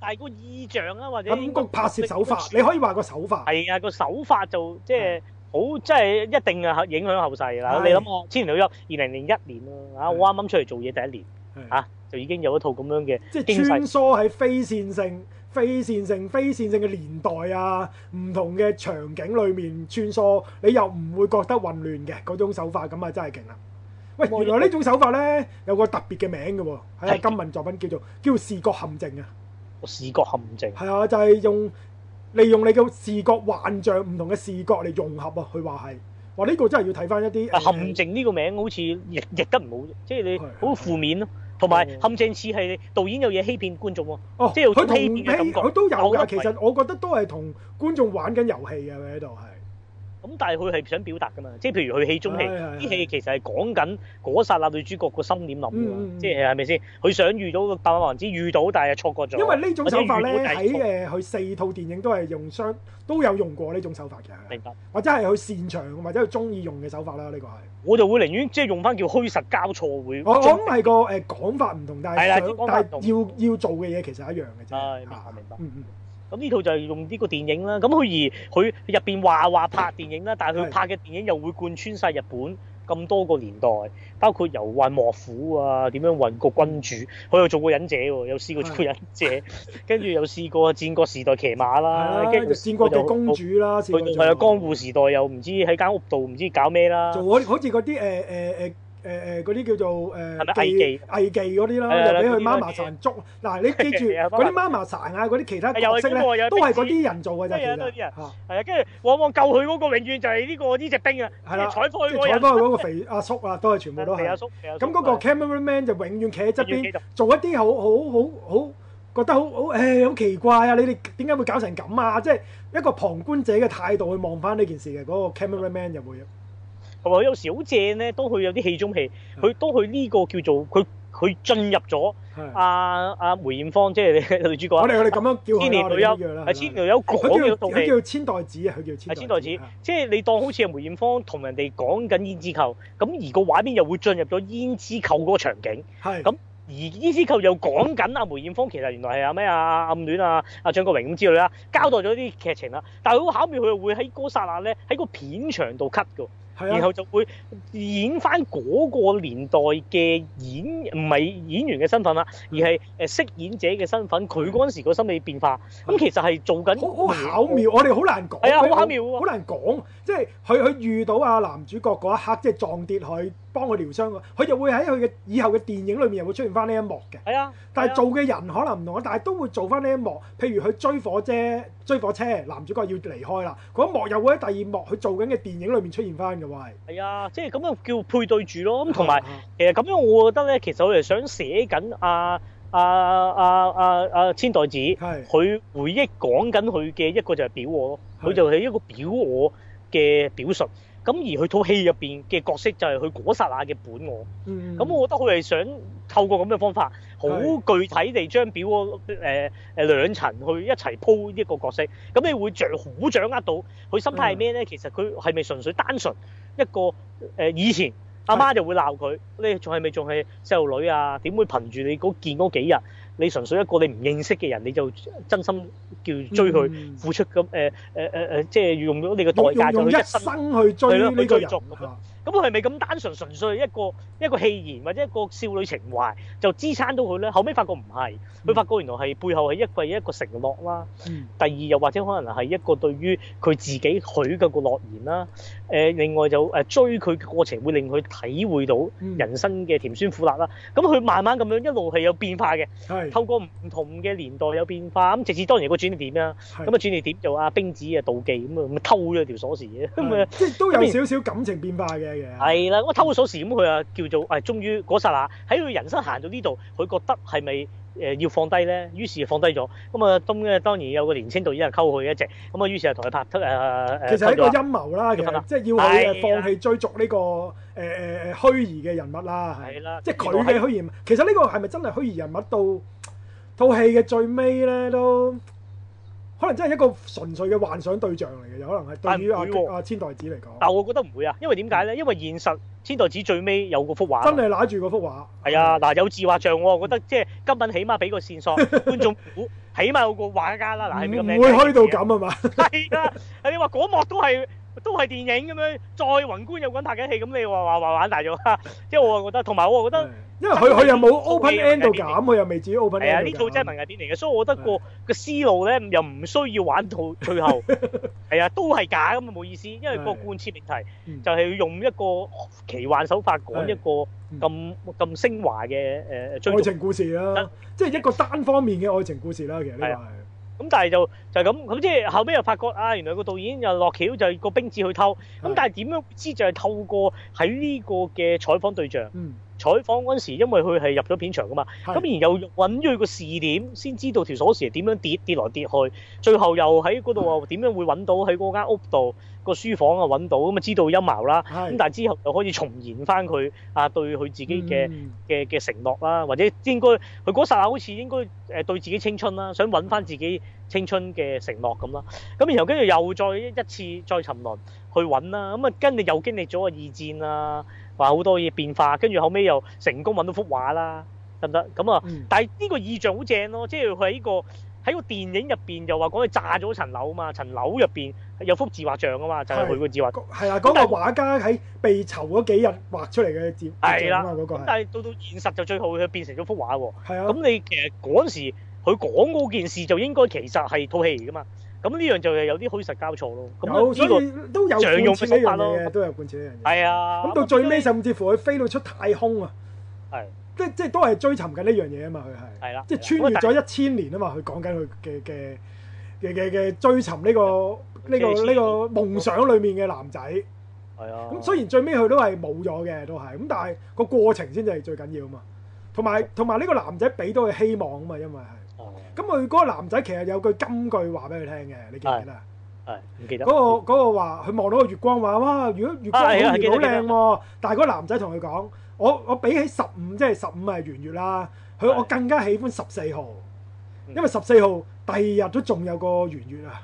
大係個意象啊，或者感、那個拍攝手法，你可以話個手法係啊、那個手法就即係好，即係一定啊影響後世啦。你諗我千年女優二零零一年咯，我啱啱出嚟做嘢第一年吓、啊，就已經有一套咁樣嘅即係穿梭喺非線性、非線性、非線性嘅年代啊，唔同嘅場景裏面穿梭，你又唔會覺得混亂嘅嗰種手法，咁啊真係勁啦！喂，原來呢種手法咧有個特別嘅名嘅喎、啊，係今敏作品叫做叫做視覺陷阱啊！視覺陷阱係啊，就係、是、用利用你嘅視覺幻象，唔同嘅視覺嚟融合啊。佢話係話呢個真係要睇翻一啲，陷阱呢個名好似譯譯得唔好，啫即係你好負面咯、啊。同埋陷阱似係導演有嘢欺騙觀眾喎、啊。哦，即係佢欺騙嘅感覺，佢都有嘅。其實我覺得都係同觀眾玩緊遊戲嘅喺度係。咁但係佢係想表達噶嘛，即係譬如佢戲中戲，啲、哎哎哎、戲其實係講緊嗰剎那，女主角個心點諗㗎，即係係咪先？佢想遇到個白馬王子，遇到但係錯過咗。因為呢種手法咧，睇誒佢四套電影都係用商，都有用過呢種手法嘅。明白。或者係佢擅長，或者佢中意用嘅手法啦，呢、這個係。我就會寧願即係用翻叫虛實交錯會。我哦。咁係個誒講法唔同，但係但係要要做嘅嘢其實一樣嘅啫。係、啊啊，明白。嗯嗯。咁呢套就係用呢個電影啦，咁佢而佢入面話話拍電影啦，但佢拍嘅電影又會貫穿晒日本咁多個年代，包括遊幻幕府啊，點樣混個君主，佢又做過忍者喎，有試過做忍者，跟住又試過戰國時代騎馬啦，跟住、啊、戰國做公主啦，戰國時代江戶時代又唔知喺間屋度唔知搞咩啦，好似嗰啲誒誒誒。呃呃誒誒嗰啲叫做誒技藝技嗰啲啦，又俾佢媽媽神捉嗱、啊，你記住嗰啲 Mama 神啊，嗰啲其他角色咧，都係嗰啲人做嘅就係啊，跟住往往救佢嗰個永遠就係呢、呢個呢隻、呢個、兵啊，即係採訪佢嗰個肥阿叔啦、啊， 都係全部都係咁嗰個 camera man 就永遠企喺側邊做一啲好好好好覺得好好誒、哎、好奇怪啊！你哋點解會搞成咁啊？即、就、係、係、一個旁觀者嘅態度去望翻呢件事嘅嗰、嗰個 camera man 就會。有時好正咧，都會有啲戲中戲，佢都佢呢個叫做佢佢進入咗阿阿梅艷芳，即係女主角。我哋我哋咁樣叫千年女優，係千年女優講嘅道佢叫千代子啊，佢叫千代子。叫代子啊代子啊、即係你當好似阿梅艷芳同人哋講緊胭脂扣，咁 而個畫面又會進入咗胭脂扣嗰個場景。係咁，而胭脂扣又講緊阿梅艷芳，其實原來係阿咩啊暗戀啊阿張國榮咁之類啦，交代咗啲劇情啦。但係佢好巧妙，佢又會喺嗰剎那咧喺個片場度 cut 㗎。然後就會演翻嗰個年代嘅演，唔係演員嘅身份啦，而係誒飾演者嘅身份，佢嗰陣時個心理變化。咁其實係做緊好好巧妙，我哋好難講。係啊，好巧妙喎，好難講，即係佢佢遇到啊男主角嗰一刻，即係撞跌佢。幫佢療傷，佢就會喺佢嘅以後嘅電影裏面又會出現翻呢一幕嘅。係啊，啊，但係做嘅人可能唔同啊，但係都會做翻呢一幕。譬如佢追火車，追火車男主角要離開啦，嗰一幕又會喺第二幕佢做緊嘅電影裏面出現翻嘅話係。係啊，即係咁樣叫配對住咯。咁同埋誒咁樣，我覺得咧，其實我哋想寫緊啊，啊啊啊，阿、啊啊、千代子，係佢回憶講緊佢嘅一個就係表我咯，佢就係一個表我嘅表述。咁而佢套戲入面嘅角色就係佢嗰剎那嘅本我，咁、嗯、我覺得佢係想透過咁嘅方法，好具體地將表個誒誒兩層去一齊鋪呢一個角色，咁你會好掌握到佢心態係咩咧？其實佢係咪純粹單純一個、呃、以前阿媽就會鬧佢？你仲係咪仲係細路女啊？點會憑住你嗰見嗰幾日？你純粹一個你唔認識嘅人，你就真心叫追佢、嗯，付出咁誒誒誒誒，即係用咗你嘅代價就一生，用一生去追呢、呢個人。咁佢係咪咁單純純粹一個一個戲言或者一個少女情懷就支撐到佢咧？後尾發覺唔係，佢發覺原來係背後係一個一個承諾啦、嗯。第二又或者可能係一個對於佢自己許嘅個諾言啦、嗯。另外就追佢嘅過程會令佢體會到人生嘅甜酸苦辣啦。咁、嗯、佢慢慢咁樣一路係有變化嘅，透過唔同嘅年代有變化。咁直至當年個轉折點，轉點就啊，咁啊轉折點就阿冰子啊妒忌咁啊偷咗條鎖匙啊，即係都有少少感情變化嘅。係啦，我偷咗鎖匙咁佢啊，叫做誒，終於嗰剎那喺佢人生行到呢度，佢覺得係咪誒要放低咧？於是放低咗。咁、嗯、啊，咁咧當然有個年青導演係溝佢一隻。咁啊，於是就同佢拍出誒誒。其實係一個陰謀啦，咁啊，即係要佢放棄追逐呢個誒誒誒虛擬嘅人物啦。係啦，即係佢嘅虛擬。其實呢個係咪真係虛擬人物到套戲嘅最尾咧都？可能真係一個純粹嘅幻想對象嚟嘅，有可能係對於阿、啊、阿、啊、千代子嚟講。但我覺得唔會啊，因為點解咧？因為現實千代子最尾有個幅畫，真係拿住個幅畫。係啊，嗱、嗯、有字畫像，我覺得即係根本起碼俾個線索， 觀眾估起碼有個畫家啦。嗱， 唔會開到咁係嘛？係啊，你話嗰幕都係。都係電影咁樣，再宏觀又講拍緊戲，咁你話話話玩大咗，即係我覺得，同埋我覺得， 因為佢佢又冇 open end 到咁，佢又未至於 open end。係呢套真係文藝片嚟嘅，所以我覺得個個思路咧又唔需要玩到最後。係 啊，都係假咁啊冇意思，因為個貫徹命題係、嗯、就係、係、用一個奇幻手法講一個咁咁昇華嘅誒愛情故事啦、啊，即係一個單方面嘅愛情故事啦、啊，其實呢個係。咁但係就就咁、是，咁即係後尾又發覺啊，原來個導演又落橋就是、個兵子去偷。咁但係點樣知就係透過喺呢個嘅採訪對象，嗯、採訪嗰陣時，因為佢係入咗片場㗎嘛，咁然後揾咗佢個視點，先知道條鎖匙點樣跌跌來跌去，最後又喺嗰度啊點樣會揾到喺嗰間屋度。嗯個書房啊揾到咁啊，知道陰謀啦。咁但係之後又可以重現翻佢啊，對佢自己嘅嘅嘅承諾啦，或者應該佢嗰剎那時候好似應該誒對自己青春啦，想揾翻自己青春嘅承諾咁啦。咁然後跟住又再一次再沉淪去揾啦。咁啊，跟住又經歷咗個二戰啦，話好多嘢變化，跟住後尾又成功揾到幅畫啦，得唔得？咁啊、嗯，但係呢個意象好正咯，即係佢喺呢個。喺個電影入邊就話講佢炸咗層樓啊嘛，層樓入邊有幅自畫像啊嘛，就係、是、佢個自畫像。係啊，嗰、那個畫家喺被囚嗰幾日畫出嚟嘅字。係啦，嗰、啊那個啊、但係到到現實就最後佢變成咗幅畫喎。是啊。咁你其實嗰陣時佢講嗰件事就應該其實係套戲嚟噶嘛。咁呢樣就有啲虛實交錯咯。咁呢個都有借用、這個、手法咯。都有借呢手嘢，係啊。咁到最尾、嗯、甚至乎佢飛到出太空啊。係、啊。即即都係追尋緊呢樣嘢啊嘛，佢係，即穿越咗一千年啊嘛，佢講緊佢嘅嘅嘅嘅嘅追尋呢個呢個呢個夢想裏面嘅男仔，係啊，咁雖然最尾佢都係冇咗嘅，都係，咁但係個過程先至係最緊要啊嘛，同埋同埋呢個男仔俾到佢希望啊嘛，因為係，咁佢嗰個男仔其實有一句金句話俾佢聽嘅，你記唔記得啊？係唔記得？嗰個嗰個話，佢望到個月光話：哇，如果月光好好靚喎。但係嗰個男仔同佢講，我我比起十五，即係十五係圓月啦。佢我更加喜歡十四號，嗯、因為十四號第二日都仲有個圓月啊。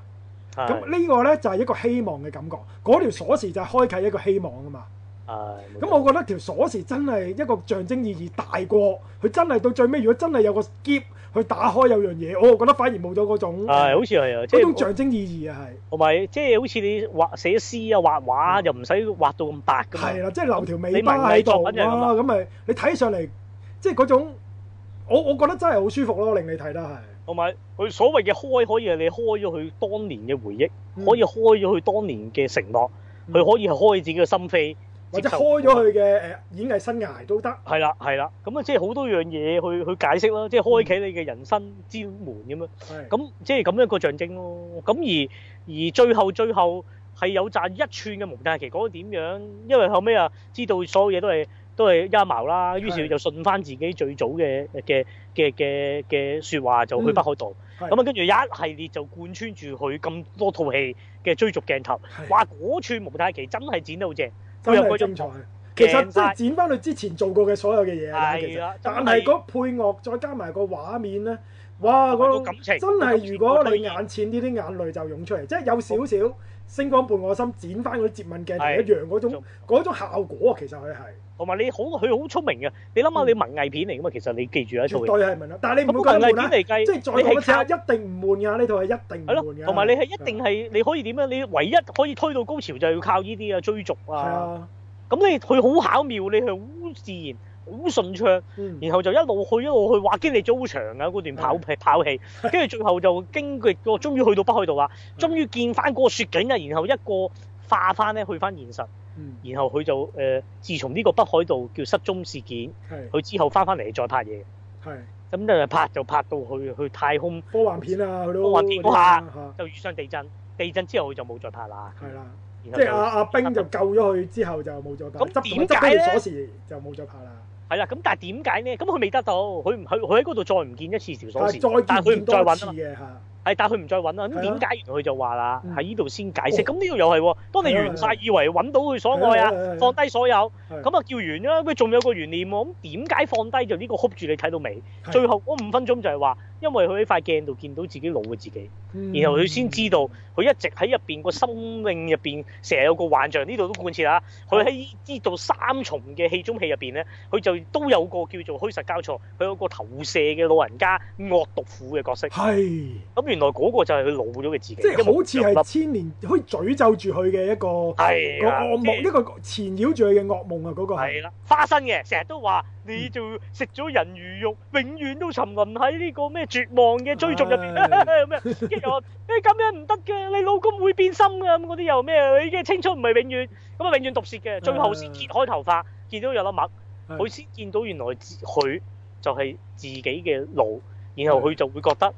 咁呢個呢，就係、是、一個希望嘅感覺。嗰條鎖匙就係開啟一個希望啊嘛。咁我覺得條鎖匙真係一個象徵意義大過，佢真係到最尾，如果真係有個 Skip，去打開有樣嘢，我覺得反而冇咗嗰種，好似係啊，即係嗰種象徵意義啊，係同埋即係好似你畫寫詩啊、畫畫、嗯、又唔使畫到咁白㗎嘛，係啦，即係留條尾巴喺度啊，咁咪你睇、就是、上嚟即係嗰種，我我覺得真係好舒服咯、啊，令你睇得係同埋佢所謂嘅開可以係你開咗佢當年嘅回憶、嗯，可以開咗佢當年嘅承諾，佢可以開自己嘅心扉。嗯或者開咗佢嘅誒演藝生涯都得，係啦係啦，咁啊即係好多樣嘢去去解釋啦，即係開啟你嘅人生之門咁樣，咁即係咁樣一個象徵咯。咁而而最後最後係有扎一串嘅蒙太奇，講咗點樣？因為後尾啊知道所有嘢都係都係陰謀啦，於是就信返自己最早嘅嘅嘅嘅嘅説話，就去北海道。咁啊跟住一系列就貫穿住佢咁多套戲嘅追逐鏡頭，話嗰串蒙太奇真係剪得好正。真係精彩，其實即係剪翻佢之前做過嘅所有嘅嘢啊，其實。但係嗰配樂再加埋個畫面咧，哇！嗰個真係如果你眼淺呢啲眼淚就湧出嚟，即係有少少《星光伴我心》剪翻嗰啲接吻鏡頭一樣嗰種嗰種效果啊，其實佢係。同埋你好，佢好聰明嘅。你諗下，你文藝片嚟噶嘛？其實你記住一套嘢。絕對係文，但係你唔文藝片嚟計，啊，你係一定唔悶噶，呢套係一定唔悶。同埋你係一定係你可以點咧？你唯一可以推到高潮就要靠呢啲啊，追逐啊。咁你佢好巧妙，你係好自然、好順暢，然後就一路去一路去，哇！經歷咗好長啊嗰段跑跑戲，跟住最後就驚劇，我 終於去到北海道啦，終於見翻嗰個雪景啊，然後一個化翻咧，去翻現實。嗯、然後佢就、呃、自從呢個北海道叫失蹤事件，佢之後翻翻嚟再拍嘢。係，咁就拍就拍到去去太空，科幻片啊，科幻片。我就遇上地震，啊、地震之後佢就冇再拍啦。係啦，即係阿阿冰就救咗佢之後就冇再拍。咁點解鎖匙就冇再拍啦。係啦，咁但係點解咧？咁佢未得到，佢佢佢喺嗰度再唔見一次條鎖匙，見見，但係佢唔再揾係，但佢唔再揾啦。咁點解完佢就話啦？喺呢度先解釋。咁呢度又係，當你完曬、啊啊啊、以為揾到佢所愛呀啊，啊，啊，放低所有，咁啊就叫完啦。喂，仲有個懸念喎。咁點解放低就呢個 hold 住？你睇到未、啊？最後嗰五分鐘就係話，因為佢喺塊鏡度見到自己老嘅自己，嗯、然後佢先知道佢一直喺入邊個心靈入邊，成日有個幻象。呢度都貫徹啦。佢喺呢度三重嘅戲中戲入邊咧，佢就都有一個叫做虛實交錯，佢有個投射嘅老人家惡毒婦嘅角色。係、啊，咁。原來嗰個就係佢老咗嘅自己，即係好似係千年可以詛咒住佢嘅一個惡夢，欸、一個纏繞住佢嘅噩夢啊！嗰、嗰個係、啊、花生嘅，成日都話你就食咗人魚肉、嗯，永遠都沉淪喺呢個咩絕望嘅追逐入邊。咩、哎？跟住我，你、哎、咁、 哎、樣唔得嘅，你老公會變心啊！咁嗰啲又咩？你嘅青春唔係永遠咁啊，永遠毒舌嘅、哎，最後先揭開頭髮、哎，見到有粒麥，佢先見到原來佢就係自己嘅老、哎，然後佢就會覺得。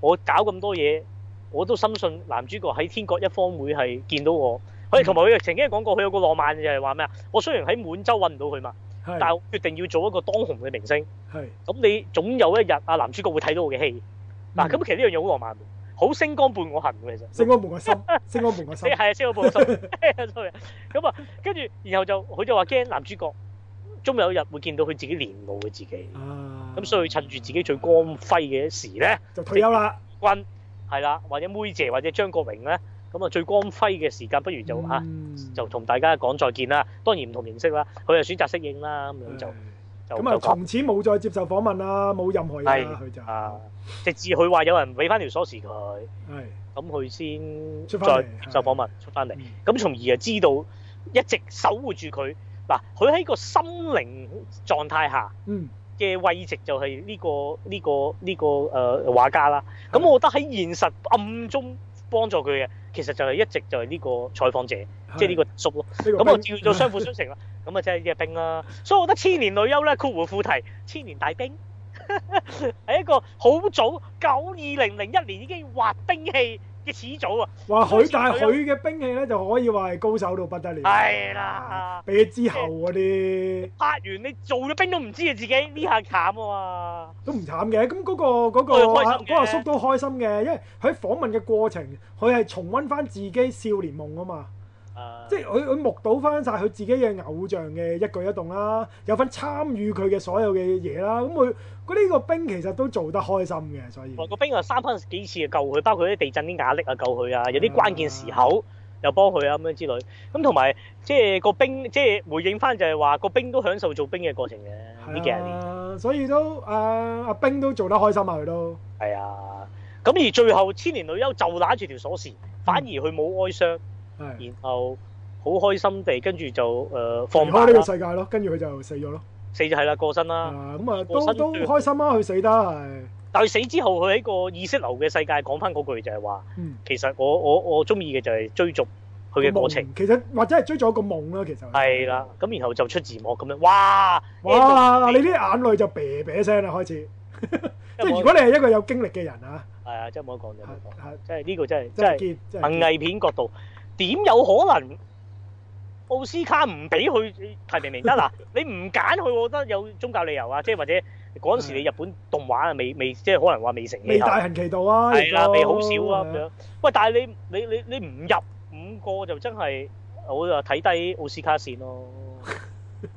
我搞咁多嘢，我都深信男主角喺天國一方會係見到我。佢同埋佢曾經講過，佢有個浪漫就係話咩啊？我雖然喺滿洲搵唔到佢嘛，但我決定要做一個當紅嘅明星。咁你總有一日啊，男主角會睇到我嘅戲。嗱，咁其實呢樣嘢好浪漫，好星光伴我行其實。星光伴我心， 星光伴我心。係 啊，星光伴我心。咁啊，跟住然後就佢就話驚男主角。終有一日會見到佢自己年老嘅自己，咁、啊、所以趁住自己最光輝嘅時咧，就退休啦，軍係啦，或者妹姐或者張國榮咧，咁啊最光輝嘅時間，不如就嚇、嗯啊、就同大家講再見啦。當然唔同形式啦，佢就選擇適應啦，咁樣就咁啊、嗯，從此冇再接受訪問啦、啊，冇任何嘢佢、啊、就、啊、 直至佢話有人俾翻條鎖匙佢，咁佢先再接受訪問出翻嚟，咁、嗯、從而就知道一直守護住佢。嗱、啊，佢喺個心靈狀態下嘅慰藉就係呢、這個呢、嗯這個呢、這個誒畫、呃、家啦。咁我覺得喺現實暗中幫助佢嘅，其實就係一直就係呢個採訪者，嗯、即係呢個叔咯。咁、這個、我叫做相輔相成啦。咁啊，即係呢個兵啦。所以我覺得千年女優咧，枯狐附體，千年大兵係 一個好早九二零零一年已經畫兵器。嘅始祖啊！佢但係佢嘅兵器咧，就可以話係高手到不得了。係啦，比之後嗰啲。拍完你做咗兵都唔知自己呢下慘啊！都唔慘嘅。咁嗰個個阿叔都開心嘅，因為佢訪問嘅過程，佢係重溫翻自己少年夢啊嘛。啊即係佢佢目睹翻晒佢自己嘅偶像嘅一舉一動啦，有份參與佢嘅所有嘅嘢啦，咁、嗯、佢。嗰、這、呢個兵其實都做得開心嘅，所以個兵又三番幾次救佢，包括啲地震啲壓力啊，救佢啊，有啲關鍵時候又幫佢啊咁樣之類。咁同埋即係個兵即係、就是、回應翻就係話個兵都享受做兵嘅過程嘅呢、啊、幾年，所以都啊阿、呃、兵都做得開心啊佢都係啊。咁而最後千年女優就攞住條鎖匙、嗯，反而佢冇哀傷，然後好開心地跟住就誒、呃、放返呢個世界咯，跟住佢就死咗咯。死就係啦，過身啦。咁啊，都都開心啦，佢死得係。但係佢死之後，佢喺個意識流嘅世界講翻嗰句就係話：其實我我我中意嘅就係追逐佢嘅過程。其實或者係追逐一個夢啦，其實。係啦，咁然後就出字幕咁樣，哇！哇！你啲眼淚就喋喋聲啦，開始。即係如果你係一個有經歷嘅人啊。係啊，真冇得講真。係，真係呢個真係，真係。藝片角度點有可能？奧斯卡唔俾佢提明明得嗱，你唔揀佢，我覺得有宗教理由啊，即係或者嗰陣時你日本動畫啊，未未即係可能話未成，未大行其道啊，係啦，未好少啊咁樣喂，但係你你你你唔入五個就真係好啊睇低奧斯卡線咯，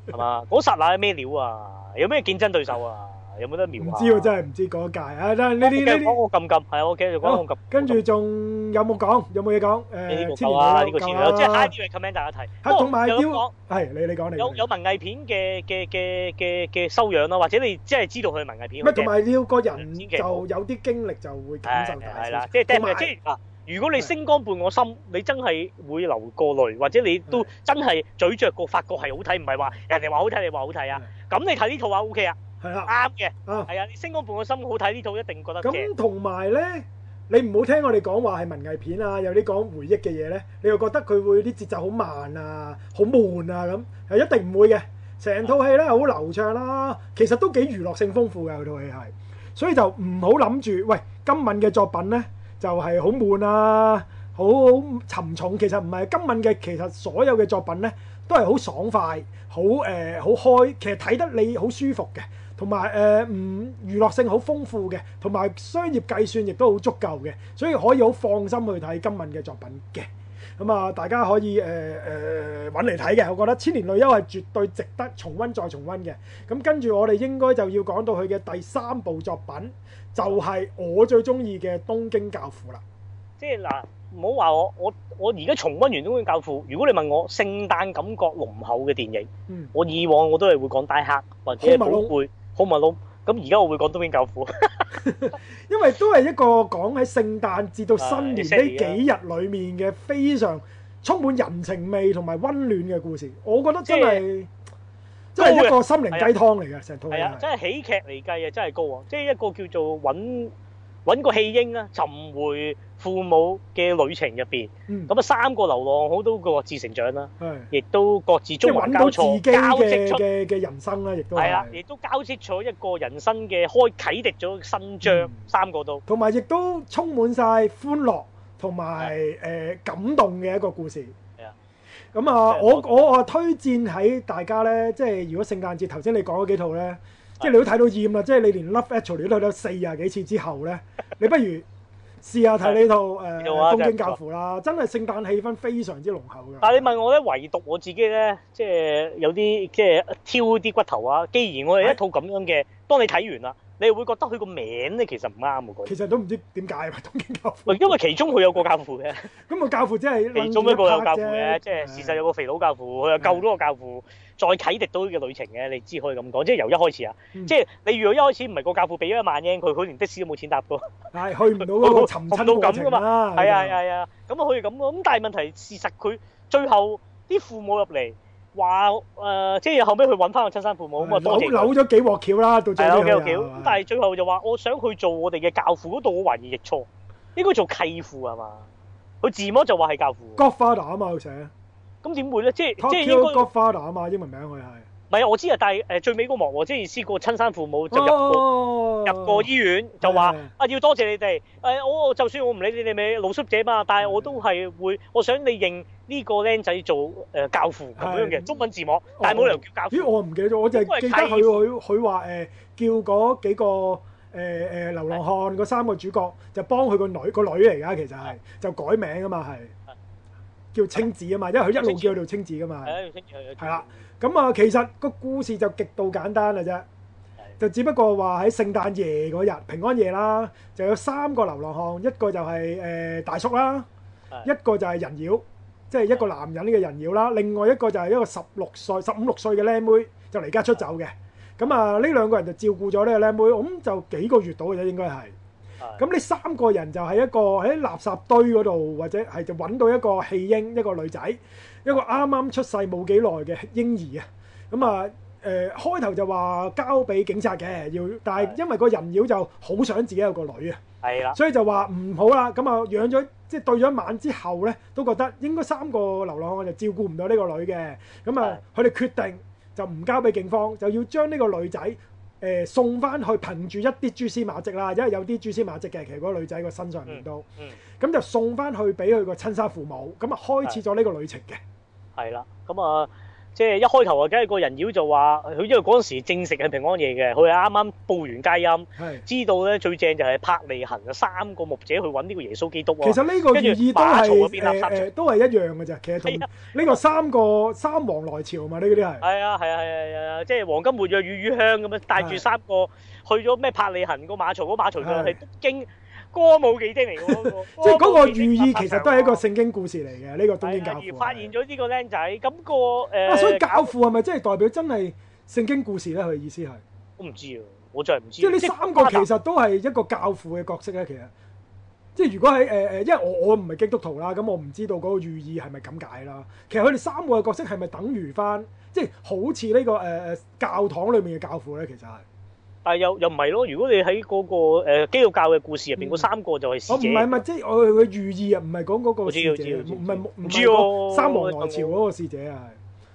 係 嘛？嗰剎那係咩料啊？有咩競爭對手啊？ 有冇得描畫？唔知喎，真係唔知，講一界啊！得呢啲呢啲。我我撳撳，係啊，我繼續講我撳。跟住仲有冇講？有冇嘢講？誒，呢個夠啊，呢個字都夠啊。即係 highly recommend 大家睇。嚇，同埋要係你你講你。有有文藝片嘅嘅嘅嘅嘅修養咯，或者你即係知道佢文藝片。乜同埋要個人就有啲經歷就會感受大。係啦，即係聽埋即係啊！如果你星光伴我心，你真係會流過淚，或者你都真係咀嚼過，發覺係好睇，唔係話人哋話好睇，你話好睇啊！咁你睇呢套話 OK 啊？係啦，啱嘅啊，係啊！《星空伴我心》好睇呢套一定覺得。咁同埋咧，你唔好聽我哋講話係文藝片啊，有啲講回憶嘅嘢咧，你又覺得佢會啲節奏好慢啊，好悶啊咁？係一定唔會嘅，成套戲咧係好流暢啦，其實都幾娛樂性豐富嘅嗰套戲係，所以就唔好諗住喂今敏嘅作品咧就係好悶啊，好沉重。其實唔係今敏嘅，其實所有嘅作品咧都係好爽快，好誒好開，其實睇得你好舒服嘅。同埋誒唔娛樂性好豐富嘅，同埋商業計算亦都好足夠嘅，所以可以好放心去睇今敏嘅作品嘅。咁啊，大家可以誒誒揾嚟睇嘅。我覺得《千年女優》係絕對值得重溫再重溫嘅。咁、啊、跟住我哋應該就要講到佢嘅第三部作品，就係、是、我最中意嘅《東京教父》啦。即係嗱，唔好話我我我而家重溫完《東京教父》，如果你問我聖誕感覺濃厚嘅電影，嗯，我以往我都係會講《大黑》或者《寶貝》好唔好咁而家我會講《東京教父》， 因為都係一個講喺聖誕節到新年呢幾日裏面嘅非常充滿人情味同埋溫暖嘅故事。我覺得真係真係一個心靈雞湯嚟嘅成套。係、哎、啊、哎哎，真係喜劇嚟計啊，真係高啊！即係一個叫做揾揾個棄嬰啊，尋回。父母嘅旅程入邊，咁、嗯、啊三個流浪，好多個自成長啦，亦都各自中環交錯交織出嘅嘅人生啦，亦都係啦，亦都交織咗一個人生嘅開啓迪咗新章、嗯，三個都同埋亦都充滿晒歡樂同埋誒感動嘅一個故事。係啊，咁啊，我我我推薦喺大家咧，即係如果聖誕節頭先你講嗰幾套咧，即係、就是、你都睇到厭啦，即係、就是、你連 Love Actually 都睇咗四廿幾次之後咧，你不如～ 試下睇呢套誒《東京教父》啦，真係聖誕氣氛非常之濃厚嘅。但係你問我咧，唯獨我自己咧，即係有啲即係挑啲骨頭啊。既然我係一套咁樣嘅，當你睇完啦，你會覺得佢個名咧其實唔啱喎。其實都唔知點解《東京教父》。因為其中佢有個教父嘅。咁個教父真係其中一個有一個教父嘅，即係事實有個肥佬教父，佢又救咗個教父。再啟迪到嘅旅程嘅，你知可以咁講，即係由一開始啊、嗯，即係你如果一開始唔係個教父俾咗一萬英，佢佢連的士都冇錢搭到，係、哎、去唔到嗰個尋親到咁嘅嘛，係啊係啊，咁啊佢係咁嘅，咁但係問題事實佢最後啲父母入嚟話誒，即係後尾去揾翻個親生父母咁啊，扭扭咗幾鑊橋啦，杜仔，幾鑊橋，但係最後就話我想去做我哋嘅教父，嗰度我懷疑亦錯，應該做契父係嘛？佢字幕就話係教父，Godfather 啊嘛，佢寫。咁點會咧？即係即係應該。Tyler Godfather 啊嘛，英文名佢係。唔係啊，我知啊，但係誒最尾嗰幕即係意思個親生父母就入過入過醫院，就話啊要多謝你哋。誒我就算我唔理你哋咪露宿者嘛，但係我都係會，我想你認呢個僆仔做誒教父咁樣嘅，中文字幕。但係冇理由叫教父。咦？我唔記得咗，我就係記得佢佢佢話誒叫嗰幾個誒誒流浪漢嗰三個主角就幫佢個女個女嚟㗎，其實係就改名㗎嘛係。叫清子啊嘛，因為佢一路叫佢做清子噶嘛。係啦，咁啊，其實個故事就極度簡單啦啫，就只不過話喺聖誕夜嗰日，平安夜啦，就有三個流浪漢，一個就係誒大叔啦，一個就係人妖，即係一個男人呢個人妖啦，另外一個就係一個十六歲、十五六歲嘅僆妹，就離家出走嘅。咁啊，呢兩個人就照顧咗呢個僆妹，咁就幾個月到嘅啫，應該係。咁呢三個人就係一個喺垃圾堆嗰度，或者係就揾到一個棄嬰，一個女仔，一個啱啱出世冇幾耐嘅嬰兒啊！咁啊，誒開頭就話交俾警察嘅，要，但係因為個人妖就好想自己有個女啊，係啦，所以就話唔好啦，咁啊養咗即係對咗一晚之後咧，都覺得應該三個流浪漢就照顧唔到呢個女嘅，咁啊佢哋決定就唔交俾警方，就要將呢個女仔。呃、送翻去憑住一啲蛛絲馬跡啦，因為有啲蛛絲馬跡嘅，其實嗰個女仔個身上面都，咁、嗯嗯、就送翻去俾佢個親生父母，咁啊開始咗呢個旅程嘅，係啦，咁啊。即係一開頭啊，梗係個人妖就話，佢因為嗰時時正食係平安夜嘅，佢係啱啱報完佳音，知道咧最正就係柏利恆三個牧者去搵呢個耶穌基督，其實呢個意都係誒，都係一樣嘅咋。其實同呢個、呃、個三個三王來朝嘛，呢啲係。係啊係啊係啊係啊，即係黃金沒藥、與乳香咁樣帶住三個去咗咩柏利恆個馬槽嗰馬槽上嚟，經歌舞伎町嚟，即係嗰個寓意其實都係一個聖經故事嚟嘅。呢個東京教父是是、啊、發現咗呢個僆仔，咁、嗰個誒、呃啊，所以教父係咪即係代表真係聖經故事咧？佢意思係，我唔知啊，我真係唔知。即係呢三個其實都係一個教父嘅角色咧。其實，即係如果喺誒誒，因為我我唔係基督徒啦，咁我唔知道嗰個寓意係咪咁解啦。其實佢哋三個嘅角色係咪等於翻，即係好似呢個誒誒、呃、教堂裏面嘅教父咧？其實係。啊！又又唔係咯？如果你喺嗰、嗰個基督、呃、教嘅故事入邊，嗰、嗯、三個就係侍、就係、侍者。唔係嘛，即係我嘅寓意又唔係講嗰個。唔係唔知，知，知三王來朝嗰個侍者啊、嗯，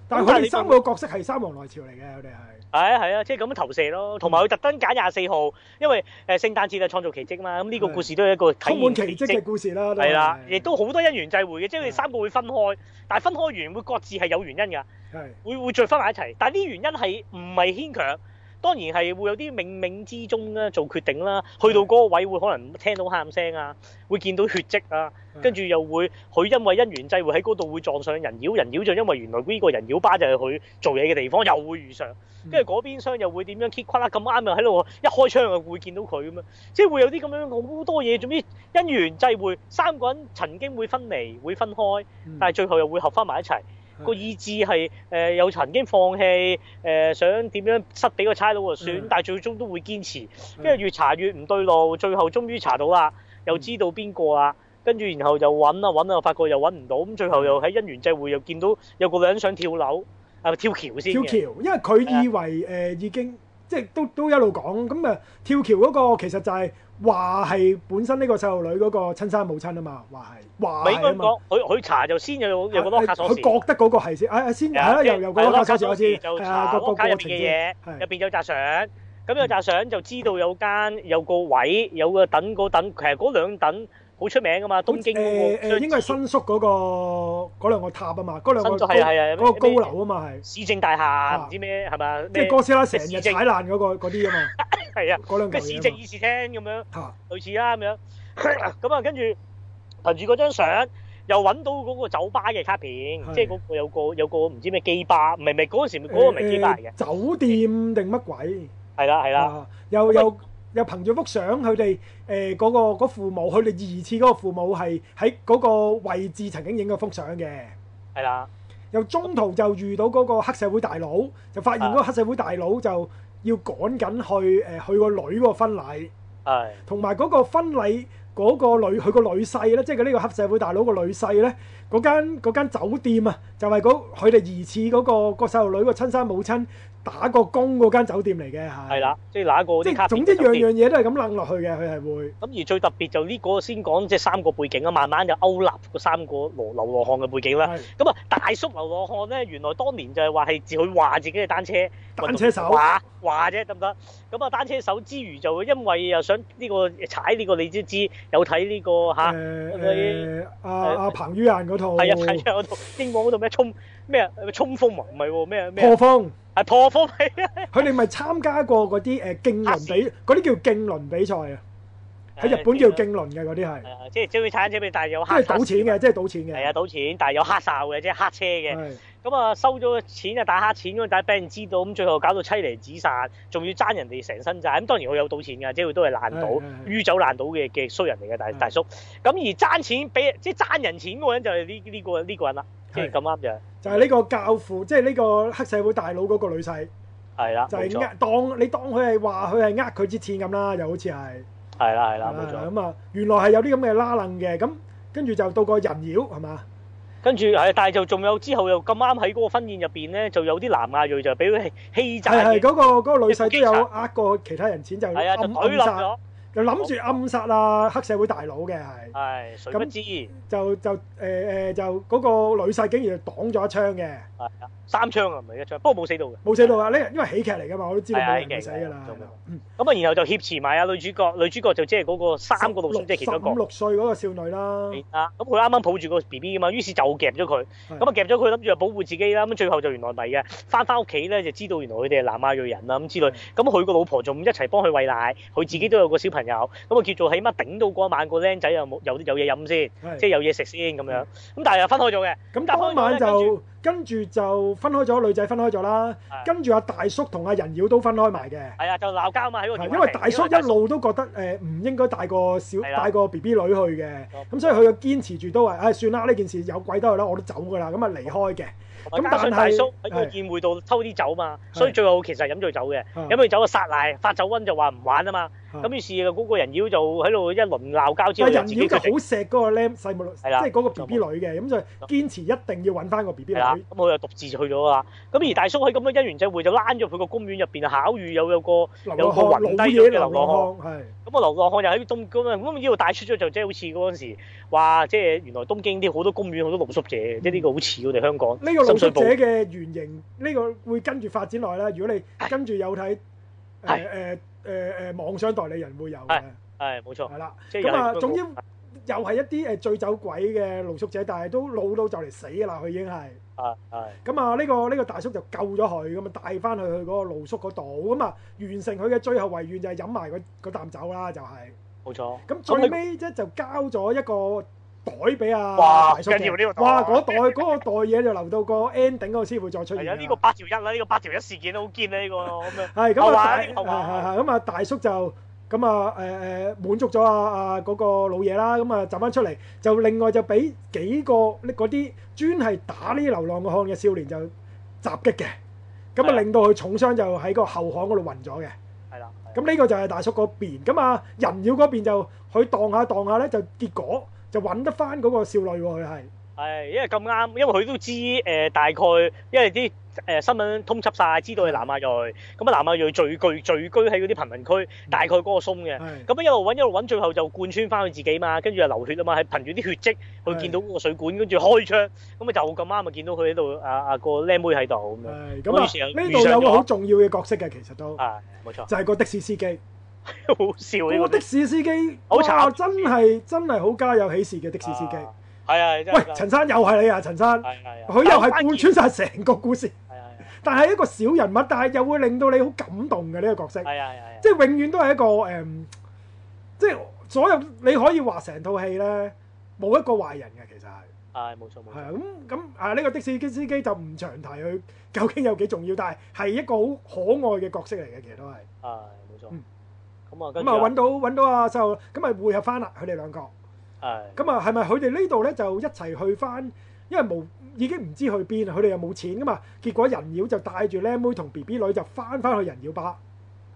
但係佢哋三個角色係三王來朝嚟嘅，我哋係。係啊，係啊，即係咁樣投射咯。同埋佢特登揀廿四號，因為誒聖誕節係創造奇蹟嘛。咁呢個故事都係一個充滿奇蹟嘅故事啦。係啦，亦都好多因緣際會嘅，即係佢哋三個會分開，但係分開完會各自係有原因㗎。係。會會聚翻埋一齊，但係啲原因係唔係牽強？當然係會有啲冥冥之中咧做決定啦，去到嗰個位會可能聽到喊聲啊，會見到血跡啊，跟住又會佢因為因緣際會喺嗰度會撞上人妖，人妖就因為原來呢個人妖巴，就係佢做嘢嘅地方，又會遇上，跟住嗰邊廂又會點樣揭骨啦？咁啱又喺度一開槍又會見到佢咁樣，即係會有啲咁樣好多嘢，總之因緣際會，三個人曾經會分離會分開，但係最後又會合翻埋一齊。那個意志係誒，又、呃、曾經放棄誒、呃，想點樣塞俾個差佬啊算，但係最終都會堅持，嗯、因為越查越唔對路，最後終於查到啦，又知道邊個啦，跟住然後就揾啊揾啊，發覺又揾唔到，咁最後又喺因緣際會又見到有個女人想跳樓啊跳橋先，跳橋，因為佢以為誒、呃、已經。即係都都一路講咁誒，跳橋嗰個其實就係話係本身呢個細路女嗰個親生母親啊嘛，話係話係佢佢查就先有、啊、有咁多卡鎖匙佢覺得嗰個係先，阿先係啊，又又、啊、卡鎖匙，又查嗰家入邊嘅嘢，入邊有扎相，咁有扎相就知道有間有個位有個等嗰等，其實嗰兩等。好出名噶嘛，東京，誒誒應該係新宿嗰個嗰兩個塔啊嘛，嗰兩個嗰個高樓啊嘛係。市政大廈唔知咩係嘛？即係哥斯拉成日踩爛嗰個嗰啲啊嘛。係啊，嗰兩棟。個市政議事廳咁樣。嚇。類似啦咁樣。咁啊，跟住憑住嗰張相又揾到嗰個酒吧嘅卡片，即係嗰個有個有個唔知咩機巴，唔係唔係嗰陣時嗰個唔係機巴嚟嘅酒店定乜鬼？係啦係啦，又又。又憑住幅相，佢哋誒嗰個父母，佢哋疑似嗰個父母係喺嗰個位置曾經影過幅相嘅，係啦。又中途就遇到嗰個黑社會大佬，就發現嗰個黑社會大佬就要趕緊去誒、呃、去個女個婚禮，係同埋嗰個婚禮嗰、嗰個女，佢個女婿咧，即係佢呢個黑社會大佬個女婿咧，嗰間嗰間酒店啊，就係佢哋疑似嗰、嗰個個細路女個親生母親。打個工嗰間酒店嚟嘅係，係啦，即係嗱個即總之樣樣嘢都係咁冷落去嘅，佢係會。咁而最特別就呢個先講，即係三個背景啊，慢慢就勾勒個三個羅流浪漢嘅背景啦。咁啊，大叔流浪漢咧，原來當年就係話係自佢話自己係單車單車手，話話啫得唔得？咁啊，單車手之餘就會因為又想呢個踩呢個，你知知有睇呢個吓，阿、啊、阿、欸欸欸啊啊啊、彭于晏嗰套係啊，單車嗰套邊個嗰套咩衝咩衝鋒唔係喎咩咩破風係破風啊！佢哋咪參加過嗰啲誒競輪比，嗰啲叫競輪比賽啊！喺日本叫競輪嘅嗰啲係，即係即啲踩車俾，大係有即係賭錢嘅，即係賭錢嘅。係啊，賭錢，但係有黑哨嘅，即係黑車嘅。咁啊，收咗錢啊，打黑錢嗰陣，俾人知道咁，最後搞到妻離子散，仲要爭人哋成身債。咁當然佢有賭錢㗎，即係佢都係爛賭、於走爛賭嘅嘅衰人嚟嘅，大大叔。咁而爭錢俾即係爭人錢人、這個這個人就係呢呢個呢個人啦。咁啱嘅，就係呢個教父，即係呢個黑社會大佬嗰個女婿，係啦，就係呃當你當佢係話佢係呃佢啲錢咁啦，又好似係，係啦係啦，冇錯，咁啊，原來係有啲咁嘅拉楞嘅，咁跟住就到個人妖係嘛？跟住係，但係就仲有之後又咁啱喺嗰個婚宴入邊咧，就有啲南亞裔就俾佢欺詐，係係嗰個嗰個女婿都有呃過其他人錢就係啊就舉笠咗。就諗住暗殺啊，黑社會大佬嘅係，咁知就就誒誒、欸、就嗰、嗰個女婿竟然擋咗一槍嘅，三槍啊唔係一槍，不過冇死到嘅，冇死到啊！呢因為喜劇嚟㗎嘛，我都知道係喜、哎、劇唔使㗎啦，嗯，咁啊然後就劫持埋啊女主角，女主角就即係嗰個三個老細即係其中一個十六歲嗰個少女啦，咁佢啱啱抱住個 B B 㗎嘛，於是就夾咗佢，咁啊夾咗佢諗住就保護自己啦，咁最後就原來唔係嘅，返返屋企咧就知道原來佢哋係南亞裔人啦咁之類，咁佢個老婆仲一齊幫佢餵奶，佢自己都有個小朋友。有咁啊，叫做起碼頂到嗰晚個僆仔有冇有有嘢飲先，即係有嘢食先咁樣。咁但係又分開咗嘅。咁嗰晚就跟住就分開咗，女仔分開咗啦。跟住阿大叔同阿人妖都分開埋嘅。係啊，就鬧交啊嘛喺個。係，因為大叔一路都覺得誒唔應該帶個小帶個 B B 女去嘅，咁所以佢就堅持住都話誒算啦，呢件事有鬼都得啦，我都走㗎啦，咁啊離開嘅。咁但係大叔喺個宴會度偷啲酒嘛，所以最後其實飲醉酒嘅，飲醉酒就撒賴，發酒瘟就話唔玩啊嘛。咁於是嗰個人妖就喺度一輪鬧交之後，但係人妖就好錫嗰個僆細妹，即係嗰個 B B 女嘅，咁就堅持一定要揾翻個 B B 女。咁佢又獨自去咗啦。咁而大叔喺咁多因緣際會就躝咗佢個公園入邊巧遇，有有個有個暈低咗嘅流浪漢。咁啊，流浪漢又喺東咁啊，咁啊，呢度帶出咗就即係好似嗰陣時話，即係原來東京啲好多公園好多露宿者，即係呢個好似我哋香港。呢個露宿者嘅原型，呢個會跟住發展落去啦。如果你跟住有睇，誒誒。誒誒，網上代理人會有嘅，係冇錯，係啦。咁、就、啊、係，總之又係一啲誒醉酒鬼嘅露宿者，但係都老到就嚟死啦，佢已經係。係。咁啊，呢、呢個呢、呢個大叔就救咗佢，咁啊帶翻去去嗰個露宿嗰度，咁啊完成佢嘅最後遺願就係飲埋個啖酒啦、就係，就係。冇錯。咁最尾即就交咗一個。袋俾啊！哇，跟住呢個！哇，嗰袋嗰個袋嘢就流到個 ending 嗰個師傅再出現。係啊，呢個八條一啦，呢個八條一事件都好堅啦，呢個咁啊。係咁啊，大咁啊，大叔就咁啊，誒誒滿足咗啊啊嗰個老嘢啦，咁啊集翻出嚟，就另外就俾幾個嗰啲專係打呢流浪漢嘅少年就襲擊嘅，咁啊令到佢重傷，就喺個後巷嗰度暈咗嘅。係啦，咁呢個就係大叔嗰邊，咁啊人妖嗰邊就佢蕩下蕩下咧，就結果。又揾得翻嗰個少女喎，佢係。係，因為咁啱，因為佢都知誒大概，因為啲誒新聞通緝晒，知道係南亞裔，咁啊南亞裔聚居聚居喺嗰啲貧民區，大概嗰個松嘅，咁啊一路揾一路揾，最後就貫穿翻佢自己嘛，跟住啊流血啊嘛，係憑住啲血跡去見到個水管，跟住開槍，咁啊就咁啱啊見到佢喺度啊啊個靚妹喺度咁樣。係，咁啊呢度有個好重要嘅角色嘅，其實都啊冇錯，就係個的士司機。好笑嘅！個的士司機好慘，真係真係好家有喜事嘅的士司機。係啊，喂，陳生又係你啊，陳生。係係，佢又係貫穿曬成個故事。係係，但係一個小人物，但係又會令到你好感動嘅呢個角色。係啊係，即係永遠都係一個誒，即係所有你可以話成套戲咧冇一個壞人嘅其實係。係冇錯冇錯。係啊，咁咁啊呢個的士司機就唔長提佢究竟有幾重要，但係係一個好可愛嘅角色嚟嘅其實都係。係冇錯。嗯咁啊揾到揾到阿細路，咁啊會合翻啦佢哋兩個。係。咁啊，係咪佢哋呢度咧就一齊去翻？因為冇已經唔知去邊佢哋又冇錢噶嘛，結果人妖就帶住靚妹同 BB 女就翻翻去人妖吧。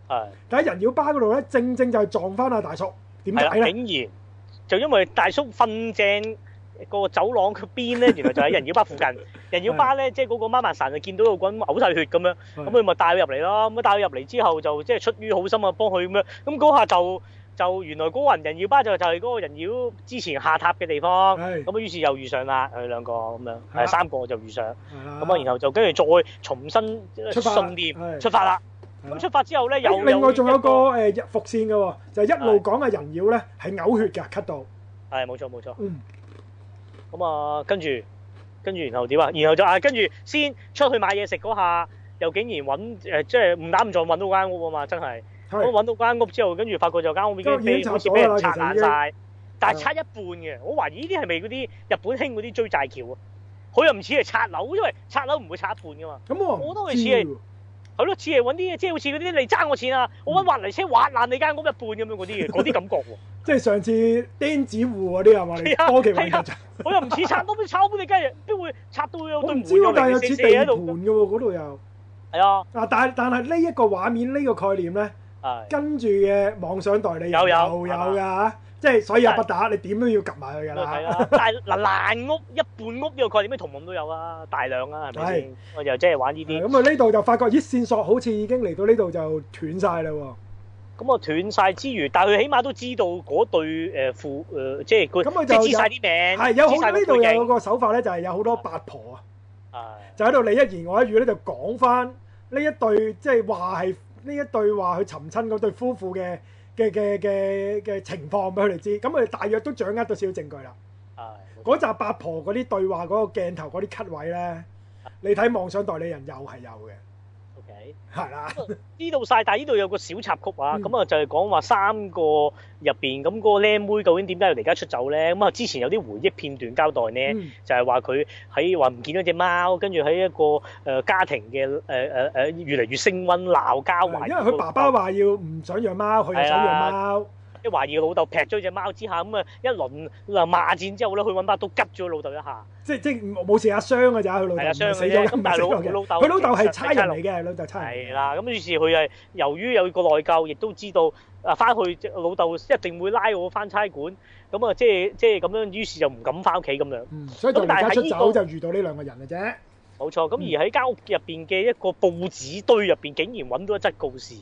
係。但係人妖吧嗰度咧，正正就係撞翻阿大叔。點解咧？竟然就因為大叔瞓正個走廊嘅邊咧，原來就喺人妖吧附近。 人妖巴咧，即係嗰個媽媽神就見到個滾嘔晒血咁樣，咁佢咪帶佢入嚟咯。咁啊帶佢入嚟之後就即係出於好心啊幫佢咁樣。咁嗰下就就原來嗰人,人妖巴就就係嗰個人妖之前下塔嘅地方。咁於是又遇上啦佢兩個咁樣，誒三個就遇上。咁啊然後就跟住再重新送出發啲出發啦。咁出發之後咧，有,有另外仲有個誒伏線嘅喎，就係、一路講啊人妖咧係嘔血嘅咳到。係冇錯冇錯。咁啊、嗯、跟住。跟住然後點啊？然後就啊，跟住先出去買嘢食嗰下，又竟然揾誒，即係唔打唔撞揾到間屋啊嘛！真係，咁揾到間屋之後，跟住發覺就間屋已經咩，好似俾人拆爛晒，但係拆一半嘅。我懷疑呢啲係咪嗰啲日本興嗰啲追債橋啊？佢又唔似係拆樓，因為拆樓唔會拆一半噶嘛。咁我我都係似。係咯，似係搵啲即係好似嗰啲嚟爭我錢啊！我揾挖泥車挖爛你間屋一半咁樣嗰啲嘢，嗰 啲感覺喎、啊。 即係上次釘子戶嗰啲係嘛？多期、啊啊啊啊啊、我又唔似拆到你拆到你雞，邊 會拆到有我唔知、啊你四四啊、但係似地盤嘅喎，嗰度又係啊，這個啊有有。啊，但係但係呢一個畫面呢個概念咧，跟住嘅妄想代理又有有㗎即係所以啊，不打你點都要及埋佢㗎啦。但係嗱，爛屋一半屋呢個概念，咩同盟都有啊，大量啊，係咪先？我就即係玩呢啲。咁啊，呢度就發覺，咦，線索好似已經嚟到呢度就斷曬啦。咁啊，斷曬之餘，但係佢起碼都知道嗰對誒夫誒，即係佢，咁佢就知晒啲名，係有好呢度有個手法咧，就係有好多八婆啊，就喺度你一言我一語咧，就講翻呢一對即係話係呢一對話去尋親嗰對夫婦嘅。嘅嘅嘅嘅情況俾佢哋知，咁佢哋大約都掌握到少少證據啦。嗰、uh, 集、okay. 八婆嗰啲對話嗰個鏡頭嗰啲 cut 位咧，你睇妄想代理人又係有嘅。係啦，呢度晒。但呢度有個小插曲啊，咁、嗯、啊就係講話三個入面咁、嗰個靚妹究竟點解要離家出走咧？咁啊之前有啲回憶片段交代咧、嗯，就係話佢喺話唔見咗隻貓，跟住喺一個家庭嘅、呃、越嚟越升溫鬧交位，因為佢爸爸話要唔想養貓，佢想養貓。一懷疑老豆劈咗隻貓之下，咁啊一輪嗱罵戰之後咧，佢去揾把刀拮咗老豆一下。即即冇事。阿傷㗎咋，佢老豆、啊、死咗一萬多人。佢老豆係差人嚟嘅，係老豆差人。係啦，咁於是佢係由於有一個內疚，亦都知道啊，翻去老豆一定會拉我翻差館。咁啊，即即咁樣，於是就唔敢翻屋企咁樣、嗯。所以就離家出走就遇到呢兩個人嘅啫。冇、嗯、錯，咁而喺間屋入邊嘅一個報紙堆入邊、嗯，竟然揾到一則告示。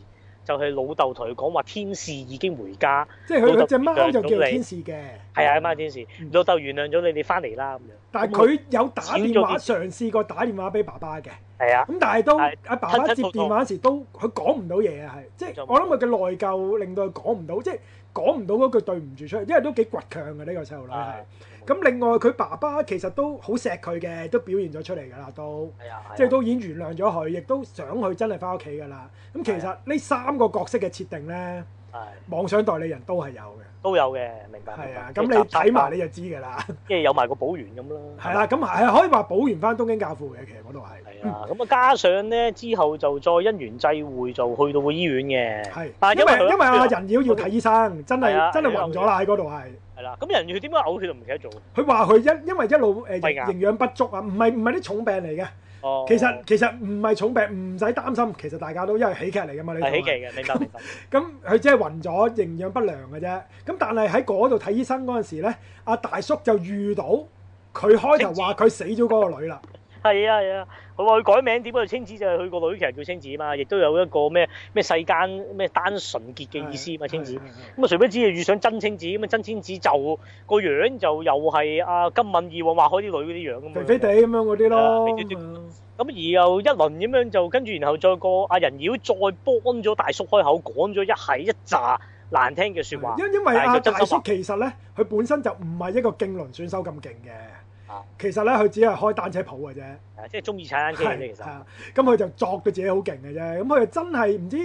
就係、是、老豆同佢講話，天使已經回家，即係佢佢隻貓就叫天使嘅，係啊，貓天使。老豆原諒咗你哋翻嚟啦咁樣。但係佢有打電話、嗯、嘗試過打電話俾爸爸嘅，係啊。咁但係都阿爸爸接電話時突突突都佢講唔到嘢啊，係，即係我諗佢嘅內疚令到佢講唔到，即係講唔到嗰句對唔住出去，因為都幾倔強嘅呢個細路仔係。咁另外佢爸爸其實都好錫佢嘅，都表現咗出嚟㗎啦，都、啊啊，即係都已經原諒咗佢，亦都想佢真係翻屋企㗎啦。咁其實呢三個角色嘅設定咧、啊，妄想代理人都係有嘅，都有嘅，明白。係啊，咁、啊、你睇埋你就知㗎啦。即係有埋個保完咁囉。係啦、啊，咁係、啊、可以話保完翻東京教父嘅，其實嗰度係。係啊，咁啊加上咧之後就再因緣際會就去到個醫院嘅。係，因為因為啊人妖要睇醫生，那真係、啊、真係暈咗啦喺嗰度係。係啦，咁人要點解嘔血就唔記得做？佢話佢一因為一路誒營養不足啊，唔係唔係啲重病嚟嘅。哦，其實其實唔係重病，唔使擔心。其實大家都因為喜劇嚟嘅嘛，你講。係喜劇嘅，你講。咁佢只係暈咗，營養不良嘅啫。咁但係喺嗰度睇醫生嗰陣時咧，阿大叔就遇到佢開頭話佢死咗嗰個女啦。係啊係啊。佢話佢改名點解？清子就係佢個女，其實叫清子啊嘛。亦都有一個咩咩世間咩單純潔嘅意思啊嘛。清子咁啊，誰不知遇上真清子咁啊？真清子就個樣就又係阿金敏以往畫開啲女嗰啲樣咁啊，肥肥地咁樣嗰啲咯。咁、嗯、而又一輪咁樣就跟住，然後再個阿人妖再幫咗大叔開口講咗一系一紮難聽嘅説話。因為阿大叔其實咧，佢本身就唔係一個競輪選手咁勁嘅。其實咧，佢只係開單車鋪嘅啫，即係中意踩單車嘅其實。咁佢就作到自己好勁嘅啫。咁佢就真係唔知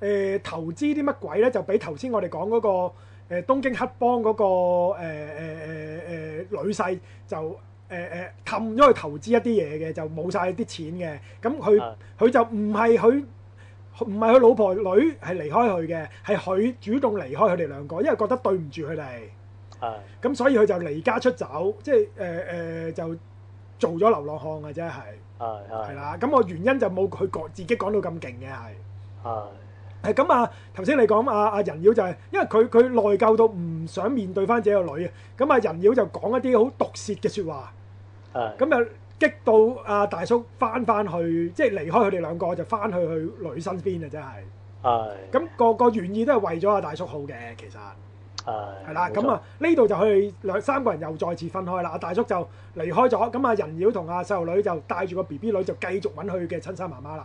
誒投資啲乜鬼咧，就俾頭先我哋講嗰個誒東京黑幫嗰個誒誒誒誒女婿，就誒誒氹咗去投資一啲嘢嘅，就冇晒啲錢嘅。咁佢佢就唔係佢唔係佢老婆女係離開佢嘅，係佢主動離開佢哋兩個，因為覺得對唔住佢哋。係、嗯，咁所以佢就離家出走，即係誒誒，就做咗流浪漢嘅啫，係，係、哎、啦。咁我原因就冇佢講自己講到咁勁嘅，係。係、哎，係咁、嗯、啊！頭先你講阿阿人妖就係，因為佢佢內疚到唔想面對翻自己個女啊。咁啊，人妖就講、是嗯、一啲好毒舌嘅説話，咁、哎嗯、就激到阿大叔翻翻去，即係離開佢哋兩個，就翻去去女身邊啊！真係，咁、哎嗯那個個原意都係為咗阿大叔好嘅，其實。係啦，咁啊呢度就去兩三個人又再次分開啦。大叔就離開咗，咁啊人妖同阿細路女就帶住個 B B 女就繼續搵佢嘅親生媽媽啦。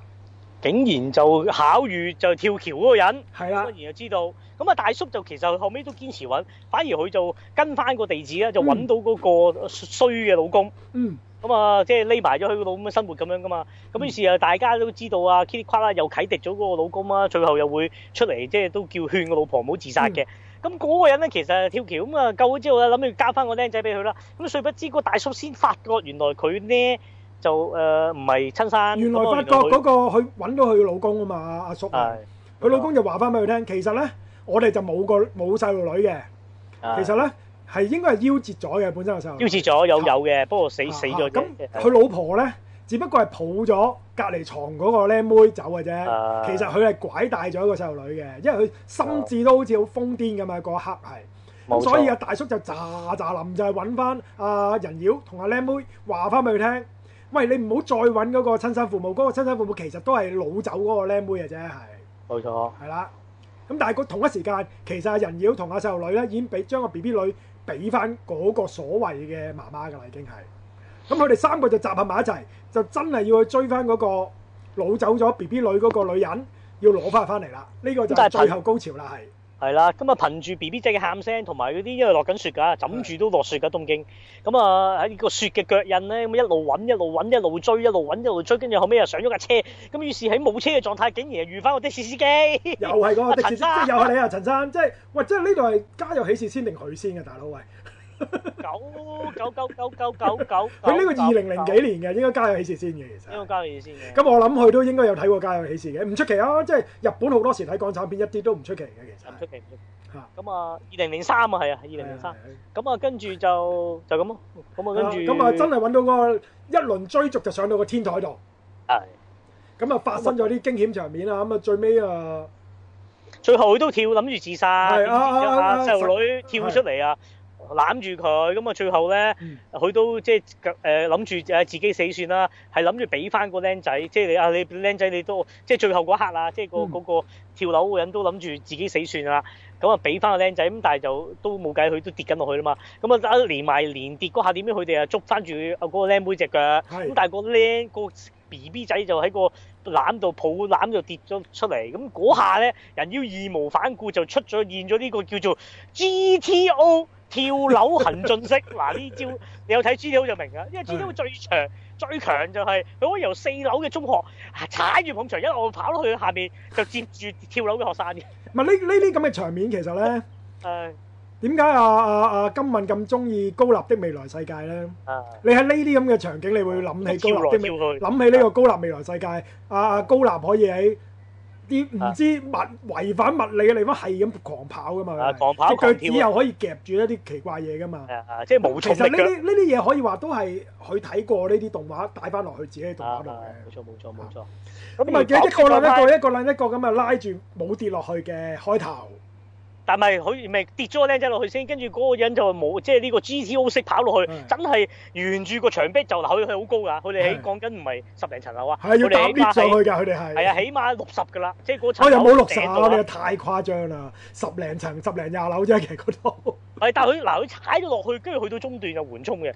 竟然就巧遇就跳橋嗰個人，係啦，然就知道。咁啊，大叔就其實後尾都堅持搵，反而佢就跟翻個地址咧，就搵到嗰個衰嘅老公。嗯，咁、嗯、啊，即係匿埋咗佢個老公嘅生活咁樣噶嘛。咁於是啊，大家都知道啊 Kitty 誇啦又啟迪咗嗰個老公啊，最後又會出嚟，即係都叫勸個老婆唔好自殺嘅。嗯咁嗰個人咧，其實跳橋咁啊，救咗之後咧，諗住交翻個靚仔俾佢啦。咁誰不知個大叔先發覺，原來佢咧就誒唔係親生。原來發覺嗰個佢揾到佢老公啊嘛，阿叔。係。佢老公就話翻俾佢聽，其實咧我哋就冇個冇細路女嘅。其實咧係應該係夭折咗嘅，本身係細路。夭折咗有有嘅，不過死死咗啲。咁佢老婆咧？只不過係抱咗隔離牀嗰個僆妹走嘅啫，其實佢係拐帶咗一個細路女嘅，因為佢心智都好似好瘋癲㗎嘛，嗰刻係，咁所以阿大叔就咋咋林就係揾翻阿人妖同阿僆妹話翻俾佢聽，喂，你唔好再揾嗰個親生父母，嗰個親生父母其實都係擄走嗰個僆妹嘅啫，係冇錯，係啦。咁但係個同一時間，其實阿人妖同阿細路女咧已經俾將個 B B 女俾翻嗰個所謂嘅媽媽㗎啦，已經係，咁佢哋三個就集合埋一齊。就真係要去追翻嗰個攞走咗 BB 女嗰個女人，要攞翻返嚟啦！呢個就係最後高潮啦，係係啦。咁啊，憑住 BB 仔嘅喊聲同埋嗰啲，因為落緊雪㗎，枕住都落雪㗎，東京。咁、嗯、啊喺、個雪嘅腳印咧，咁一路揾一路揾，一路追一路揾一路追，跟住後尾又上咗架車。咁於是喺冇車嘅狀態，竟然遇翻個的士司機。 又係個的士司機，即係又係你啊，陳生！即係喂，即係呢度係家有喜事先定佢先嘅，大佬喂。喂九九九九九九九，佢呢個二零零幾年嘅，應該《家有喜事》先嘅，其實。應該《家有喜事》先嘅。咁我諗佢都應該有睇過《家有喜事》嘅，唔出奇啊！即係日本好多時睇港產片一啲都唔出奇嘅，其實。唔出奇唔出奇。吓咁啊！二零零三啊，係啊，二零零三。咁啊，跟住就就咁咯。咁啊，跟住咁啊，真係揾到個一輪追逐就上到個天台度。係。咁啊，發生咗啲驚險場面啊，咁啊，最尾啊，最後佢都跳諗住自殺，咁啊，細路女跳出嚟啊。攬住佢，咁啊最後咧，佢、嗯、都即係誒諗住自己死算啦，係諗住俾翻個僆仔，即係你啊你僆仔你你都即係最後嗰刻啊，即係嗰個、嗯、嗰個跳樓嘅人都諗住自己死算啦，咁啊俾翻個僆仔，咁但係就都冇計，佢都跌緊落去啦嘛，咁啊一連埋連跌嗰下點樣？佢哋又捉翻住啊嗰個僆妹隻腳，咁但係個僆個 B B 仔就喺個。攬到抱攬就跌咗出嚟，咁嗰下咧，人要義無反顧就出咗現咗呢個叫做 GTO 跳樓行進式。嗱， 呢招你有睇 GTO 就明㗎，因、這、為、個、GTO 最長 最強就係、是、佢可以由四樓嘅中學踩住、啊、捧場一路跑落去下面，就接住跳樓嘅學生嘅。唔係呢呢啲咁嘅場面其實咧、呃。點解阿阿阿今敏咁中意高立的未來世界咧？你喺呢啲咁嘅場景，你會諗起高立的未諗起呢個高立未來世界？阿阿高立可以喺啲唔知物違反物理嘅地方係咁狂跑噶嘛？啊，狂跑，跳跳去，又可以夾住一啲奇怪嘢噶嘛？係啊，即係冇重力。其實呢啲呢啲嘢可以話都係佢睇過呢啲動畫帶翻落去自己嘅動畫度嘅。冇錯，冇錯，冇錯。咁啊，幾一個諗一個，一個諗一個咁啊，拉住冇跌落去嘅開頭。但係佢咪跌咗個僆仔落去先，跟住嗰個人就冇，即係呢個 GTO 式跑落去，的真係沿住個牆壁就去佢好高㗎，佢哋喺講緊唔係十零層樓啊，係要打上去㗎，佢哋係係啊，起碼六十㗎啦，即係嗰層我又冇六十，了你又太誇張啦，十零層十零廿樓啫其實嗰度。係， 但係佢嗱，佢踩咗落去，跟住去到中段就緩衝嘅，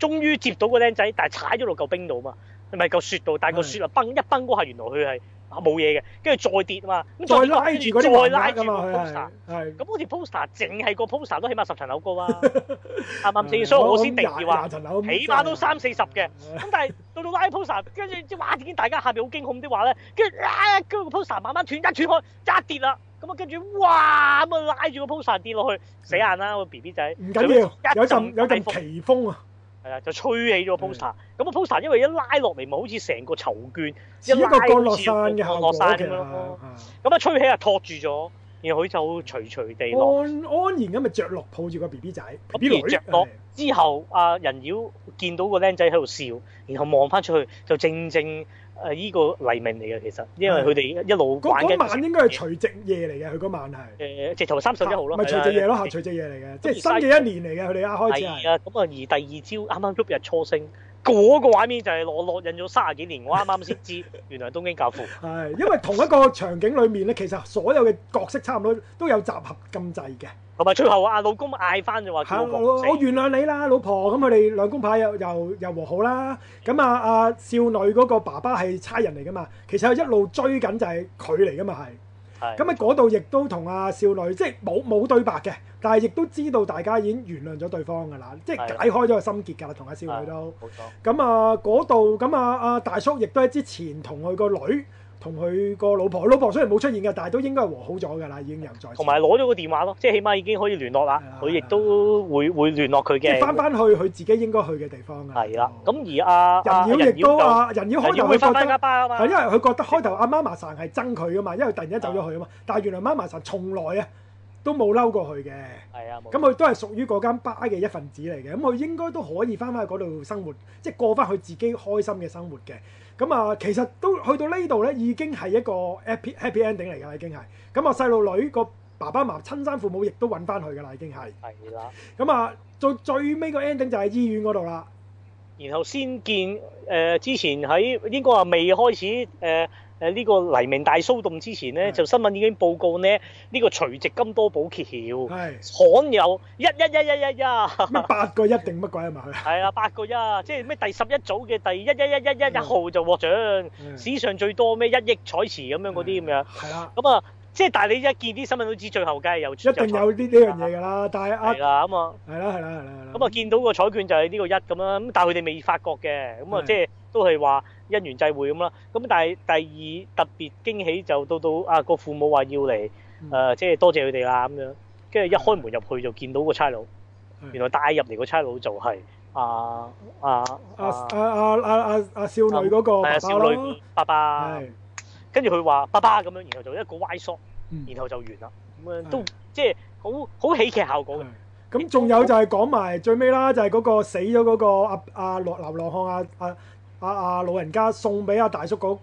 終於接到個僆仔，但係踩咗落嚿冰度啊嘛，唔係嚿雪度，但係嚿雪啊崩一崩嗰下，原來佢係。冇嘢嘅，跟住再跌啊嘛，咁再拉住嗰啲，再拉住個 poster，咁好似 poster 淨係個 poster 都起碼十層樓高啊，啱唔啱先？ 所以我先定話， 起碼都三四十嘅。咁 但係到到拉 poster，跟住即係哇！已經大家下邊好驚恐啲話咧，跟住啊，跟住 poster 慢慢斷一斷開，一跌啦，咁啊跟住哇咁啊拉住個 poster 跌落去，死硬啦個 BB 仔，唔緊要，有陣有陣奇風啊！係啦，就吹起咗 poster。咁啊 poster，因為一拉落嚟，咪好似成個籌卷，一個落山落傘咁咯。咁、嗯、啊吹起啊托住咗，然後佢就隨隨地、嗯、地落，寶寶寶寶寶寶落，安安然咁咪着落抱住個 B B 仔，然後着落之後，阿、啊、人妖見到個靚仔喺度笑，然後望翻出去就正正。誒、呃、呢、這個黎明嚟嘅其實，因為佢哋一路玩嗰晚應該係除夕夜嚟嘅。佢嗰晚係誒、呃，直頭三十一號咯。唔係除夕夜咯，係除夕夜嚟嘅，即係新嘅一年嚟嘅。佢哋啱開始啊。咁啊，而第二朝啱啱旭日初升。嗰、那個畫面就係落落印咗三十幾年，我啱啱先知原來係東京教父 因為同一個場景裏面咧，其實所有嘅角色差唔多都有集合咁滯嘅。同埋最後阿老公嗌翻就話：，我我原諒你啦，老婆。咁佢哋兩公派又又又和好啦。咁啊，啊少女嗰個爸爸係差人嚟噶嘛，其實佢一路追緊就係佢嚟噶嘛係。咁喺嗰度亦都同阿少女即係冇冇對白嘅，但係亦都知道大家已經原諒咗對方㗎啦，即係解開咗個心結㗎啦，同阿少女都。冇錯。咁啊，嗰度咁啊，阿大叔亦都係之前同佢個女。同佢個老婆，老婆雖然冇出現嘅，但係都應該係和好咗嘅啦，已經又再同埋攞咗個電話咯，即係起碼已經可以聯絡啦。佢亦、啊、都會會聯絡佢嘅，翻翻去佢自己應該去嘅地方啊。係啦、啊，咁而阿人妖亦都阿人妖開頭係覺得係因為佢覺得開頭阿媽媽神係憎佢噶嘛，因為突然間走咗去啊嘛。但係原來媽媽神從來啊都冇嬲過佢嘅。係啊，咁佢都係屬於嗰間 bar 嘅一份子嚟嘅。咁佢應該都可以翻翻去嗰度生活，即係過翻佢自己開心嘅生活嘅。咁啊，其實都去到呢度咧，已經係一個 happy happy ending 嚟㗎啦，已經係。咁啊，細路女個爸爸媽媽、親生父母亦都揾返去㗎啦，已經係。係啦。咁啊，最最尾個 ending 就喺醫院嗰度啦。然後先見誒、呃，之前喺應該話未開始誒。呃誒、這、呢個黎明大騷動之前咧，就新聞已經報告咧，呢、這個除夕金多寶揭曉，罕有一一一一一一，一一一一一 咩八個一定乜鬼啊嘛？係啊，八個一，即係咩第十一組嘅第一一一一一一號就獲獎，史上最多咩一億彩池咁樣嗰啲咁樣。係啊，咁啊。即係，但係你一見啲新聞都知，最後梗係有一定有呢呢樣嘢㗎啦。係、啊啊、啦，咁啊，係啦，係啦，係啦，咁啊、嗯嗯，見到個彩券就係呢個一咁啦。咁但係佢哋未發覺嘅，咁啊，即係都係話姻緣際會咁啦。咁但係第二特別驚喜就到到啊個父母話要嚟，誒即係多謝佢哋啦咁樣。跟住一開門入去就見到個差佬，原來帶入嚟個差佬就係、是、啊，啊，啊，啊，啊，阿、啊啊、少女嗰個爸爸拜拜。跟住佢話爸爸咁樣，然後就一個歪 shot、嗯、然後就完啦。咁啊都即係好好喜劇效果嘅。咁仲有就係講埋最尾啦，就係嗰個死咗嗰個阿阿落流浪漢阿阿阿阿老人家送俾阿大叔嗰、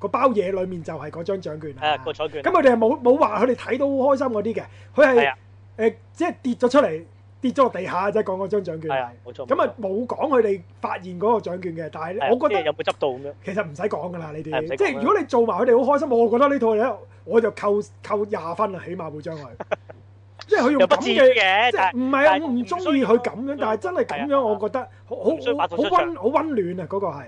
個包嘢裏面就係嗰張獎券啊，個彩券。咁佢哋係冇冇話佢哋睇到好開心嗰啲嘅，佢係誒即係跌咗出嚟。跌咗落地下即係講嗰張獎券，係冇錯。咁啊冇講佢哋發現嗰個獎券嘅，但係我覺得有冇執到咁樣？其實唔使講㗎啦，你哋。即係、就是、如果你做埋，佢哋好開心的。我覺得呢套嘢，我就扣扣廿分啦，起碼冇將來。即係佢用咁嘅，即係唔係啊？我唔中意佢咁樣，但係真係咁樣，我覺得好好好溫好溫暖啊！嗰、嗰個係。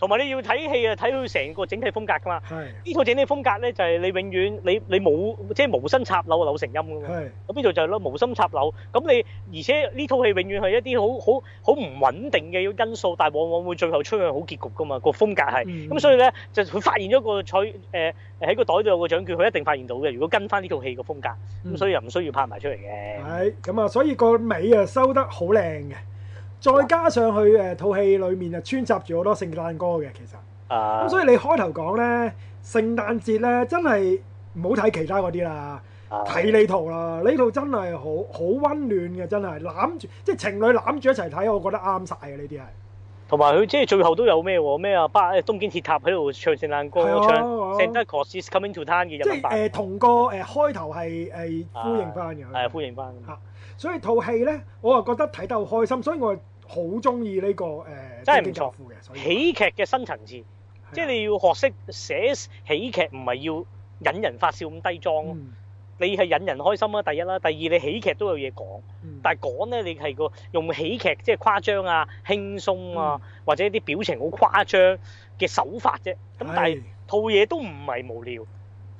同埋你要睇戲啊，睇佢成個整體風格㗎嘛。係呢套整體風格咧，就係你永遠你你冇即係無心、就是、插柳柳成蔭㗎嘛。係咁呢度就係咯，無心插柳。咁你而且呢套戲永遠係一啲好好好唔穩定嘅因素，但係往往會最後出現好結局㗎嘛。個風格係咁，嗯、所以咧就佢發現咗個彩誒喺、呃、個袋度有個獎券，佢一定發現到嘅。如果跟翻呢套戲個風格，咁、嗯、所以又唔需要拍埋出嚟嘅。係咁啊，所以個尾啊收得好靚嘅。再加上佢誒套戲裏面啊穿插住好多聖誕歌嘅，其實咁所以你開頭講咧，聖誕節咧真係唔好睇其他嗰啲啦，睇呢套啦，呢套真係好好溫暖嘅，真係攬住即情侶攬住一齊睇，我覺得啱曬嘅呢啲係。同埋佢即最後都有咩喎？咩啊？北東京鐵塔喺度唱聖誕歌，唱《Santa Claus is coming to town》嘅，即誒同個誒開頭係係呼應翻嘅，係呼應翻。嚇！所以套戲咧，我又覺得睇得好開心，所以我。好中意呢個誒、呃，真係唔錯。喜劇嘅新層次，啊、即係你要學識寫喜劇，唔係要引人發笑咁低莊、嗯。你係引人開心啦，第一啦，第二你喜劇都有嘢講、嗯。但係講咧，你係個用喜劇即係誇張啊、輕鬆啊，嗯、或者一啲表情好誇張嘅手法啫。咁但係套嘢都唔係無聊。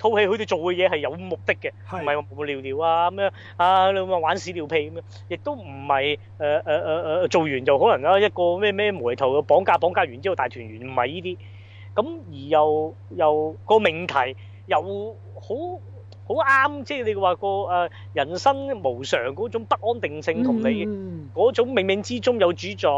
套戲佢哋做嘅嘢係有目的嘅，唔係無聊聊啊咁樣啊你話、啊、玩屎尿屁咁樣，亦都唔係誒誒誒誒做完就可能啦一個咩咩無厘頭嘅綁架，綁架完之後大團圓。唔係呢啲咁，而又又個命題又好好啱，即係、就是、你話個誒人生無常嗰種不安定性同你嗰、嗯、種冥冥之中有主宰。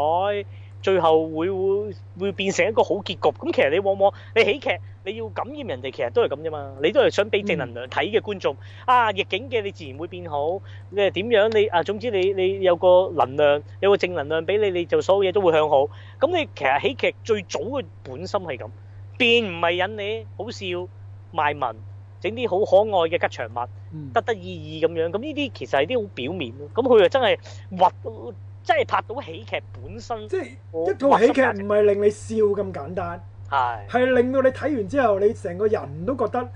最後會會會變成一個好結局。咁其實你往往你喜劇你要感染人哋，其實都係咁啫嘛。你都係想俾正能量睇嘅觀眾、嗯、啊，逆境嘅你自然會變好。你係點樣你啊？總之你你有個能量，有個正能量俾你，你就所有嘢都會向好。咁你其實喜劇最早嘅本心係咁，並唔係引你好笑賣文、整啲好可愛嘅吉祥物、嗯，得得意意咁樣。咁呢啲其實係啲好表面咯。咁佢又真係核。即係拍到喜劇本身，即係一套喜劇唔係令你笑咁簡單，係係令到你睇完之後，你成個人都覺得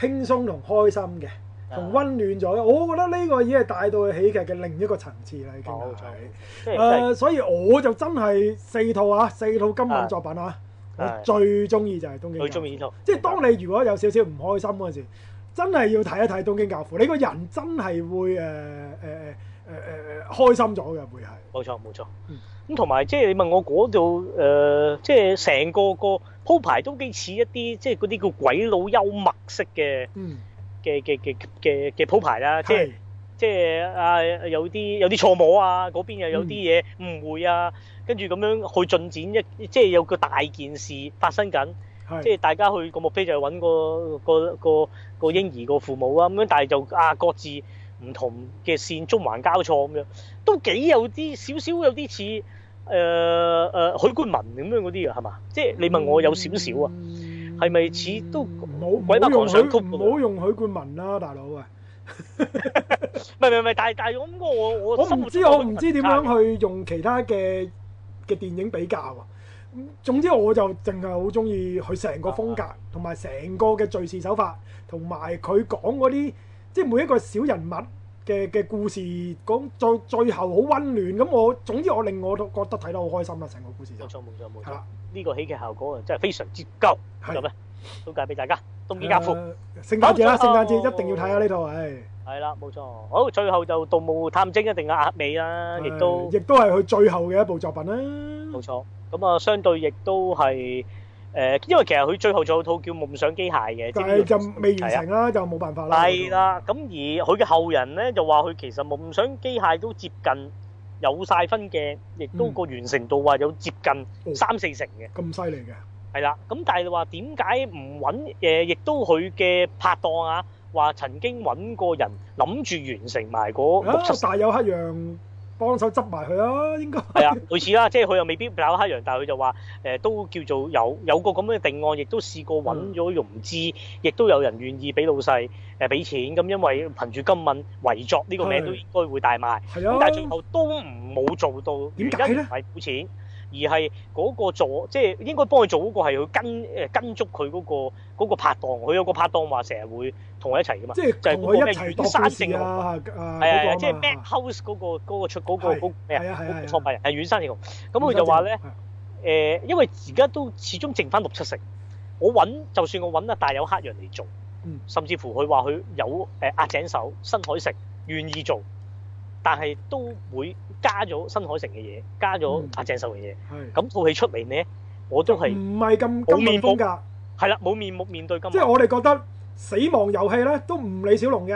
輕鬆同開心嘅，同溫暖咗。我覺得呢個已經係帶到去喜劇嘅另一個層次啦。已經好有趣，誒，所以我就真係四套啊，四套今敏作品啊，我最中意就係《東京》最中意呢套。即係當你如果有少少唔開心嗰陣時，真係要睇一睇《東京教父》，你個人真係會誒誒誒。呃呃誒誒誒，開心咗嘅會係，冇錯冇錯。咁同埋即係你問我嗰度誒，即係成個個鋪排都幾似一啲，即係嗰啲叫鬼佬幽默式嘅嘅嘅嘅嘅嘅鋪排啦。即係即係啊，有啲有啲錯摸啊，嗰邊又有啲嘢誤會啊，跟住咁樣去進展一，即係有個大件事發生緊，即係大家去個目標就係揾個個個個嬰兒個父母啊咁樣，但係就啊各自。唔同嘅線，縱橫交錯咁樣，都幾有啲少少有啲似誒誒許冠文咁樣嗰啲啊，係嘛，嗯？即係你問我有少少啊，係咪似都？冇鬼拍水唔好用許冠文啦，大佬啊！唔係唔係唔係，但係但係咁，我我我我唔知我唔知點樣去用其他嘅嘅 電影比較啊。總之我就淨係好中意佢成個風格，同埋成個嘅敘事手法，同埋佢講嗰啲。即係每一個小人物嘅嘅故事，講最最後好溫暖咁。我總之我令我都覺得睇得好開心啦！成個故事就冇錯冇錯冇錯，係啦，呢個喜劇效果真係非常之高，咁咧都介俾大家。《東京教父》，聖誕節啦，聖誕節一定要睇啊！呢套係係啦，冇錯。好，最後就《盜夢偵探》一定壓尾啦，亦都亦都係佢最後嘅一部作品啦。冇錯，咁啊，相對亦都係。誒，因為其實佢最後仲有套叫《夢想機械》嘅，但係就未完成啦，就冇辦法啦。係啦，咁而佢嘅後人咧就話佢其實《夢想機械》都接近有曬分鏡嘅，亦都個完成度話有接近三四成嘅。咁犀利嘅。係啦，咁但係話點解唔揾誒？亦都佢嘅拍檔啊，話曾經揾過人諗住完成埋嗰《綠色大有黑羊》。幫手執埋佢啊，應該係啊，類似啦，即係佢又未必搞黑羊，但佢就話、呃、都叫做有有個咁嘅定案，亦都試過揾咗融資，嗯、亦都有人願意俾老細誒俾錢，咁因為憑住今敏遺作呢個名都應該會大賣，咁但係最後都唔冇做到，原因，點解咧？係冇錢。而係嗰個做，即係應該幫佢做嗰個係跟誒跟足佢嗰個拍檔。佢有個拍檔話成日會同我一齊噶嘛，即是啊、就係、是、咩遠山勝啊，係、那個那個、啊，即係 Mad House 嗰個出嗰、那個好咩啊，創辦人係遠山勝。咁佢就話咧因為而家都始終剩翻六七成，我揾就算我揾啦，但係有黑人嚟做、嗯，甚至乎佢話佢有誒押、呃、井守、新海誠願意做。但係都會加咗新海誠嘅嘢，加咗阿鄭秀嘅嘢。係、嗯。咁套戲出嚟呢，我都係唔係咁金面崩㗎？係啦，冇面目面對今敏。即係我哋覺得死亡遊戲咧都唔李小龍嘅。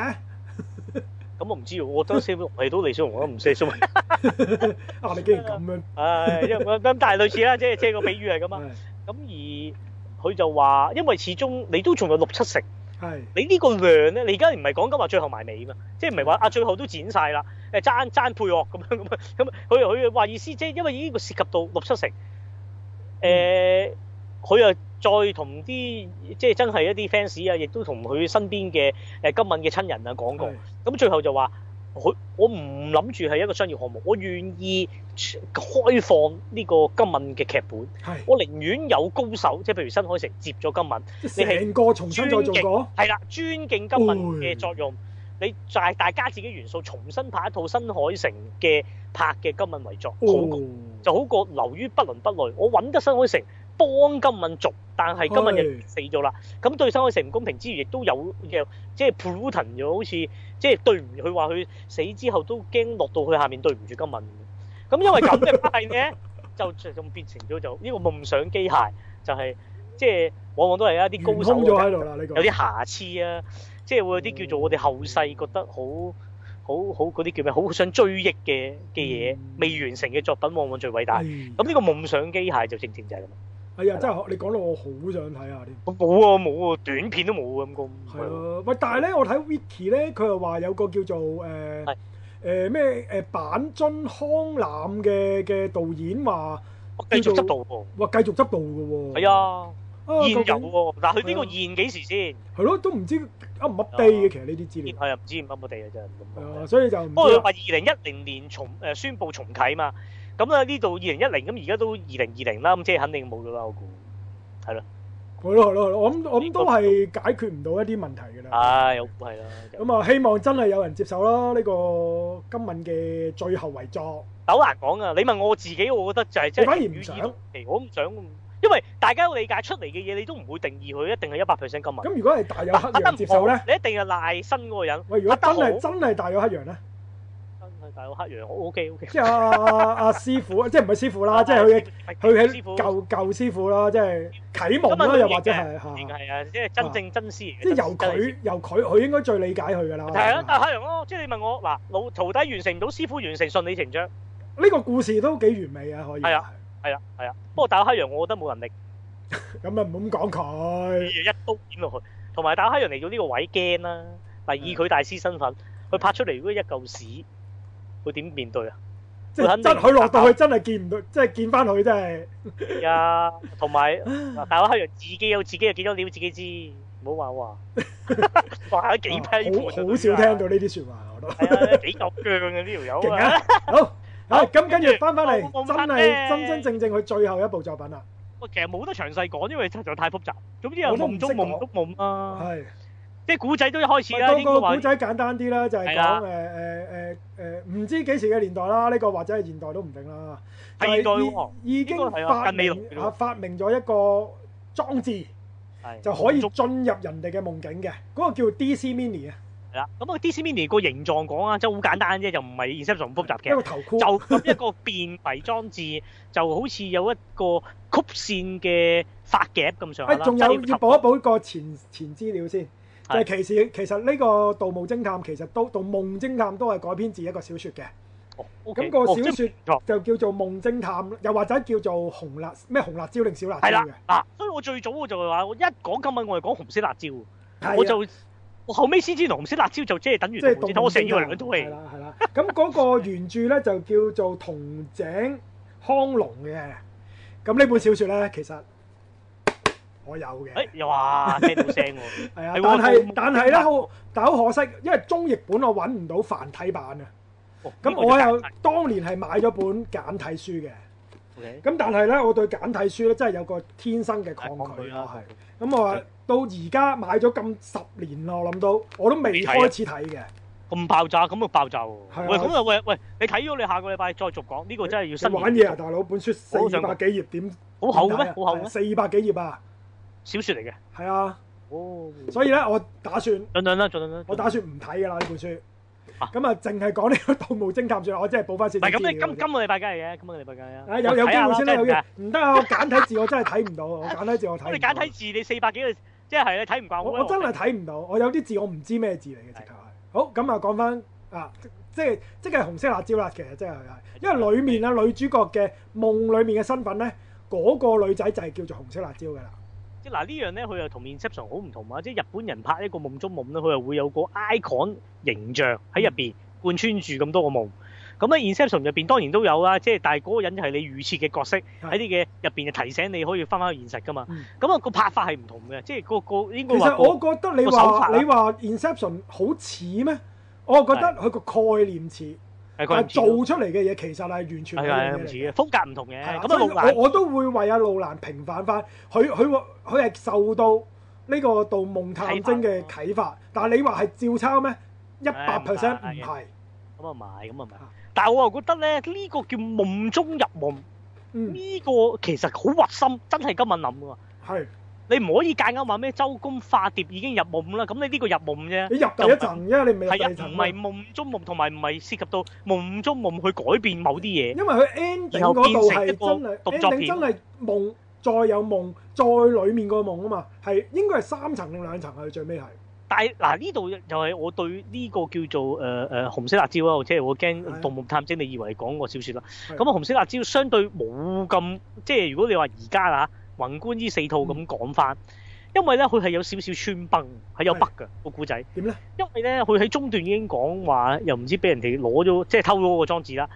咁 我唔知喎，我覺得李小龍都到李小龍我都唔識數。 啊，你竟然咁樣？唉， 咁但係類似啦，即係即係個比喻係咁啊。咁而佢就話，因為始終你都仲有六七成。係，你呢個量咧，你而家唔係講緊話最後埋尾嘛，即係唔係話啊最後都剪晒啦，誒爭爭配樂、喔、咁樣咁啊，咁佢佢話意思即係因為依個涉及到六七成，誒佢又再同啲即係真係一啲 fans 啊，亦都同佢身邊嘅誒今敏嘅親人啊講過，咁最後就話。我唔諗住係一個商業項目，我願意開放呢個今敏嘅劇本。我寧願有高手，即係譬如新海誠接咗今敏，你成個重新再做過。係啦，尊敬今敏嘅作用，哎、你就係大家自己元素重新拍一套新海誠嘅拍嘅今敏遺作，好過、哎、就好過流於不倫不類。我揾得新海誠幫今敏續，但係今敏就死咗啦。咁對新海誠唔公平之餘，亦都有嘅，即係 Putin 又好似。即係對唔，佢話佢死之後都驚落到去下面對唔住金文。咁因為咁嘅關係咧，就 就變成咗就呢個夢想機械，就係即係往往都係一啲高手有啲瑕疵啊，即係會有啲叫做我哋後世覺得好好好嗰啲叫咩好想追憶嘅，嘅嘢，未完成嘅作品往往最偉大。咁、嗯、呢個夢想機械就正正就係咁。係、哎、啊，真係學你講到，我好想睇下啲。冇喎冇喎，短片都冇咁講。喂、那個啊啊，但係咧，我睇 Vicky 咧，佢又話有個叫做誒咩誒板津康男嘅嘅導演話，繼續執導喎。哇，繼續執導嘅喎。係啊，啊，現有喎、啊。嗱、那個，佢呢、啊、個現幾時先？係咯、啊，都唔知噏唔噏地嘅，其實呢啲資料。係啊，唔知噏噏地啊，真係。所以就不過佢話二零一零年重宣布重啟嘛。咁啊，呢度二零一零，咁而家都二零二零啦，咁即係肯定冇咗啦，我估係咯，係咯，係咯，我諗我諗都係解決唔到一啲問題噶啦，唉，係啦，咁啊，希望真係有人接受咯呢個今敏嘅最後遺作，好難講啊！你問我自己，我覺得就係即係反而唔想，我唔想，因為大家理解出嚟嘅嘢，你都唔會定義佢一定係一百 percent 今敏。咁如果係大友克洋接受咧，你一定要賴新嗰個人。喂，如果真係真係大友克洋咧？大黑羊，O K O K，即係阿阿師傅，即係唔係師傅啦，啊啊、啦，即係佢佢係舊舊師傅啦，即係啟蒙啦，又或者係吓，係啊，即係真正真師。即係由佢由佢，佢應該最理解佢噶啦。係啊，大黑羊咯，即係你問我嗱，老徒弟完成唔到師傅完成，順理成章。呢、這個故事都幾完美啊，可以。係啊，係啊，係啊，啊。不過大黑羊，我覺得冇能力。咁 啊，唔好咁講佢。一刀斬落去，同埋大黑羊嚟到呢個位驚啦。嗱，以佢大師身份，佢拍出嚟如果一嚿屎。會點面對啊？即係真佢落到去，真係見唔到，即係見翻佢，真係。係啊，同埋，大話黑羊自己有自己嘅幾多料，自己知，唔好話話，話咗幾批判啊！好少聽到呢啲說話，我都係啊，幾倔嘅呢條友。勁啊！好，好，咁跟住翻翻嚟，真係真真正正佢最後一部作品啦。喂，其實冇得詳細講，因為實在太複雜，總之又冇咁中冇咁冇咁啊。即古仔都一開始啦，呢、那個古仔簡單啲啦、啊，就係講誒誒誒誒，唔、呃呃呃、知幾時嘅年代啦，呢、這個或者係現代都唔定啦。現代、啊、已經發明啊，未啊發明咗一個裝置，就可以進入人哋嘅夢境嘅，嗰、啊那個叫 DC Mini 啊。係啦，咁啊 DC Mini 個形狀講啊，即係好簡單啫，又唔係 Inception 咁複雜嘅，一個頭箍就一個變形裝置， 就好似有一個曲線嘅髮夾咁上下。仲、就是、要，要補一補一個前前資料先。就係其實。其實呢個《盜墓偵探》其實都《盜夢偵探》都係改編自一個小説嘅。咁、oh, okay. 個小説就叫做《夢偵探》，又或者叫做紅辣咩，紅辣椒定小辣椒嘅。嗱、啊，所以我最早我就就話，我一講今日我係講紅色辣椒。我就我後尾先知「紅色辣椒就，就即係等於我成咗兩都係。啦，係啦。咁 嗰個原著咧就叫做筒井康隆嘅。咁呢本小説咧其實～我有嘅，哎，哇，聽到聲喎、啊， 係啊，但係但係咧，但好、嗯、可惜，因為中譯本我搵唔到繁體版啊。咁、哦、我又當年係買咗本簡體書嘅，咁、哦、但係咧、嗯，我對簡體書咧真係有個天生嘅抗拒，係、哎、咁、啊我，啊、我到而家買咗咁十年咯，我諗到我都未開始睇嘅，咁、啊、爆炸，咁咪爆炸喎、啊？喂，咁啊喂，喂，你睇咗你下個禮拜再續講，呢、這個真係要新你玩嘢啊，大佬，本書四百幾頁點好厚咩？好厚，四百幾頁啊！小説嚟嘅，係啊、哦，所以咧，我打算等等啦，再等等。我打算唔睇噶啦呢本書，咁啊，淨係講呢個《盜夢偵探》算，我真係補翻少少咁，你今今個禮拜梗係嘅，今個禮拜梗係啊。有、哦、有機會先啦，有嘅唔得啊！簡體字我真係睇唔到，我簡體字我睇。你簡體字你四百幾個，即係你睇唔慣。我我真係睇唔到，我有啲字我唔知咩字嚟嘅，直頭係好咁啊！講翻啊，即係即係紅色辣椒啦，其實真係係因為裡面啊女主角嘅夢裡面嘅身份咧，嗰、那個女仔就係叫做紅色辣椒嘅啦。嗱呢樣咧，佢又同 Inception 好唔同啊！同即係日本人拍一個夢中夢咧，佢又會有一個 icon 形象喺入邊貫穿住咁多個夢。咁咧 Inception 入邊當然都有啦，即係但係嗰個人就係你預設嘅角色喺啲嘅入邊，就提醒你可以翻返去現實噶嘛。咁、嗯、啊個拍法係唔同嘅，即係個個應該、嗰個、其實我覺得你話、個手法啊、你話 Inception 好似咩？我覺得佢個概念似。係佢做出嚟嘅嘢，其實係完全唔同嘅。唔似嘅，風格唔同嘅。咁啊，路蘭，我都會為阿、啊、路蘭平反翻。佢佢佢係受到呢個《盜夢探偵》嘅啟發。但係你話係照抄咩？一百 percent 唔係。咁啊，咪咁啊咪。但係我又覺得咧，呢、呢個叫夢中入夢。呢、嗯呢個其實好核心，真係今日諗喎。係。你唔可以夾硬話咩周公化蝶已經入夢啦，咁你呢個入夢啫，你入夠一層啫，你未入第二層。係啊，唔係夢中夢，同埋唔係涉及到夢中夢去改變某啲嘢。因為佢 ending 嗰度係真係 ending 真係夢再有夢再裡面個夢啊嘛，係應該係三層定兩層係最尾係。但係嗱呢度又係我對呢個叫做誒誒紅色辣椒啊，即係我驚盜夢探偵，你以為你講過小説啦。咁啊紅色辣椒相對冇咁即係如果你話而家嚇。宏觀依四套咁講翻，因為咧佢係有少少穿崩係有北嘅，那個故仔。點咧？因為咧佢喺中段已經講話，又唔知俾人哋攞咗，即係偷咗個裝置啦。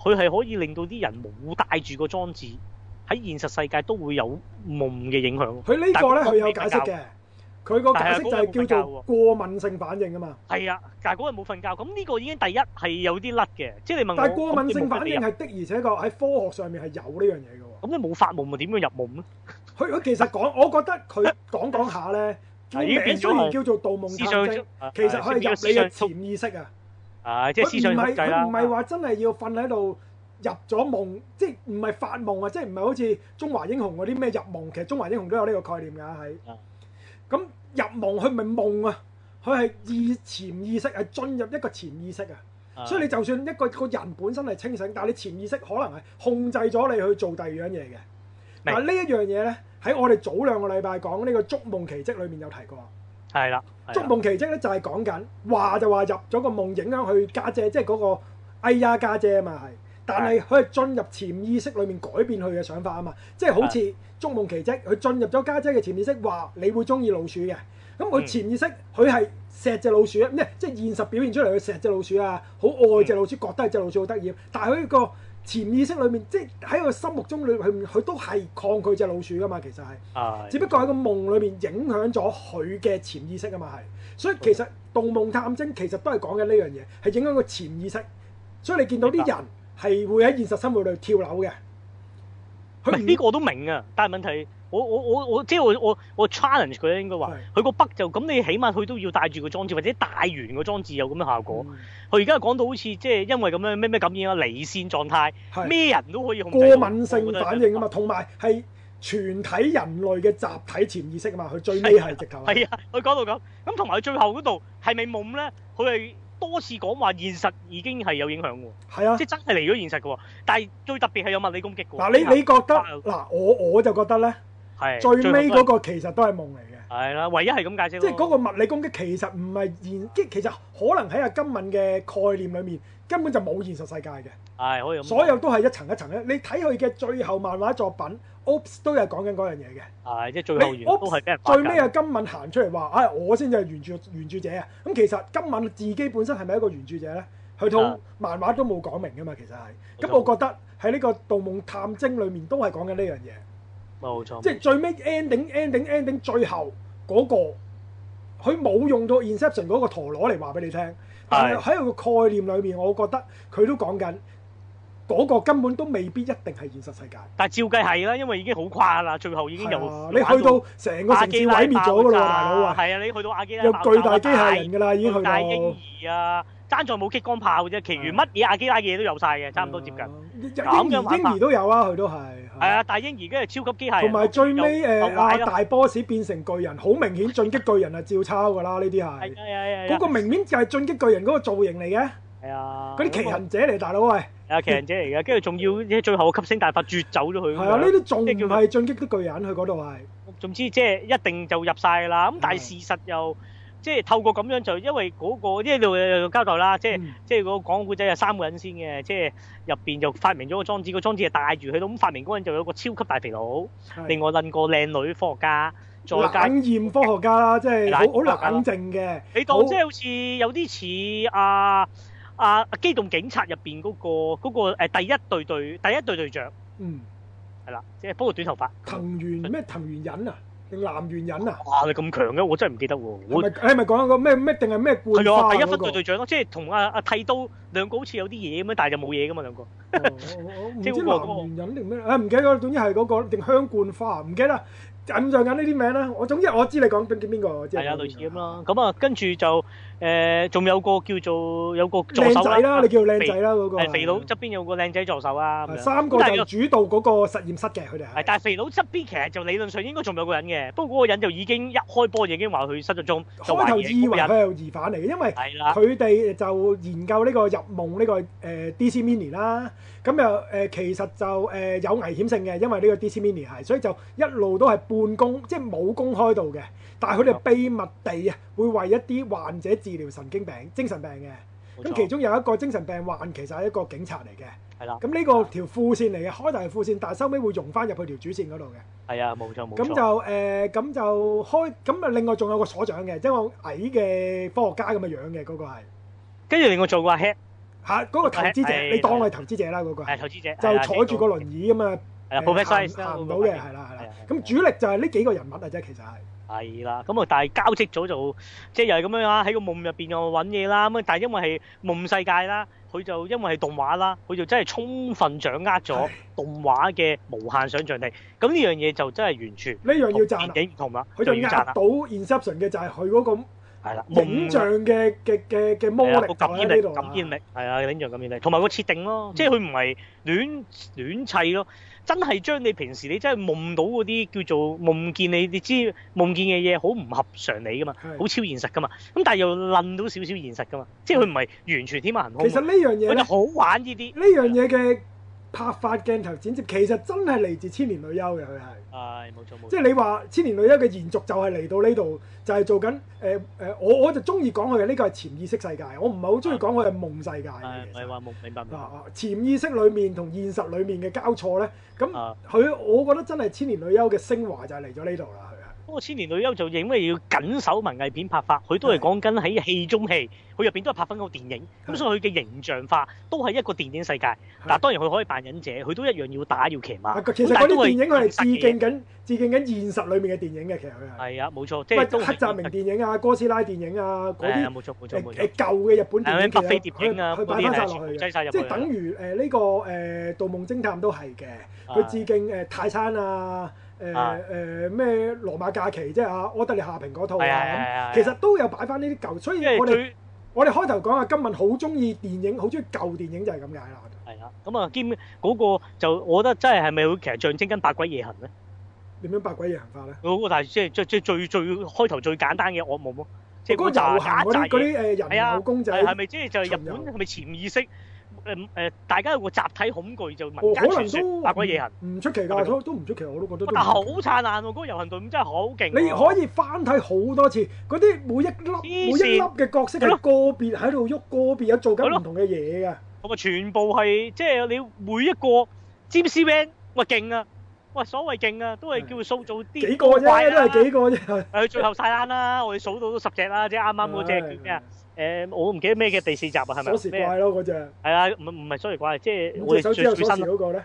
佢係可以令到啲人冇帶住個裝置喺現實世界都會有夢嘅影響。佢呢個咧佢有，有解釋嘅，佢個解釋就係叫做過敏性反應啊嘛。係啊，但係嗰日冇瞓覺，咁呢個，個已經第一係有啲甩嘅。即係你問，但係過敏性反應係的而且確喺科學上面係有呢樣嘢嘅。咁你冇發夢，咪點樣入夢咧？佢 佢其實講，我覺得佢講講下咧，已經變咗叫做盜夢探偵。 其實係入你嘅潛意識啊！啊 不是，即係佢唔係佢唔係話真係要瞓喺度入咗夢， 即係唔係發夢啊！ 即係唔係好似《中華英雄》嗰啲咩入夢？其實《中華英雄》都有呢個概念㗎係。咁 入夢佢咪夢啊？佢係二潛意識，係進入一個潛意識啊！所以你就算一個個人本身係清醒，但係你潛意識可能係控制咗你去做第二樣嘢嘅。嗱，啊，呢一樣嘢咧，喺我哋早兩個禮拜講呢個《捉夢奇蹟》裏面有提過。係啦，《捉夢奇蹟》咧就係講緊話就話入咗個夢影響佢家姐，姐，即係嗰個哎呀家姐啊嘛係。但係佢係進入潛意識裏面改變佢嘅想法啊嘛，即係好似《捉夢奇蹟》佢進入咗家姐嘅潛意識，話你會中意老鼠嘅。咁佢潛意識佢係錫隻老鼠啊咩？即係現實表現出嚟佢錫隻老鼠啊，好愛隻老鼠，隻老鼠嗯、覺得隻老鼠好得意。但係佢一個潛意識裏面，即係喺佢心目中裏面，佢都係抗拒隻老鼠噶嘛。其實係、哎，只不過喺個夢裏面影響咗佢嘅潛意識啊嘛係。所以其實《盜夢探偵》其實都係講緊呢樣嘢，係影響個潛意識。所以你見到啲人係會喺現實生活裏跳樓嘅。呢、呢個我都明啊，但係問題。我我我我即係我我我 challenge 佢咧，應該話佢個筆就咁，你起碼佢都要帶住個裝置，或者帶完個裝置有咁嘅效果。佢而家講到好似即係因為咁樣咩咩感染啊，離線狀態，咩人都可以過敏性反應啊嘛，同埋係全體人類嘅集體潛意識啊嘛，佢最尾係直頭。係啊，佢講、啊、到咁咁，同埋佢最後嗰度係咪夢咧？佢係多次講話現實已經係有影響喎。啊，即係真係嚟咗現實嘅喎，但係最特別係有物理攻擊嘅。嗱、啊，你你覺得嗱、啊，我我就覺得咧。最尾嗰個其實都係夢嚟嘅。係啦，唯一係咁解釋。即係嗰個物理攻擊其實唔係現，即其實可能喺阿金敏嘅概念裏面根本就冇現實世界嘅。係，所有都係一層一層咧。你睇佢嘅最後漫畫作品，Ops 都係講緊嗰樣嘢嘅。係，即係最尾都係俾人逼緊。最尾阿金敏行出嚟話：「唉，我先至係原著原著者啊！咁其實金敏自己本身係咪一個原著者咧？佢套漫畫都冇講明噶嘛，其實係。咁我覺得喺呢個《盜夢探偵》裏面都係講緊呢樣嘢。冇錯，即係最尾 ending ending ending，最後嗰個佢冇用到 Inception 嗰個陀螺嚟話俾你聽，但係喺個概念裏面，我覺得佢都講緊嗰個根本都未必一定係現實世界。但係照計係啦，因為已經好誇啦，最後已經有你去到成個城市毀滅咗咯，大佬啊！係啊，你去到阿基拉有巨大機械人噶啦，已經去到。大嬰兒啊，爭在冇激光炮啫，其餘乜嘢阿基拉嘅嘢都有曬嘅，差唔多接近。嬰兒嬰兒都有啊，佢都係係啊，大嬰兒跟住超級機械，同埋最尾誒啊大 boss 變成巨人，好明顯進擊巨人啊，照抄噶啦呢啲係，嗰個明顯就係進擊巨人嗰個造型嚟嘅，係啊，嗰啲奇行者嚟，大佬喂，係啊，奇行者嚟嘅，跟住仲要最後吸星大法奪走咗佢，係啊，呢啲仲係進擊嘅巨人，佢嗰度係，總之即係一定就入晒噶啦，咁但係事實又。即係透過咁樣就因為嗰、嗰個，因為你又交代啦，即係、嗯、即係個講古仔係三個人先嘅，即係入面就發明咗個裝置，個裝置就帶住佢到，咁發明嗰個人就有個超級大肥佬，另外另一個靚女科學家，再加冷豔科學家啦，即係好好冷靜嘅，你當即係好似有啲似阿阿機動警察入面嗰、嗰個嗰個嗰個第一隊隊第一隊隊長，嗯，係啦，即係不過短頭髮，藤原咩藤原忍啊？定南元人啊！哇，你咁強嘅、啊，我真係唔記得喎。我係咪講一個咩咩定係咩冠花啊、嗰個，第一分隊隊長咯，即係同阿阿剃刀兩個好似有啲嘢咁樣，但係就冇嘢噶嘛兩個。哦、我我唔知南元人定咩？唔、 那個啊、記得啦，總之係嗰、嗰個定香冠花，唔記得啦。印象緊呢啲名啦，我總之我知你講緊邊邊邊個。係啊，類似咁啦。咁啊，跟住、啊、就。誒，仲有個叫做有個助手仔啦，你叫靚仔啦嗰個，肥佬側邊有個靚仔助手啊。三個，就主導嗰個實驗室嘅佢哋。係，但係肥佬側邊其實就理論上應該仲有個人嘅，不過嗰個人就已經一開波已經話佢失咗蹤，做乜嘢？開頭以為佢係疑犯嚟嘅，因為係啦，佢哋就研究呢個入夢呢個誒 DC Mini 啦。咁又誒，其實就誒有危險性嘅，因為呢個 DC Mini 係，所以就一路都係半公，即係冇公開到嘅。但係佢哋秘密地啊，會為一啲患者治療神經病、精神病嘅。咁其中有一個精神病患其實係一個警察嚟嘅。係啦。咁呢個條副線嚟嘅，開頭係副線，但係收尾會融翻入去條主線嗰度嘅。係啊，冇錯冇錯。咁就誒，咁就開咁啊。另外仲有個所長嘅，即係個矮嘅科學家咁嘅樣嘅嗰個係。跟住另外做個 head。嚇！嗰個投資者，你當我係投資者啦，嗰個係。係投資者。就坐住個輪椅咁啊。係啊，perfect size 行唔到嘅係啦係啦。咁主力就係呢幾個人物啊啫，其實係。係啦，咁啊，但係交織咗就即係又係咁樣啦，喺個夢入邊又揾嘢啦。咁啊，但係因為係夢世界啦，佢就因為係動畫啦，佢就真係充分掌握咗動畫嘅無限想像力。咁呢樣嘢就真係完全呢樣要賺，已經唔同啦，就要賺啦。到 inspiration 嘅就係佢嗰個係啦，夢象嘅嘅嘅嘅魔力喺呢度，感染力，感染力，係啊，影像感染力，同埋個設定咯，即係佢唔係亂亂砌咯。真係將你平時你真係夢到嗰啲叫做夢見你，你知夢見嘅嘢好唔合常理噶嘛，好超現實噶嘛，咁但係又諗到少少現實噶嘛，即係佢唔係完全天馬行空。其實呢樣嘢，佢就好玩呢啲呢樣嘢嘅。拍法、鏡頭、剪接，其實是真係嚟自千年女優嘅。佢係，係、啊、冇錯冇。即係你話千年女優嘅延續就係嚟到呢度，就係、是、做緊誒誒，我我就中意講佢嘅呢個係潛意識世界，我唔係好中意講佢係夢世界。係、啊、係話夢，明白唔、啊？潛意識裡面同現實裡面嘅交錯咧，咁佢我覺得真係千年女優嘅昇華就係嚟咗呢度啦。個千年女優就因為要緊守文藝片拍法，佢都係講緊喺戲中戲，佢入面都係拍翻嗰個電影，咁所以佢嘅形象化都係一個電影世界。但當然佢可以扮忍者，佢都一樣要打要騎馬。但其實嗰個電影係致敬緊致敬緊現實裏面嘅電影嘅，其實係。係啊，冇錯，即係黑澤明電影啊、哥斯拉電影啊嗰啲，係啊、冇錯、冇錯、誒、啊、舊嘅日本電影啊，百飛碟影啊，佢擺翻曬落去，即係等於誒呢、呃這個誒《盜、呃、夢偵探都》都係嘅，佢致敬誒泰山啊。誒誒咩羅馬假期啫、啊、嚇，我對你夏萍嗰套啊，其實都有擺翻呢啲舊，所以我哋我哋開頭講啊，今敏好中意電影，好中意舊電影就係咁解啦。係啊，咁啊兼嗰個就我覺得真係係咪其實象徵緊《百鬼夜行呢》咧？點樣《百鬼夜行呢》法、那、咧、個？好，但係即係即最最開頭最，最簡單嘅噩夢咯，即係嗰啲嗰啲人公仔係咪即就係、是、日本係咪潛意識？大家有個集體恐懼就民間傳說，百鬼夜行，唔、那個、出奇㗎，都唔出奇，我都覺得都。但係好燦爛喎、啊，嗰、那個遊行隊伍真係好勁。你可以翻睇好多次，嗰啲每一粒每一粒嘅角色係個別喺度喐，個別有做緊唔同嘅嘢㗎。我全部係即係你每一個尖刺 man，喂，勁啊！喂，所謂勁啊，都係叫佢塑造啲幾個鬼啦，都係、啊、幾個啫。佢最後晒單啦，我哋數到都十隻啦，即係啱啱嗰隻叫咩啊？誒、嗯，我唔記得咩嘅第四集啊，係咪？咩怪咯，嗰隻係啊，唔唔 sorry 怪，即係我哋最新嗰個咧，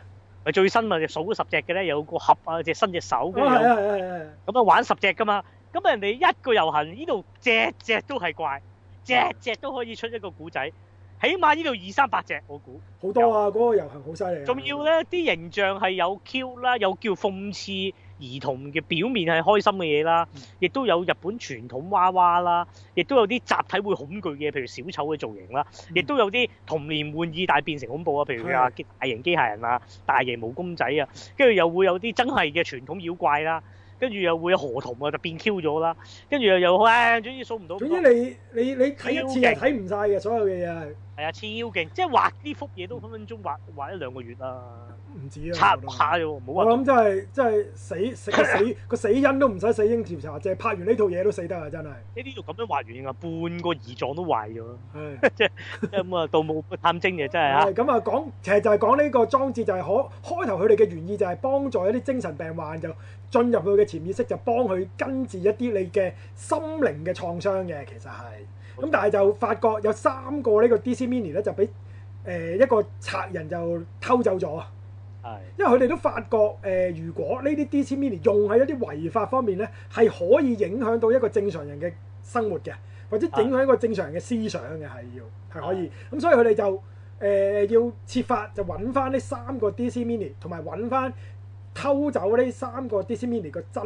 咪、嗯、最新啊！數十隻嘅咧，有個盒啊，隻新隻手咁、哦、樣，咁啊玩十隻噶嘛，咁人哋一個遊行，呢度隻隻都係怪，隻隻都可以出一個古仔，起碼呢度二三百隻，我估好多啊！嗰、那個遊行好犀利，仲要咧啲形象係有 Q 啦，有叫諷刺。兒童嘅表面係開心嘅嘢啦，亦都有日本傳統娃娃啦，亦都有啲集體會恐懼嘅嘢，譬如小丑嘅造型啦，亦都有啲童年玩意但係變成恐怖啊，譬如啊大型機械人啊、大型毛公仔啊，跟住又會有啲真係嘅傳統妖怪啦。跟住又會有河童啊，就變 Q 咗啦。跟住又又誒、哎，總之數唔到。總之你你你睇一次係睇唔晒嘅，所有嘅嘢係。係啊，超勁！即係畫呢幅嘢都分分鐘畫畫一兩個月啊，唔止啊。差唔多。我諗真係真係死死死，死 個死因都唔使死因調查，淨係拍完呢套嘢都死得啊！真係。呢啲咁樣畫完啊，半個胰臟都壞咗。 即係咁啊！盜墓探偵嘅真係啊。咁 啊講其實就係講呢個裝置就係、是、可開頭佢哋嘅原意就係幫助一啲精神病患就。進入佢嘅潛意識就幫佢根治一啲你嘅心靈嘅創傷嘅，其實係。咁但係就發覺有三個呢個 DC Mini 咧就俾誒、呃、一個賊人就偷走咗。係。因為佢哋都發覺誒、呃，如果呢啲 DC Mini 用喺一啲違法方面咧，係可以影響到一個正常人嘅生活嘅，或者影響一個正常人嘅思想嘅係要係可以。咁、嗯、所以佢哋就誒、呃、要設法就揾翻呢三個 DC Mini 同埋揾翻。偷走呢三個迪士尼個真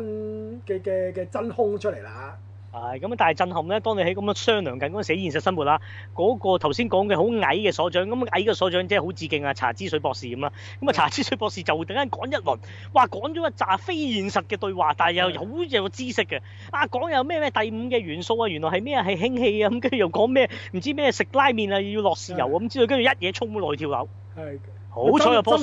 嘅嘅嘅真空出嚟啦。係、啊、咁但係震撼咧，當你喺咁樣商量緊嗰陣時，現實生活啦，嗰、那個頭先講嘅好矮嘅所長，咁、嗯、矮嘅所長即係好致敬啊，查之水博士咁啦。咁、嗯、啊，查之水博士就會突然間講一輪，哇，講咗一集非現實嘅對話，但係又好有知識嘅。啊，講有咩咩第五嘅元素啊，原來係咩係氫氣啊，咁跟住又講咩唔知咩食拉麵啊，要落豉油咁之類，跟、嗯、住一嘢衝落去跳樓。係。好彩有棵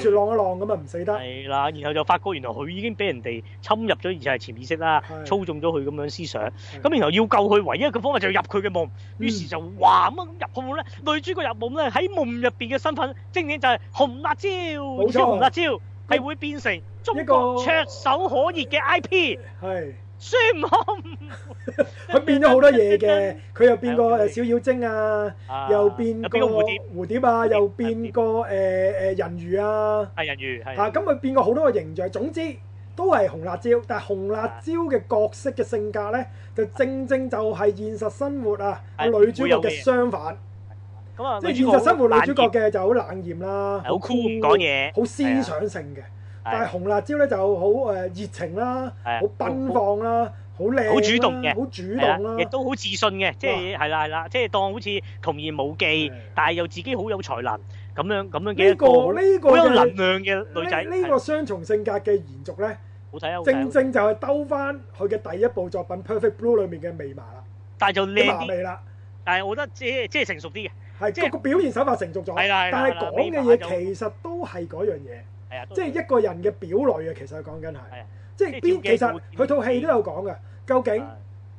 樹浪，一浪咁啊，唔死得。係啦，然後就發覺原來佢已經俾人哋侵入咗，而且係潛意識啦，操縱咗佢咁樣思想。咁然後要救佢，唯一嘅方法就係入佢嘅夢。於是就哇咁入入夢咧，女主角入夢咧喺夢入面嘅身份，正正就係紅辣椒，冇錯、啊、紅辣椒係會變成中國灼手可熱嘅 IP。孫悟空，佢 變咗好多嘢嘅，佢又變個誒小妖精啊，啊又變個蝴蝶啊，又變個誒誒人魚啊，係、啊、人魚，嚇咁佢變過好多個形象，總之都係紅辣椒，但係紅辣椒嘅角色嘅性格咧，就正正就係現實生活啊女主角嘅相反，即係現實生活女主角嘅、嗯啊、就好冷豔啦，好酷，唔講嘢，好思想性嘅。是但係紅辣椒咧就好誒熱情啦，好奔放啦，好靚，好主動嘅，好主動啦，亦都好自信嘅，即係係啦係啦，即係當好似童言無忌，但係又自己好有才能咁樣咁樣嘅一個好、呢個、有能量嘅女仔。呢、呢個呢個雙重性格嘅延續咧，正正就係兜翻佢嘅第一部作品《Perfect Blue》裏面嘅未麻啦，但係就靚啲啦。但係我覺得即係即係成熟啲嘅，係個個表現手法成熟咗。係啦，但係講嘅嘢其實都係嗰樣嘢。即係一個人嘅表裡啊，其實講緊係，即係邊其實佢套戲都有講嘅。究竟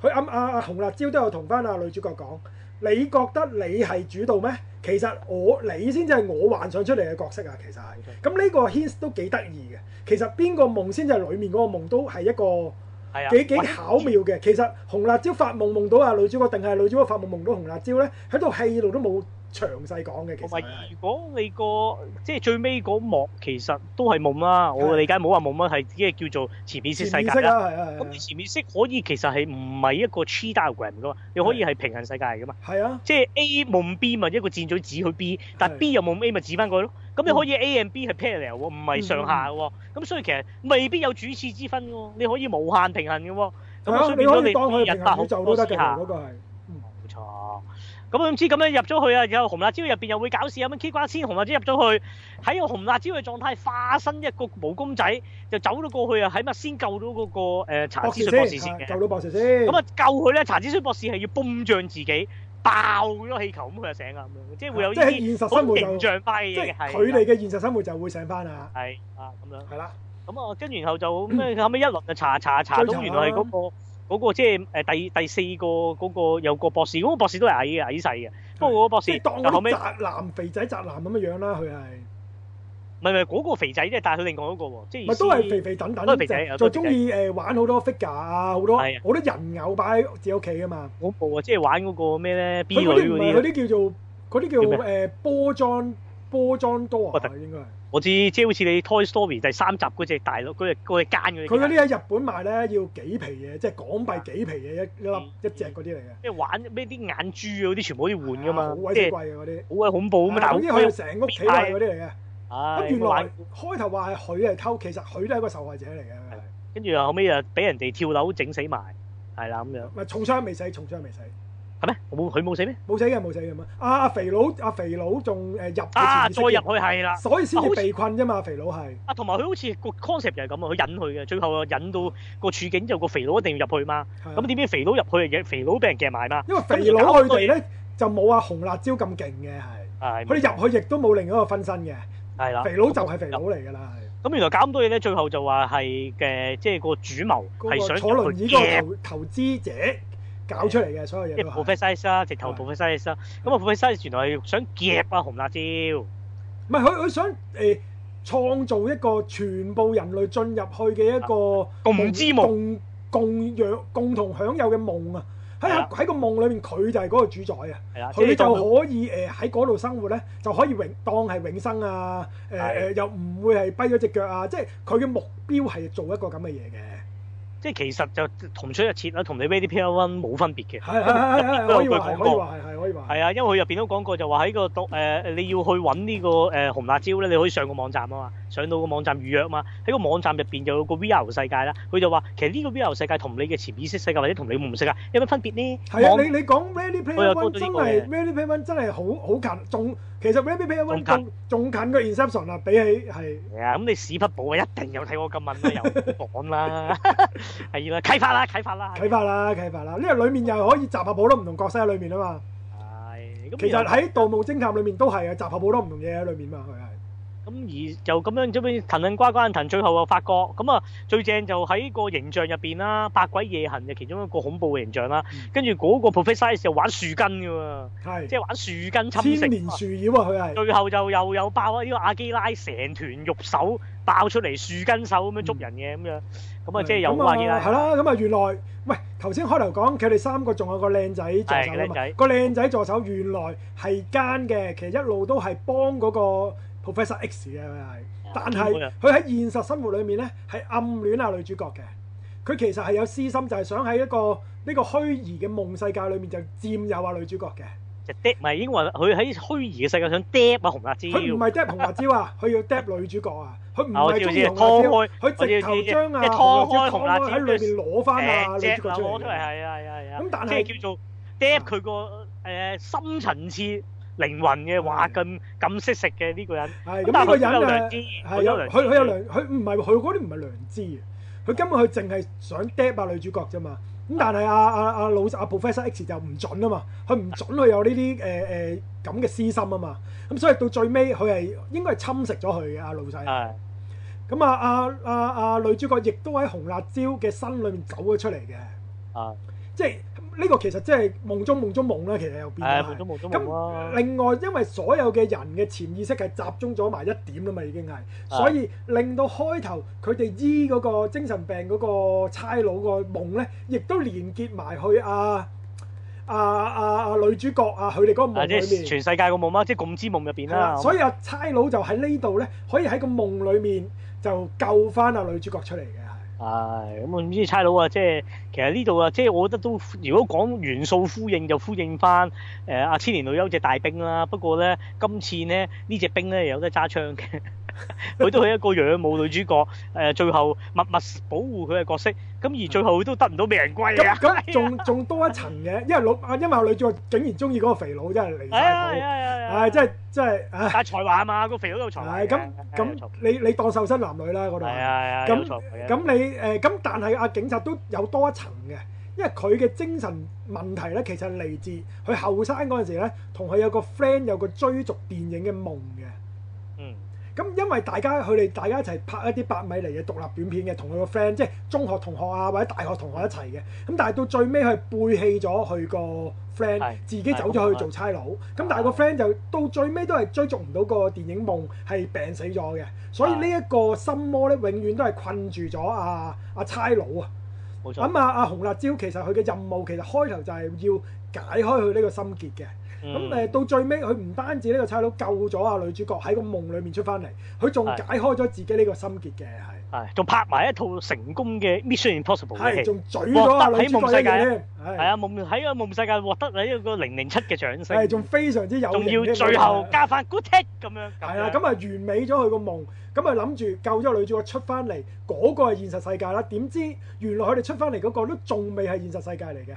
佢暗啊啊紅辣椒都有同翻啊女主角講，你覺得你係主導咩？其實我你先至係我幻想出嚟嘅角色啊，其實係。咁呢個牽都幾得意嘅。其實邊個夢先至係裡面嗰個夢都係一個幾幾巧妙嘅。其實紅辣椒發夢夢到啊女主角，定係女主角發夢夢到紅辣椒呢？喺套戲度都冇詳細講嘅，同埋如果你即個即係最尾嗰幕，其實都係夢啦、啊。我理解冇話夢乜，係即係叫做前面式世界啦。咁前面式、啊啊啊、可以其實係唔係一個 tree diagram 噶嘛？你、啊、可以係平行世界嚟噶嘛？係啊。即係 A 夢 B 咪一個箭嘴指去 B、啊、但係 B 又冇 A 咪指翻過去咯。咁、啊、你可以 A and B 係 parallel 唔係上下喎。咁、嗯、所以其實未必有主次之分喎。你可以無限平行嘅喎。係啊，個 B 你可以當佢係平行宇宙都得嘅，嗰、嗯啊那個係冇錯。咁唔知咁樣入咗去啊，然後紅辣椒入邊又會搞事啊！咁茄瓜先紅辣椒入咗去，喺個紅辣椒嘅狀態化身一個毛公仔，就走咗過去啊！喺咪先救到嗰個查茶之水博士，博士先，先救到博士先。咁啊救佢咧，茶之水博士係要泵脹自己，爆咗氣球咁佢就醒啊咁樣，即係會有呢啲好形象化嘅嘢。佢哋嘅現實生活就會醒翻啊！係啊咁樣。係啦，咁啊跟然後就咁咧，後、嗯、尾一輪就查查查到原來係嗰、那個嗰個即係誒第第四個嗰個有個博士，嗰個博士都係矮嘅，矮細嘅。不過嗰個博士，即係當宅男肥仔宅男咁樣樣啦。佢係唔係唔係嗰個肥仔啫？但係佢另外嗰個喎，即係都係肥肥等等。都係肥仔，就中意誒玩好多 figure 多啊，好多好多人偶擺喺自己屋企啊嘛。好部，啊！即係玩嗰個咩咧？佢嗰啲唔係嗰啲叫做嗰啲叫誒波裝波裝多啊，應該係。我知，即係好似你 Toy Story 第三集嗰隻大佬，隻嗰隻奸嗰啲。佢嗰啲喺日本賣咧，要幾皮嘢，即係港幣幾皮嘢一粒一隻嗰啲嚟嘅。即係玩咩啲眼珠嗰啲，全部可以換噶嘛。好鬼貴啊！嗰啲。好鬼恐怖啊！咩？但係可以成屋企嗰啲嚟嘅。咁、啊、原來開頭話係佢係偷，其實佢都係一個受害者嚟嘅。跟住、啊、後尾又俾人哋跳樓整死埋，係啦咁樣。咪重傷未死，重傷未死。係咩？冇，佢冇死咩？冇死嘅，冇死嘅嘛。阿、啊、阿肥佬，阿肥佬仲誒入去啊，再入去係啦。所以先至被困啫、啊、嘛、啊，肥佬係。啊，同埋佢好似個 concept 就係咁啊，佢引佢嘅，最後啊引到個處境就個肥佬一定要入去嘛。咁點知肥佬入去嘅？肥佬俾人夾埋嘛。因為肥佬佢哋咧就冇阿紅辣椒咁勁嘅，係。係。佢哋入去亦都冇另一個分身嘅。係啦。肥佬就係肥佬嚟㗎啦。咁、嗯嗯、原來搞咁多嘢咧，最後就話係嘅，即、就、係、是、個主謀係想坐輪椅嗰個投投資者。搞出嚟嘅所有嘢，即係 buffet size 啦，直頭 buffet size 啦。咁啊，buffet size 原來係想夾啊紅辣椒，唔係佢佢想誒、呃、創造一個全部人類進入去嘅一個共夢之夢，共夢共約共，共同享有嘅夢啊！喺喺個夢裏面，佢就係嗰個主宰啊，佢就可以誒喺嗰度生活咧，就可以永當係永生啊！誒誒、呃、又唔會係跛咗隻腳啊！即係佢嘅目標係做一個咁嘅嘢嘅。即係其實就同出一轍啦，同你 Ready Player One 冇分別嘅。係、啊啊、可以、啊、可以、啊、可以,可以啊，因為佢入邊都講過，就話喺個當、呃、你要去揾呢、這個誒、呃、紅辣椒咧，你可以上個網站啊嘛，上到個網站預約嘛。喺個網站入邊就有個 VR 世界啦。佢就話其實呢個 VR 世界同你嘅潛意識世界或者同你唔識啊，有乜分別呢？係啊，你你講 Ready,、啊 yeah. Ready Player One 真係真係好好近，仲其實 Ready Player One 仲仲近過 Inception 啊，比起係。係啊，咁你屎忽寶啊一定有睇我今敏啦， 有講啦。 係啦，啟發啦，啟發啦，啟發啦，啟發啦。呢個裏面又可以集合好多唔同角色喺裏面啊嘛。係，咁其實喺《盜墓偵探》裏面都係啊，集合好多唔同嘢喺裏面嘛，佢、哎、係。咁、嗯、而就咁樣，即係好似藤藤瓜瓜藤，最後又發覺咁啊，最正就喺個形象入邊啦，百鬼夜行就其中一個恐怖嘅形象啦。跟住嗰個 Professor 就玩樹根嘅喎，即、嗯、係、就是、玩樹根侵蝕。千年樹妖啊，佢係。最後就又有爆啊！呢、這個阿基拉成團肉手爆出嚟，樹根手咁樣捉人嘅咁樣。嗯咁啊，啊，即係有幻見啦，係啦。咁啊，原來，喂，頭先開頭講佢哋三個，仲有個靚仔助手。個靚仔，仔助手原來係奸嘅，其實一路都係幫嗰個 Professor X 嘅，係。但係佢喺現實生活裏面咧，係暗戀啊女主角嘅。佢其實係有私心，就係想喺一個呢、呢個虛擬嘅夢世界裏面，就佔有啊女主角嘅。就 de 唔係已經話佢喺虛擬嘅世界想 de 紅辣椒？佢唔係 de 紅辣椒啊，佢 要 de 女主角啊。佢唔係將佢拖開，佢直頭將啊拖開紅辣椒喺裏面攞翻啦，攞出嚟係啊係啊！咁但係即係叫做 dap 佢個誒深層次靈魂嘅話，咁咁識食嘅呢個人，咁但係佢有良知，佢有良，佢佢有良，佢唔係佢嗰啲唔係良知啊！佢根本佢淨係想 dap 啊女主角啫嘛。咁但係阿阿阿老阿 Professor 啊 X 就唔準啊嘛，佢唔準佢有呢啲誒誒咁嘅私心啊嘛，咁所以到最尾佢係應該係侵蝕咗佢嘅阿老細。係、啊，咁啊啊啊啊女主角亦都喺紅辣椒嘅身裏面走咗出嚟嘅。啊，即係。呢個其實即係夢中夢中夢啦，其實又邊個？咁另外，因為所有嘅人嘅潛意識係集中咗埋一點吖嘛，已經係，所以令到開頭佢哋醫嗰個精神病嗰個差佬個夢咧，亦都連結埋去啊啊啊阿女主角啊，佢哋嗰個夢裏面，全世界個夢吖？即係共知夢入邊啦。所以啊，差佬就喺呢度咧，可以喺個夢裏面就救翻啊女主角出嚟嘅。唉、哎，咁我唔知差佬啊，即係其實呢度啊，即係我覺得都如果講元素呼應，就呼應返誒阿千年女優隻大兵啦。不過咧，今次咧呢隻兵咧有得揸槍嘅。 佢都係一個仰慕女主角，誒，最後默默保護佢嘅角色，咁而最後佢都得唔到命貴啊！咁仲仲多一層嘅，因為老啊，因為女主角竟然中意嗰個肥佬，真係離晒譜，係真係真係，但係才華嘛，個肥佬有才，咁咁你你當瘦身男女啦嗰度，咁咁你誒，咁但係阿警察都有多一層嘅，因為佢嘅精神問題咧，其實嚟自佢後生嗰陣時咧，同佢有個 friend 有個追逐電影嘅夢嘅。咁因為大家佢哋大家一齊拍一啲百米嚟嘅獨立短片嘅，同佢個 friend 即係中學同學啊或者大學同學一齊嘅。咁但係到最尾佢背棄咗佢個 friend，自己走咗去做差佬。咁但係個 friend 就到最尾都係追逐唔到個電影夢，係病死咗嘅。所以呢一個心魔咧，永遠都係困住咗阿阿差佬啊。冇錯。咁阿阿紅辣椒其實佢嘅任務其實開頭就係要解開佢呢個心結嘅。咁誒到最尾，佢唔單止呢個差佬救咗啊女主角喺個夢裏面出翻嚟，佢仲解開咗自己呢個心結嘅，係係仲拍埋一套成功嘅《Mission Impossible》係，仲嘴咗啊女主角喺夢世界，係啊夢喺個夢世界獲得啊一個零零七嘅掌聲，係仲非常之有型，仲要最後加翻 Goodie 咁樣，係啊咁啊完美咗佢個夢，咁啊諗住救咗女主角出翻嚟，嗰個係現實世界啦，點知原來佢哋出翻嚟嗰個都仲未係現實世界嚟嘅。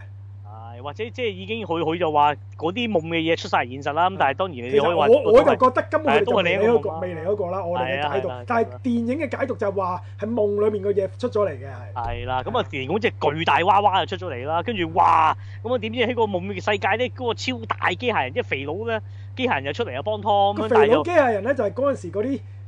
或者即係已經佢佢就話嗰啲夢嘅嘢出晒現實啦，咁但係當然你可以話我我就覺得今日都係，都係你個夢未嚟嗰個啦，啊啊啊，我哋解讀，但係電影嘅解讀就係話係夢裡面嘅嘢出咗嚟嘅，係係啦，咁啊，變咗隻巨大娃娃就出咗嚟啦，跟住、嗯嗯、哇，咁啊點知喺個夢嘅世界咧，嗰、嗰個超大機械人即係肥佬咧，機械人又出嚟又幫拖咁，但係有機械人咧就係嗰陣時嗰啲。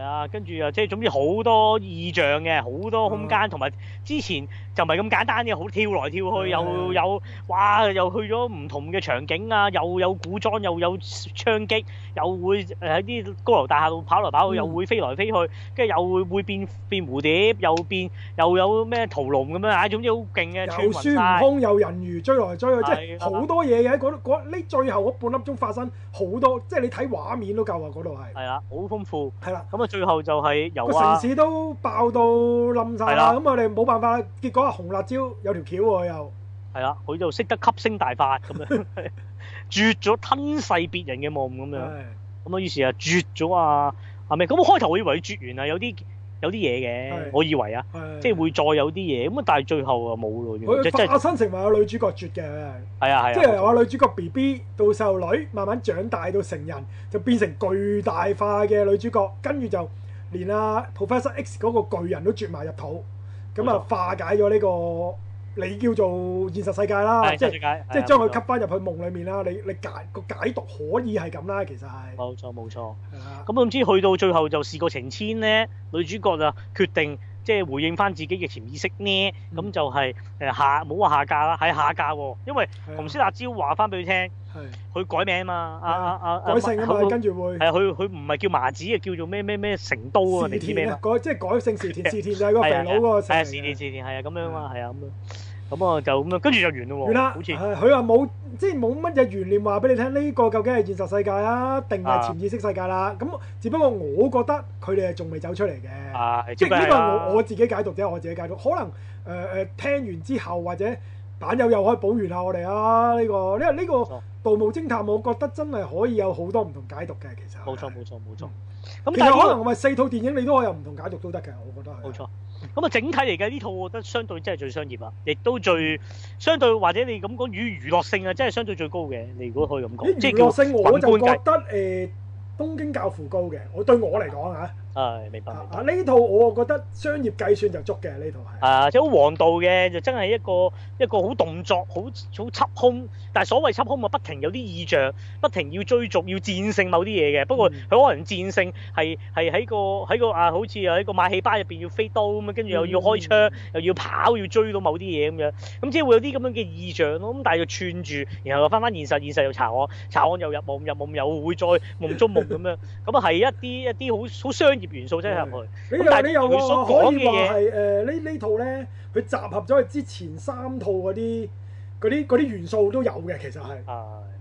啊，跟住又即係總之好多意象嘅，好多空間同埋、嗯、之前就唔係咁簡單嘅，好跳來跳去，嗯、又有哇又去咗唔同嘅場景啊，又有古裝又有槍擊，又會喺啲高樓大廈度跑來跑去、嗯，又會飛來飛去，跟住又會會變,變蝴蝶，又變又有咩屠龍咁樣啊，總之好勁嘅超孫悟空有人魚追來追去，即係好多嘢喺嗰呢最後嗰半粒鐘發生好多，即係你睇畫面都夠啊嗰度係。係啊，好豐富。啦、啊，咁最後就係由、啊、城市都爆到冧晒啦，咁、啊、我哋冇辦法，結果、啊、紅辣椒有條橋喎，又係啦，佢、啊、就識得吸星大法咁 樣，絕咗吞噬別人嘅夢咁樣，咁啊於、啊、是啊絕咗啊係咪？咁開頭我以為佢絕完啊有啲。有啲嘢嘅，我以為啊，係即係會再有啲嘢咁，但係最後啊冇咯，變咗即係化身成為個女主角絕嘅。係啊係啊，即係由女主角 B B 到細路女，慢慢長大到成人，就變成巨大化嘅女主角，跟住就連啊 Professor X 嗰個巨人都絕埋入肚，咁啊化解咗呢個。你叫做現實世界啦，即係即係將佢吸翻入去夢裡面啦。你你解個解讀可以係咁啦，其實係。冇錯冇錯。係啊。咁唔知去到最後就事過情遷咧，女主角就決定即係回應翻自己嘅潛意識咧，咁就係誒下冇話下嫁啦，係下嫁喎。因為紅色辣椒話翻俾佢聽，佢改名啊嘛，啊啊啊改姓啊嘛，跟住會係啊，佢佢唔係叫麻子啊，叫做咩咩咩成都啊，你知咩？改即係改姓，時田時田啊，個肥佬個時田時田時田係啊咁樣嘛，係啊咁樣。咁啊，就咁樣，跟住就完咯喎。完啦，好似佢話冇，即係冇乜嘢懸念話俾你聽。呢個究竟係現實世界啊，定係潛意識世界啦、啊？咁、啊、只不過我覺得佢哋係仲未走出嚟嘅。啊，即係呢個我、啊、我自己解讀啫，我自己解讀。可能誒誒、呃，聽完之後或者。版友又可以補完下我哋啊呢、這個，呢、這個《這個、盜夢偵探》我覺得真係可以有好多唔同解讀嘅，其實。冇錯冇錯冇錯。咁、嗯嗯、但係可能唔係四套電影，你都可以有唔同解讀都得嘅，我覺得。冇錯。咁、嗯、啊，整體嚟嘅呢套，我覺得相對真係最商業啊，亦都最相對或者你咁講與娛樂性啊，真係相對最高嘅。你如果可以咁講，即係性我就覺得誒、呃，東京教父高嘅，我對我嚟講啊。係、哎、明，明白。啊呢套我覺得商業計算就足嘅呢套係。啊，即係好黃道嘅，就真係一個一個好動作，好好緝兇。但係所謂緝兇咪不停有啲意象，不停要追逐，要戰勝某啲嘢嘅。不過佢可能戰勝係喺個喺個啊，好似喺個馬戲班入面，要飛刀咁樣，跟住又要開槍、嗯，又要跑，要追到某啲嘢咁樣。咁即係會有啲咁樣嘅意象咯。咁但係又串住，然後又翻翻現實，現實又查案，查案又入夢，入夢又會再夢中夢咁樣。咁啊係一啲 一啲好好商業。元素真係擠入去、嗯，你又你又可以話係誒呢呢套咧，佢集合咗佢之前三套嗰啲啲啲元素都有嘅，其實係，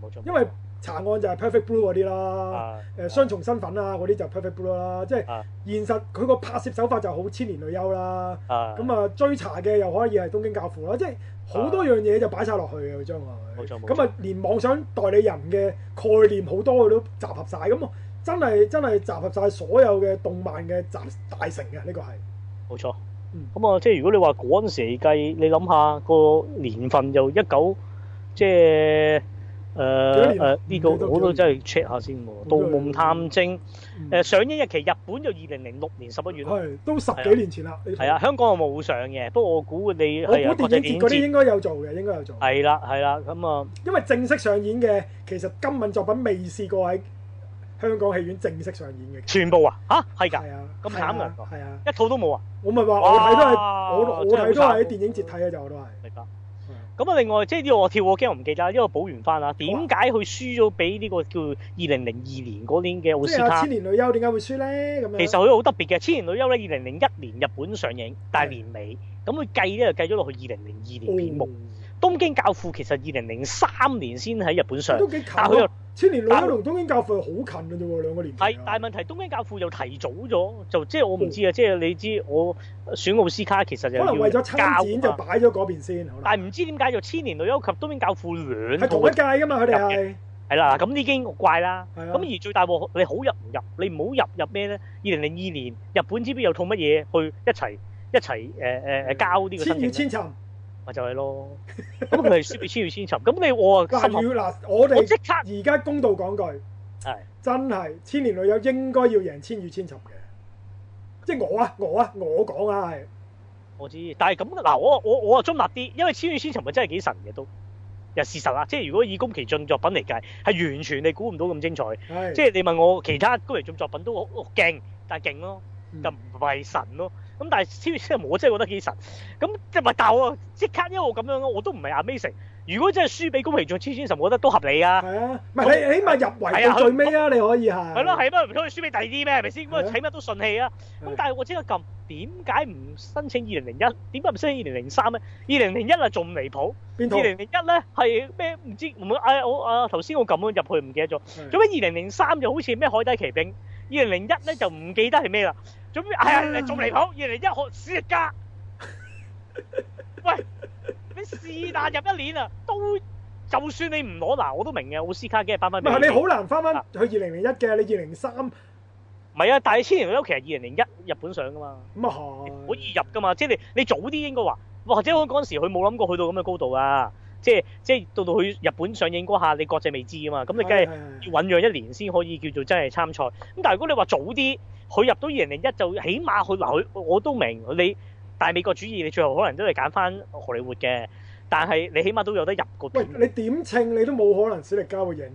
冇錯。因為查案就係 Perfect Blue 嗰啲啦，誒雙重身份啊嗰啲就 Perfect Blue 啦，即係現實佢個拍攝手法就好千年女優啦，咁啊追查嘅又可以係東京教父啦，即係好多樣嘢就擺晒落去嘅佢將，咁啊連妄想代理人嘅概念好多佢都集合晒。咁真係真係集合晒所有嘅動漫嘅集大成嘅呢個係，冇錯。咁、嗯、啊，即係如果你話嗰陣時計，你諗下個年份就 19,、呃年呃、一九，即係誒誒呢個我都真係 check 下先。《盜夢探偵》誒、嗯、上映日期日本就二零零六年十一月，係都十幾年前啦。係啊，啊，香港就冇上嘅。不過我估你，我估、啊、電影展嗰啲應該有做嘅，應該有做。係啦、啊，係啦、啊，咁、嗯、啊，因為正式上演嘅其實今敏作品未試過喺香港戲院正式上演嘅，全部啊，嚇，係㗎，咁慘㗎，係啊，一套都冇啊，我唔係話我睇都係，我我睇都係喺電影節睇嘅就我都係，明白。咁、嗯、啊，另外即係呢個我跳我驚、這個、我唔記得，因為補完翻啦。點解佢輸咗俾呢個叫二零零二年嗰年嘅奧斯卡？就是、《千年女優》點解會輸咧？咁樣其實佢好特別嘅，《千年女優》咧二零零一年日本上映，但係年尾，咁、嗯、佢計咧就計咗落去二零零二年片目、哦。東京教父其實二零零三年先喺日本上，但佢又千年女優同東京教父係好近嘅啫喎，兩個年。係，但係問題東京教父又提早咗，就即係我唔知啊，即係、哦、你知我選奧斯卡其實就可能為咗交錢就擺咗嗰邊先。但係唔知點解就千年女優及東京教父兩係同一屆㗎嘛？佢哋係係啦，咁已經怪啦。咁而最大鑊你好入唔入？你唔好入入咩咧？二零零二年日本知唔知又套乜嘢去一齊一齊誒誒交呢個申請千與千尋咪 就係咯，咁咪千與千與千尋咁你我啊？我哋即刻而家公道講句，係真係千年女優應該要贏千與千尋嘅，即係我啊，我啊，我講啊係。我知，但係咁嗱，我我我啊中立啲，因為千與千尋咪真係幾神嘅都，又事實啊。即係如果以宮崎駿作品嚟計，係完全你估唔到咁精彩。即係你問我其他宮崎駿作品都好勁，但係勁咯，嗯、就唔係神咯。咁但係黐線，我真係覺得幾神。咁即係咪？但係我即刻，因為我咁樣咯，我都唔係 amazing 如果真係輸俾公平做黐線，我覺得都合理啊。係啊，唔係起起碼入圍啊，最尾啊，你可以係。係咯、啊，係咩唔通你輸俾第二啲咩？係咪先咁起碼都順氣啊。咁、啊、但係我即刻撳點解唔申請二零零一？點解唔申請二零零三咧？二零零一啊，仲離譜。邊套？二零零一咧係咩？唔知唔唉、哎、我啊頭先我撳咗入去唔記得咗、啊。做咩？二零零三就好似咩海底奇兵。二零零一咧就唔記得係咩啦。做咩？係、哎、啊，你仲離譜，人 哋一學史一加。 喂，你是但入一年啊，都就算你唔攞嗱，我都明嘅奧斯卡幾百翻。唔係你好難翻翻去二零零一嘅，你二零三唔係啊？但係千與千尋其實二零零一日本上噶嘛， 可以入噶嘛？即係你你早啲應該話，或者我嗰時佢冇諗過去到咁嘅高度啊？即係即係到到去日本上映嗰下，你國際未知啊嘛？咁你梗係要醞釀一年先可以叫做真係參賽。咁但係如果你話早啲。佢入到二零零一就起碼佢，嗱，佢我都明白你大美國主義，你最後可能都係揀翻荷里活嘅，但係你起碼都有得入個。喂，你點稱你都冇可能史力嘉會贏，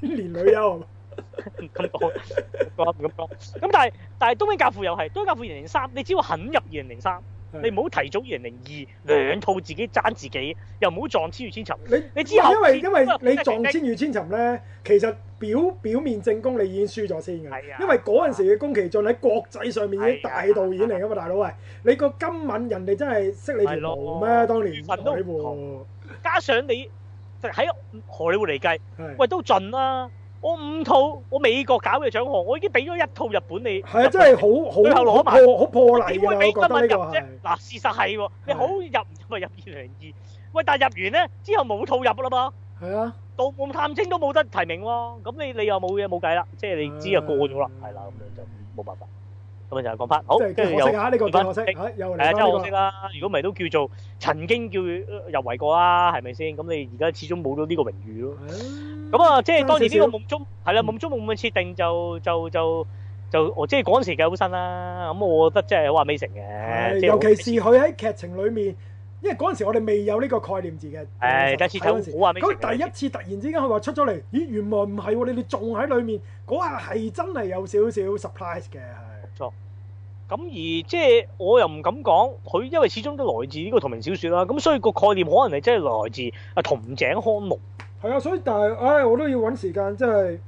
千年女友咁多，咁 但係但係東京教父又係東京教父二零零三，你只要肯入二零零三。你唔好提早二零零二兩套自己爭自己，哦、又唔好撞千與千尋。你你之後因為因為你撞千與千尋咧，其實表表面正攻你已經輸咗先㗎。係啊。因為嗰陣時嘅宮崎駿喺國際上面已經大導演嚟噶嘛，大佬喂，你個今敏人哋真係識你條路咩？當年荷里活，加上你喺荷里活嚟計，喂都盡啦。我五套我美國搞嘅獎項，我已經俾咗一套日本你。係啊，真係好好破好破例喎！點會俾得我入啫？嗱，事實係喎，你好入咪入二零二。喂，但入完咧之後冇套入啦噃。係啊。到我探清都冇得提名喎，咁你你又冇嘢冇計啦，即係你知啊過咗啦，係，嗯，啦，咁樣就冇辦法。咁就係講翻好，跟住又，係真好可惜啦！如果唔係都叫做曾經叫入圍過啦，係咪先？咁你而家始終冇到呢個榮譽咯。咁啊，即係當時呢個夢中係啦，夢中夢嘅設定就就就就哦，即係嗰陣時嘅好新啦。咁我覺得即係好話未成嘅。尤其是佢喺劇情裏面，因為嗰陣時我哋未有呢個概念字嘅。誒，第一次出，我話未成。嗰第一次突然之間佢話出咗嚟，咦？原來唔係喎，你哋仲喺裏面。嗰下係真係有少少 surprise 嘅。.錯，咁而即係我又唔敢講佢，因為始終都來自呢個同名小說啦。咁所以個概念可能係真係來自啊筒井康隆。係啊，所以但係唉，我都要搵時間，真係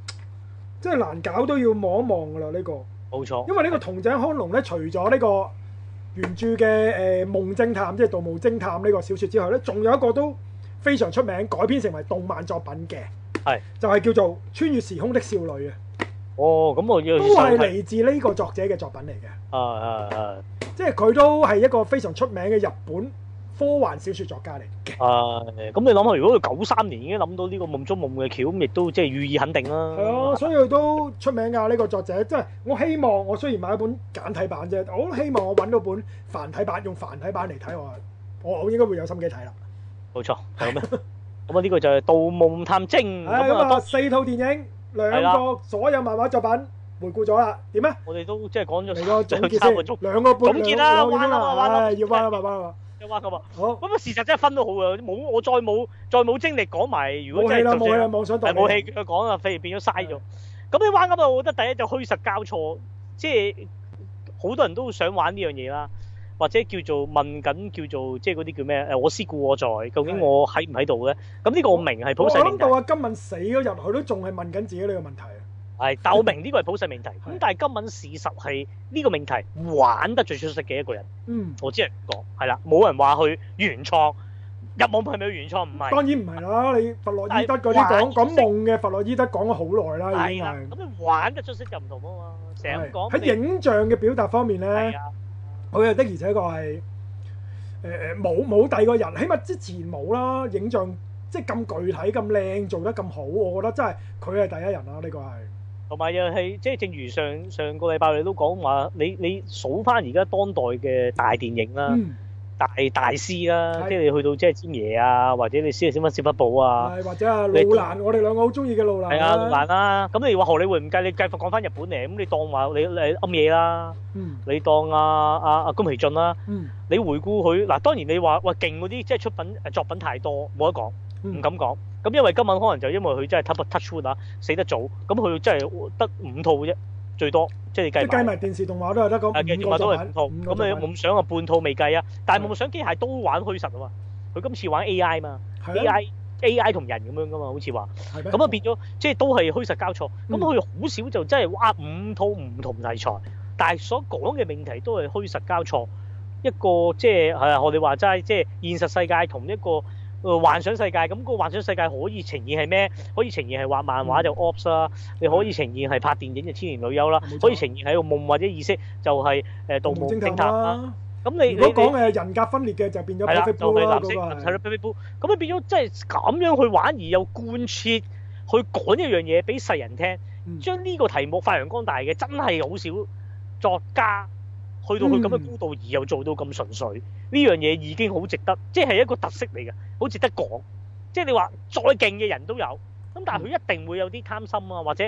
真係難搞，都要望一望噶啦呢個。冇錯，因為個同龍呢個筒井康隆咧，除咗呢個原著嘅誒《夢、呃、偵探》，即係《盜夢偵探》呢個小說之外咧，仲有一個都非常出名改編成為動漫作品嘅，係就係、是、叫做《穿越時空的少女》啊。哦，咁我呢個都係嚟自呢個作者嘅作品嚟嘅、啊。啊啊啊！即係佢都係一個非常出名嘅日本科幻小說作家嚟嘅。啊，咁你諗下，如果佢九三年已經諗到呢個夢中夢嘅橋，咁亦都即係予以肯定啦。係啊，所以佢都出名噶呢、這個作者。即係我希望，我雖然買一本簡體版啫，我好希望我揾到本繁體版，用繁體版嚟睇我，我我應該會有心機睇啦。冇錯，係咁樣。咁啊，呢個就係《盜夢探偵》咁啊，四套電影。兩個所有漫畫作品回顧咗啦，點啊？我哋都即係講咗嚟個總結先，兩個半兩個半，要玩啊玩啊玩，要玩啊嘛，好。咁啊事實真係分都好啊，冇我再冇再冇精力講埋，如果真係冇氣啦冇氣啦冇想講，冇氣講啦，反而變咗嘥咗。咁你玩咁啊？我覺得第一就虛實交錯，即係好多人都想玩呢樣嘢啦。或者叫做問緊，叫做即係嗰啲叫咩？誒，我思故我在，究竟我喺唔喺度咧？咁呢個我明係普世。我諗到啊，今敏死嗰日，佢都仲係問緊自己呢個問題啊！係，但我明呢個係普世命題。咁但係今敏事實係呢個命題玩得最出色嘅一個人。嗯，我只係講係啦，冇人話佢原創入網派咪原創，唔係當然唔係啦。你弗洛伊德嗰啲講講夢嘅，弗洛伊德講咗好耐啦，係啦。咁你玩得出色就唔同啊嘛，成日講喺影像嘅表達方面咧。佢係的，而且確係誒誒冇冇第二個人，起碼之前冇啦。影像即係咁具體、咁靚，做得咁好，我覺得真係佢係第一人啦。呢個係同埋又係即係正如上上個禮拜你都講話，你你數翻而家當代嘅大電影啦。大大師啦、啊，即係你去到即係尖嘢啊，或者你先係先乜小乜寶啊，或者啊路蘭，我哋兩個好中意嘅路蘭。係啊，路蘭啦。咁、啊、你話荷里活唔計，你繼續講翻日本嚟，咁你當你話你你暗嘢啦、嗯，你當啊，阿、啊、阿、啊、宮崎駿啦、啊嗯，你回顧佢嗱、啊，當然你話喂勁嗰啲，即係出品作品太多，冇得講，唔敢講。咁、嗯、因為今晚可能就因為佢真係 t o touch wood 死得早，咁佢真係得五套啫。最多，即係你計埋電視動畫都係得個有都是不同五個五套。咁啊，夢想啊半套未計啊、嗯，但係夢想機械都玩虛實啊嘛，佢、嗯、今次玩 AI 嘛、啊、AI AI 同人咁樣㗎嘛，好似話，咁啊變咗、嗯、即係都係虛實交錯。咁佢好少就真係玩五套唔同題材，嗯、但係所講嘅命題都係虛實交錯，嗯、一個即係我哋你話齋，即係現實世界同一個。誒幻想世界咁、那個幻想世界可以呈現係咩？可以呈現係畫漫畫、嗯、就 ops 啦，你可以呈現係拍電影就、嗯《千年女優》啦，可以呈現喺個夢或者意識就係、是、誒《盜夢偵探》啦、啊。咁、啊、你如果講誒人格分裂嘅就變咗。係、嗯、啦、啊，就係藍色咁你變咗即係咁樣去玩，而又貫徹去講一樣嘢俾世人聽，將、嗯、呢個題目發揚光大嘅真係好少作家去到佢咁嘅高度，而又做到咁純粹。呢樣嘢已經好值得，即係一個特色嚟嘅，好值得講。即係你話再勁嘅人都有，咁但係佢一定會有啲貪心啊，或者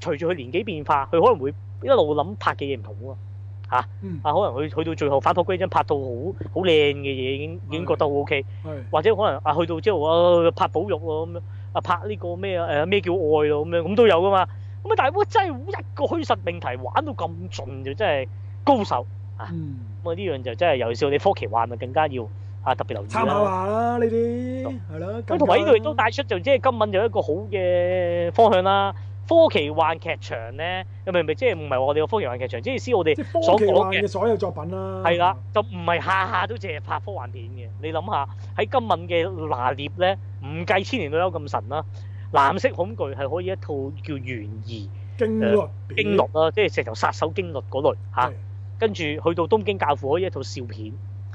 隨住佢年紀變化，佢可能會一路諗拍嘅嘢唔同喎，嚇，啊，啊可能佢去，去到最後反璞歸真，拍到好好靚嘅嘢，已經已經覺得好 OK，或者可能啊去到之後、哦、拍保育喎咁樣，啊拍呢個咩誒咩叫愛咯、啊、咁樣，咁都有噶嘛。咁啊但係哇真係一個虛實命題，玩到咁盡就真係高手。嗯，咁啊呢樣就真係，尤其是我哋科技幻咪更加要啊特別留意啦。參考下啦，呢啲係咯。咁同埋呢度亦都帶出就即係今敏有一個好嘅方向啦。科技幻劇場咧，你明唔明？即係唔係話我哋嘅科技幻劇場，即係意思我哋所講嘅所有作品啦。係啦，就唔係下下都淨係拍科幻片嘅。你諗下喺今敏嘅拿捏咧，唔計《千年女優》咁神啦，《藍色恐懼》係可以一套叫懸疑驚悚驚悚啦，即係成頭殺手驚悚嗰類嚇。跟住去到東京教父，嗰一套笑片，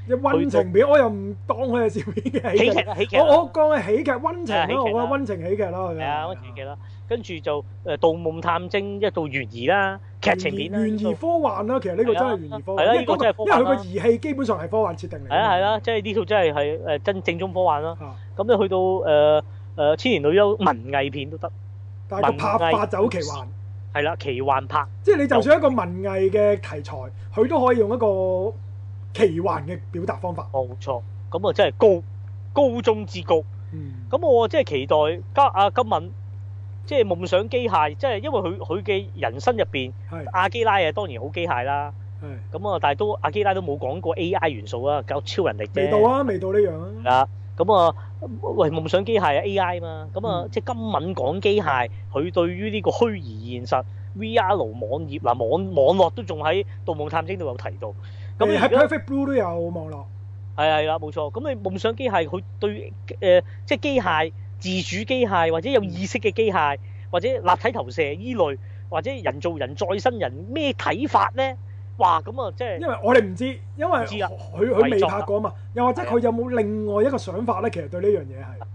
一温情片，我又唔當佢係笑片嘅。喜劇，喜劇。我我講係喜劇温情啦，我嘅温情喜劇啦，係啊，温情喜劇啦。跟住就誒《盜夢探偵》一套懸疑啦，劇情片啦，懸疑科幻啦。其實呢個真係懸疑科幻，係啦，呢個真係因為佢個儀器基本上係科幻設定嚟。係啊係啦，即係呢套真係係誒真正宗科幻啦。咁你去到誒誒《千年女優》文藝片都得，但係個拍法就好奇幻。係啦，奇幻拍，即係你就算一個文藝嘅題材，佢、嗯、都可以用一個奇幻嘅表達方法。冇、哦、錯，咁啊真係高高中之高。咁、嗯、我即係期待今啊今敏，即係夢想機械，即、就、係、是、因為佢佢嘅人生入邊，阿基拉啊當然好機械啦。咁啊，但係都阿基拉都冇講過 A I 元素啊，搞超人力未到啊，未到呢樣啊。咁啊，喂，夢想機械啊，AI 嘛，咁啊，嗯、即係今敏講機械，佢對於呢個虛擬現實 VR 網頁嗱、啊、網網絡都仲喺《盜夢探偵》度有提到。咁、嗯、你喺《Perfect Blue》都有網絡。係係啦，冇錯。咁你夢想機械佢對、呃、即係機械自主機械或者有意識嘅機械、嗯、或者立體投射依類或者人造人再生人咩睇法咧？哇！咁啊、就是，即係因為我哋唔知，因為佢佢未拍過啊嘛。又或者佢有冇另外一個想法咧？其實對呢樣嘢係，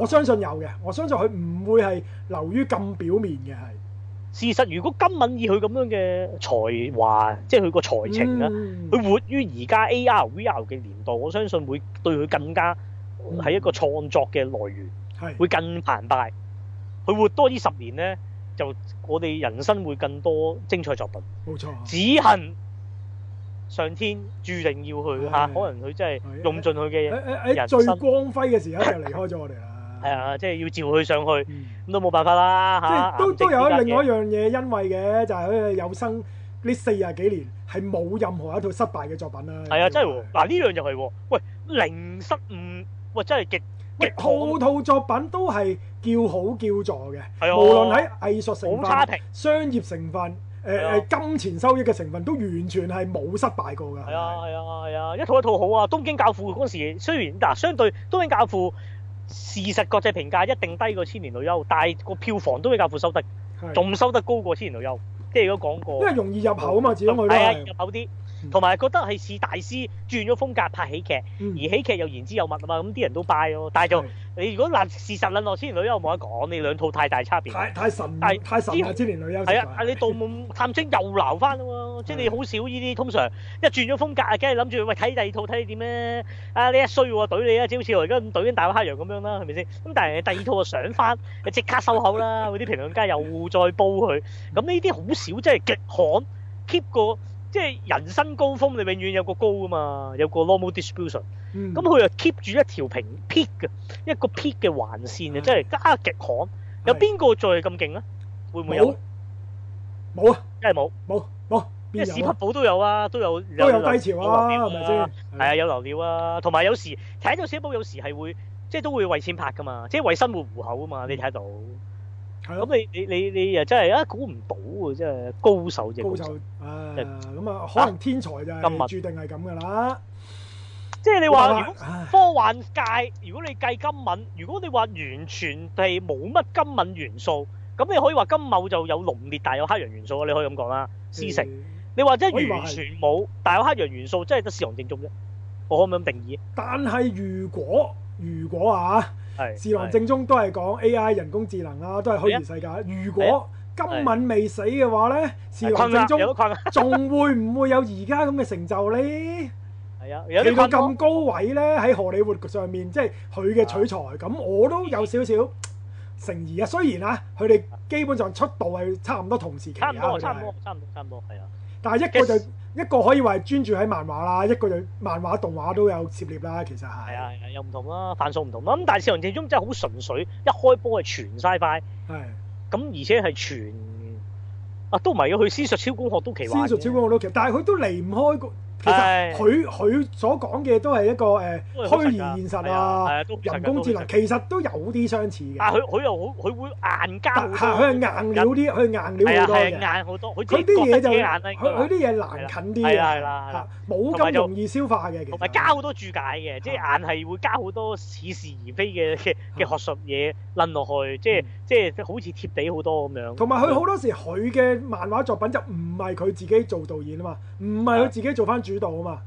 我相信有嘅。我相信佢唔會係流於咁表面嘅係。事實，如果今敏以佢咁樣嘅才華，哦、即係佢個才情咧，佢、嗯、活於而家 A R V R 嘅年代，我相信會對佢更加係一個創作嘅來源，係、嗯、會更澎湃。佢活多呢十年咧。就我哋人生會更多精彩作品，冇錯，啊。只恨上天注定要去嚇，啊啊，可能佢真係用盡佢嘅嘢。最光輝嘅時候就離開咗我哋啦。係 啊，即、就、係、是、要召佢上去，咁都冇辦法啦。即係都都有另外一樣嘢欣慰嘅，就係、是、佢有生呢四十幾年係冇任何一套失敗嘅作品啦。係啊，真係喎。嗱呢，啊啊啊，樣又係喎。喂，零失誤，喂真係極。套套作品都係叫好叫座嘅，啊，無論喺藝術成分差，商業成分、誒誒、啊呃、金錢收益嘅成分，都完全係冇失敗過㗎。係啊係啊係啊，啊，一套一套好啊，《東京教父》嗰時雖然嗱，啊，相對《東京教父》事實國際評價一定低過《千年女優》，但係個票房《都比教父》收得仲，啊，收得高過《千年女優》，即係如果講過，因為容易入口啊嘛，始終佢係啊，入口啲。同埋覺得係似大師轉咗風格拍喜劇、嗯，而喜劇又言之有物啊嘛，咁啲人都拜咯、哦。但係就你如果攬事實攬落《千年女優》冇得講，你兩套太大差別。太太神，太神！太神啊，《千年女優》係啊，係你盜夢探偵又鬧翻喎，即係你好少呢啲通常，一轉咗風格啊，梗係諗住喂睇第二套睇你點咧。啊，你一衰喎、啊，懟你啊！即好似我而家咁懟緊大黑羊咁樣啦、啊，係咪先？咁但係第二套就上翻，你 即刻收口啦！嗰 啲評論家又再煲佢。咁呢啲好少，即係極罕 keep 過。即係人生高峰，你永遠有個高噶嘛，有個 normal distribution。咁佢又 keep 住一條平 peak 嘅一個 peak 嘅環線啊！嗯、即係加極狂，有邊個再咁勁咧？會唔會有？冇啊真沒有，真係冇冇冇。即史匹堡都有啊，都有都有低潮啊，有料啊，係咪先？係啊，有流料啊。同埋有，有時睇到史匹堡有時係會即係都會為錢拍噶嘛，即係為生活糊口啊嘛。嗯、你睇到。咁你你你你又真係啊，估唔到喎，真係高手隻高手。咁啊、就是、啊可能天才就註定係咁噶啦。即係你話科幻界，如果你計今敏，如果你話完全係冇乜今敏元素，咁你可以話今敏就有濃烈但有黑羊元素，你可以咁講啦。思成，你話真完全冇，但有黑羊元素，嗯、真係得市行正宗啫。我可唔可以咁定義？但係如果如果啊？侍郎正宗都係講 AI 人工智能啊，都係虛擬世界。如果今敏未死嘅話咧，侍郎、啊、正宗仲會唔會有而家咁嘅成就咧？係啊，去到咁高位咧，喺荷里活上面，即係佢嘅取材，咁、啊、我都有少少成疑啊。雖然啊，佢哋基本上出道係差唔多同時期啊，差唔多，差唔多，差唔多，係啊。但係一個就是。一個可以話係專注喺漫畫啦，一個就係漫畫動畫都有涉獵啦，其實係。係啊，又唔同啦，範疇唔同。咁但係士郎正宗真係好純粹，一開波係全 Sci-Fi。係。咁而且係全，啊都唔係要去仙術超攻殼都奇玩嘅。仙術超攻殼都奇，但係佢都離唔開個其實佢佢、哎、所講嘅都係一個誒虛擬現實啊，啊，啊實，人工智能實其實都有啲相似嘅。啊，佢佢又佢會硬膠，硬料啲，佢、嗯、硬料好多、啊、多。硬好多，佢啲嘢就硬佢啲嘢難近啲嘅，啦、啊，冇咁、啊啊啊、容易消化嘅。同埋加好多注解嘅，即係硬係會加好多似是而非嘅嘅、啊、學術嘢撚落去，即係即係好似貼地好多咁樣。同埋佢好多時佢嘅、啊、漫畫作品就唔係佢自己做導演啊嘛，唔係佢自己做翻主主導啊嘛，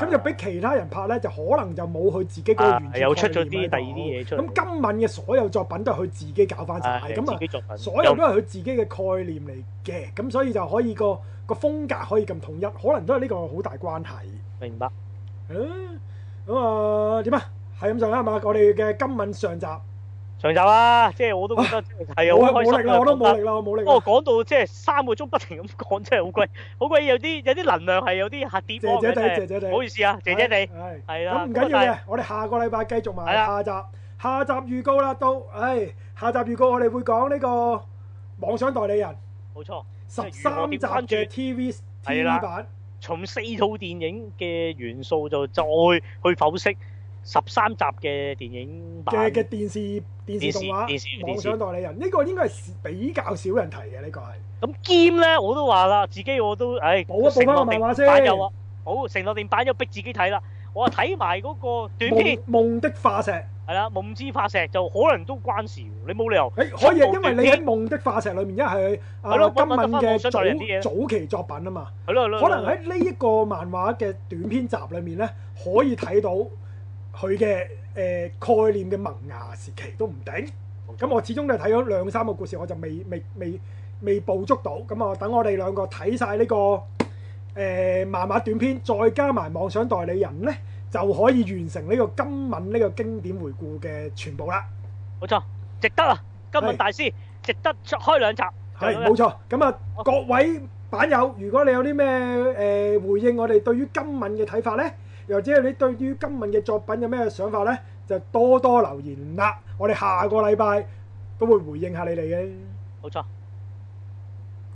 咁、啊、就俾其他人拍咧，就可能就冇佢自己嗰個原。係、啊、有出咗啲第二啲嘢出嚟。咁今敏嘅所有作品都係佢自己搞翻嚟，咁啊，所有都係佢自己嘅概念嚟嘅，咁所以就可以個個風格可以咁統一，可能都係呢個好大關係。明白。嗯，咁啊點啊？係咁上啦嘛，我哋嘅今敏上集。上集啦、啊，即、就、係、是、我都覺得係啊，好開心啊，力得我冇力啦，我冇力了。不過，講到即係三個鐘不停咁講，真係好攰好攰，有啲有啲能量係有啲下跌。謝謝哋，謝謝哋，唔好意思啊，謝謝哋。係係啊，咁唔緊要嘅，我哋下個禮拜繼續埋下，下集。下集預告啦，到唉、哎、下集預告我哋會講呢個妄想代理人。冇錯，十三集嘅 TV TV 版，從四套電影嘅元素就再去剖析。十三集嘅電影版嘅嘅電視電視動畫電視電視，電視妄想代理人呢、這個應該係比較少人提嘅、這個、呢個係咁兼咧，我都話啦，自己我都唉，冇、哎、啊，成個漫畫版有啊，好成個電版有逼自己睇啦，我啊睇埋嗰個短片夢《夢的化石》，係啦，《夢之化石》就可能都關事喎，你冇理由誒、欸、可以，因為你喺《夢的化石裡》裏面一係誒今敏嘅最早期作品啊嘛，係咯，可能喺呢一個漫畫嘅短篇集裏面咧可以睇到。佢嘅誒概念嘅萌芽時期都唔定，咁我始終都係睇咗兩三個故事，我就未未未未捕捉到，咁啊等我哋兩個睇晒呢個誒漫畫短片，再加埋妄想代理人咧，就可以完成呢個今敏呢個經典回顧嘅全部啦。冇錯，值得啊！今敏大師值得開兩集。係冇錯，咁啊各位版友，如果你有啲咩誒回應我哋對於今敏嘅睇法咧？又或者你對於今敏嘅作品有咩想法呢？就多多留言啦！我哋下個禮拜都會回應下你哋嘅。冇錯。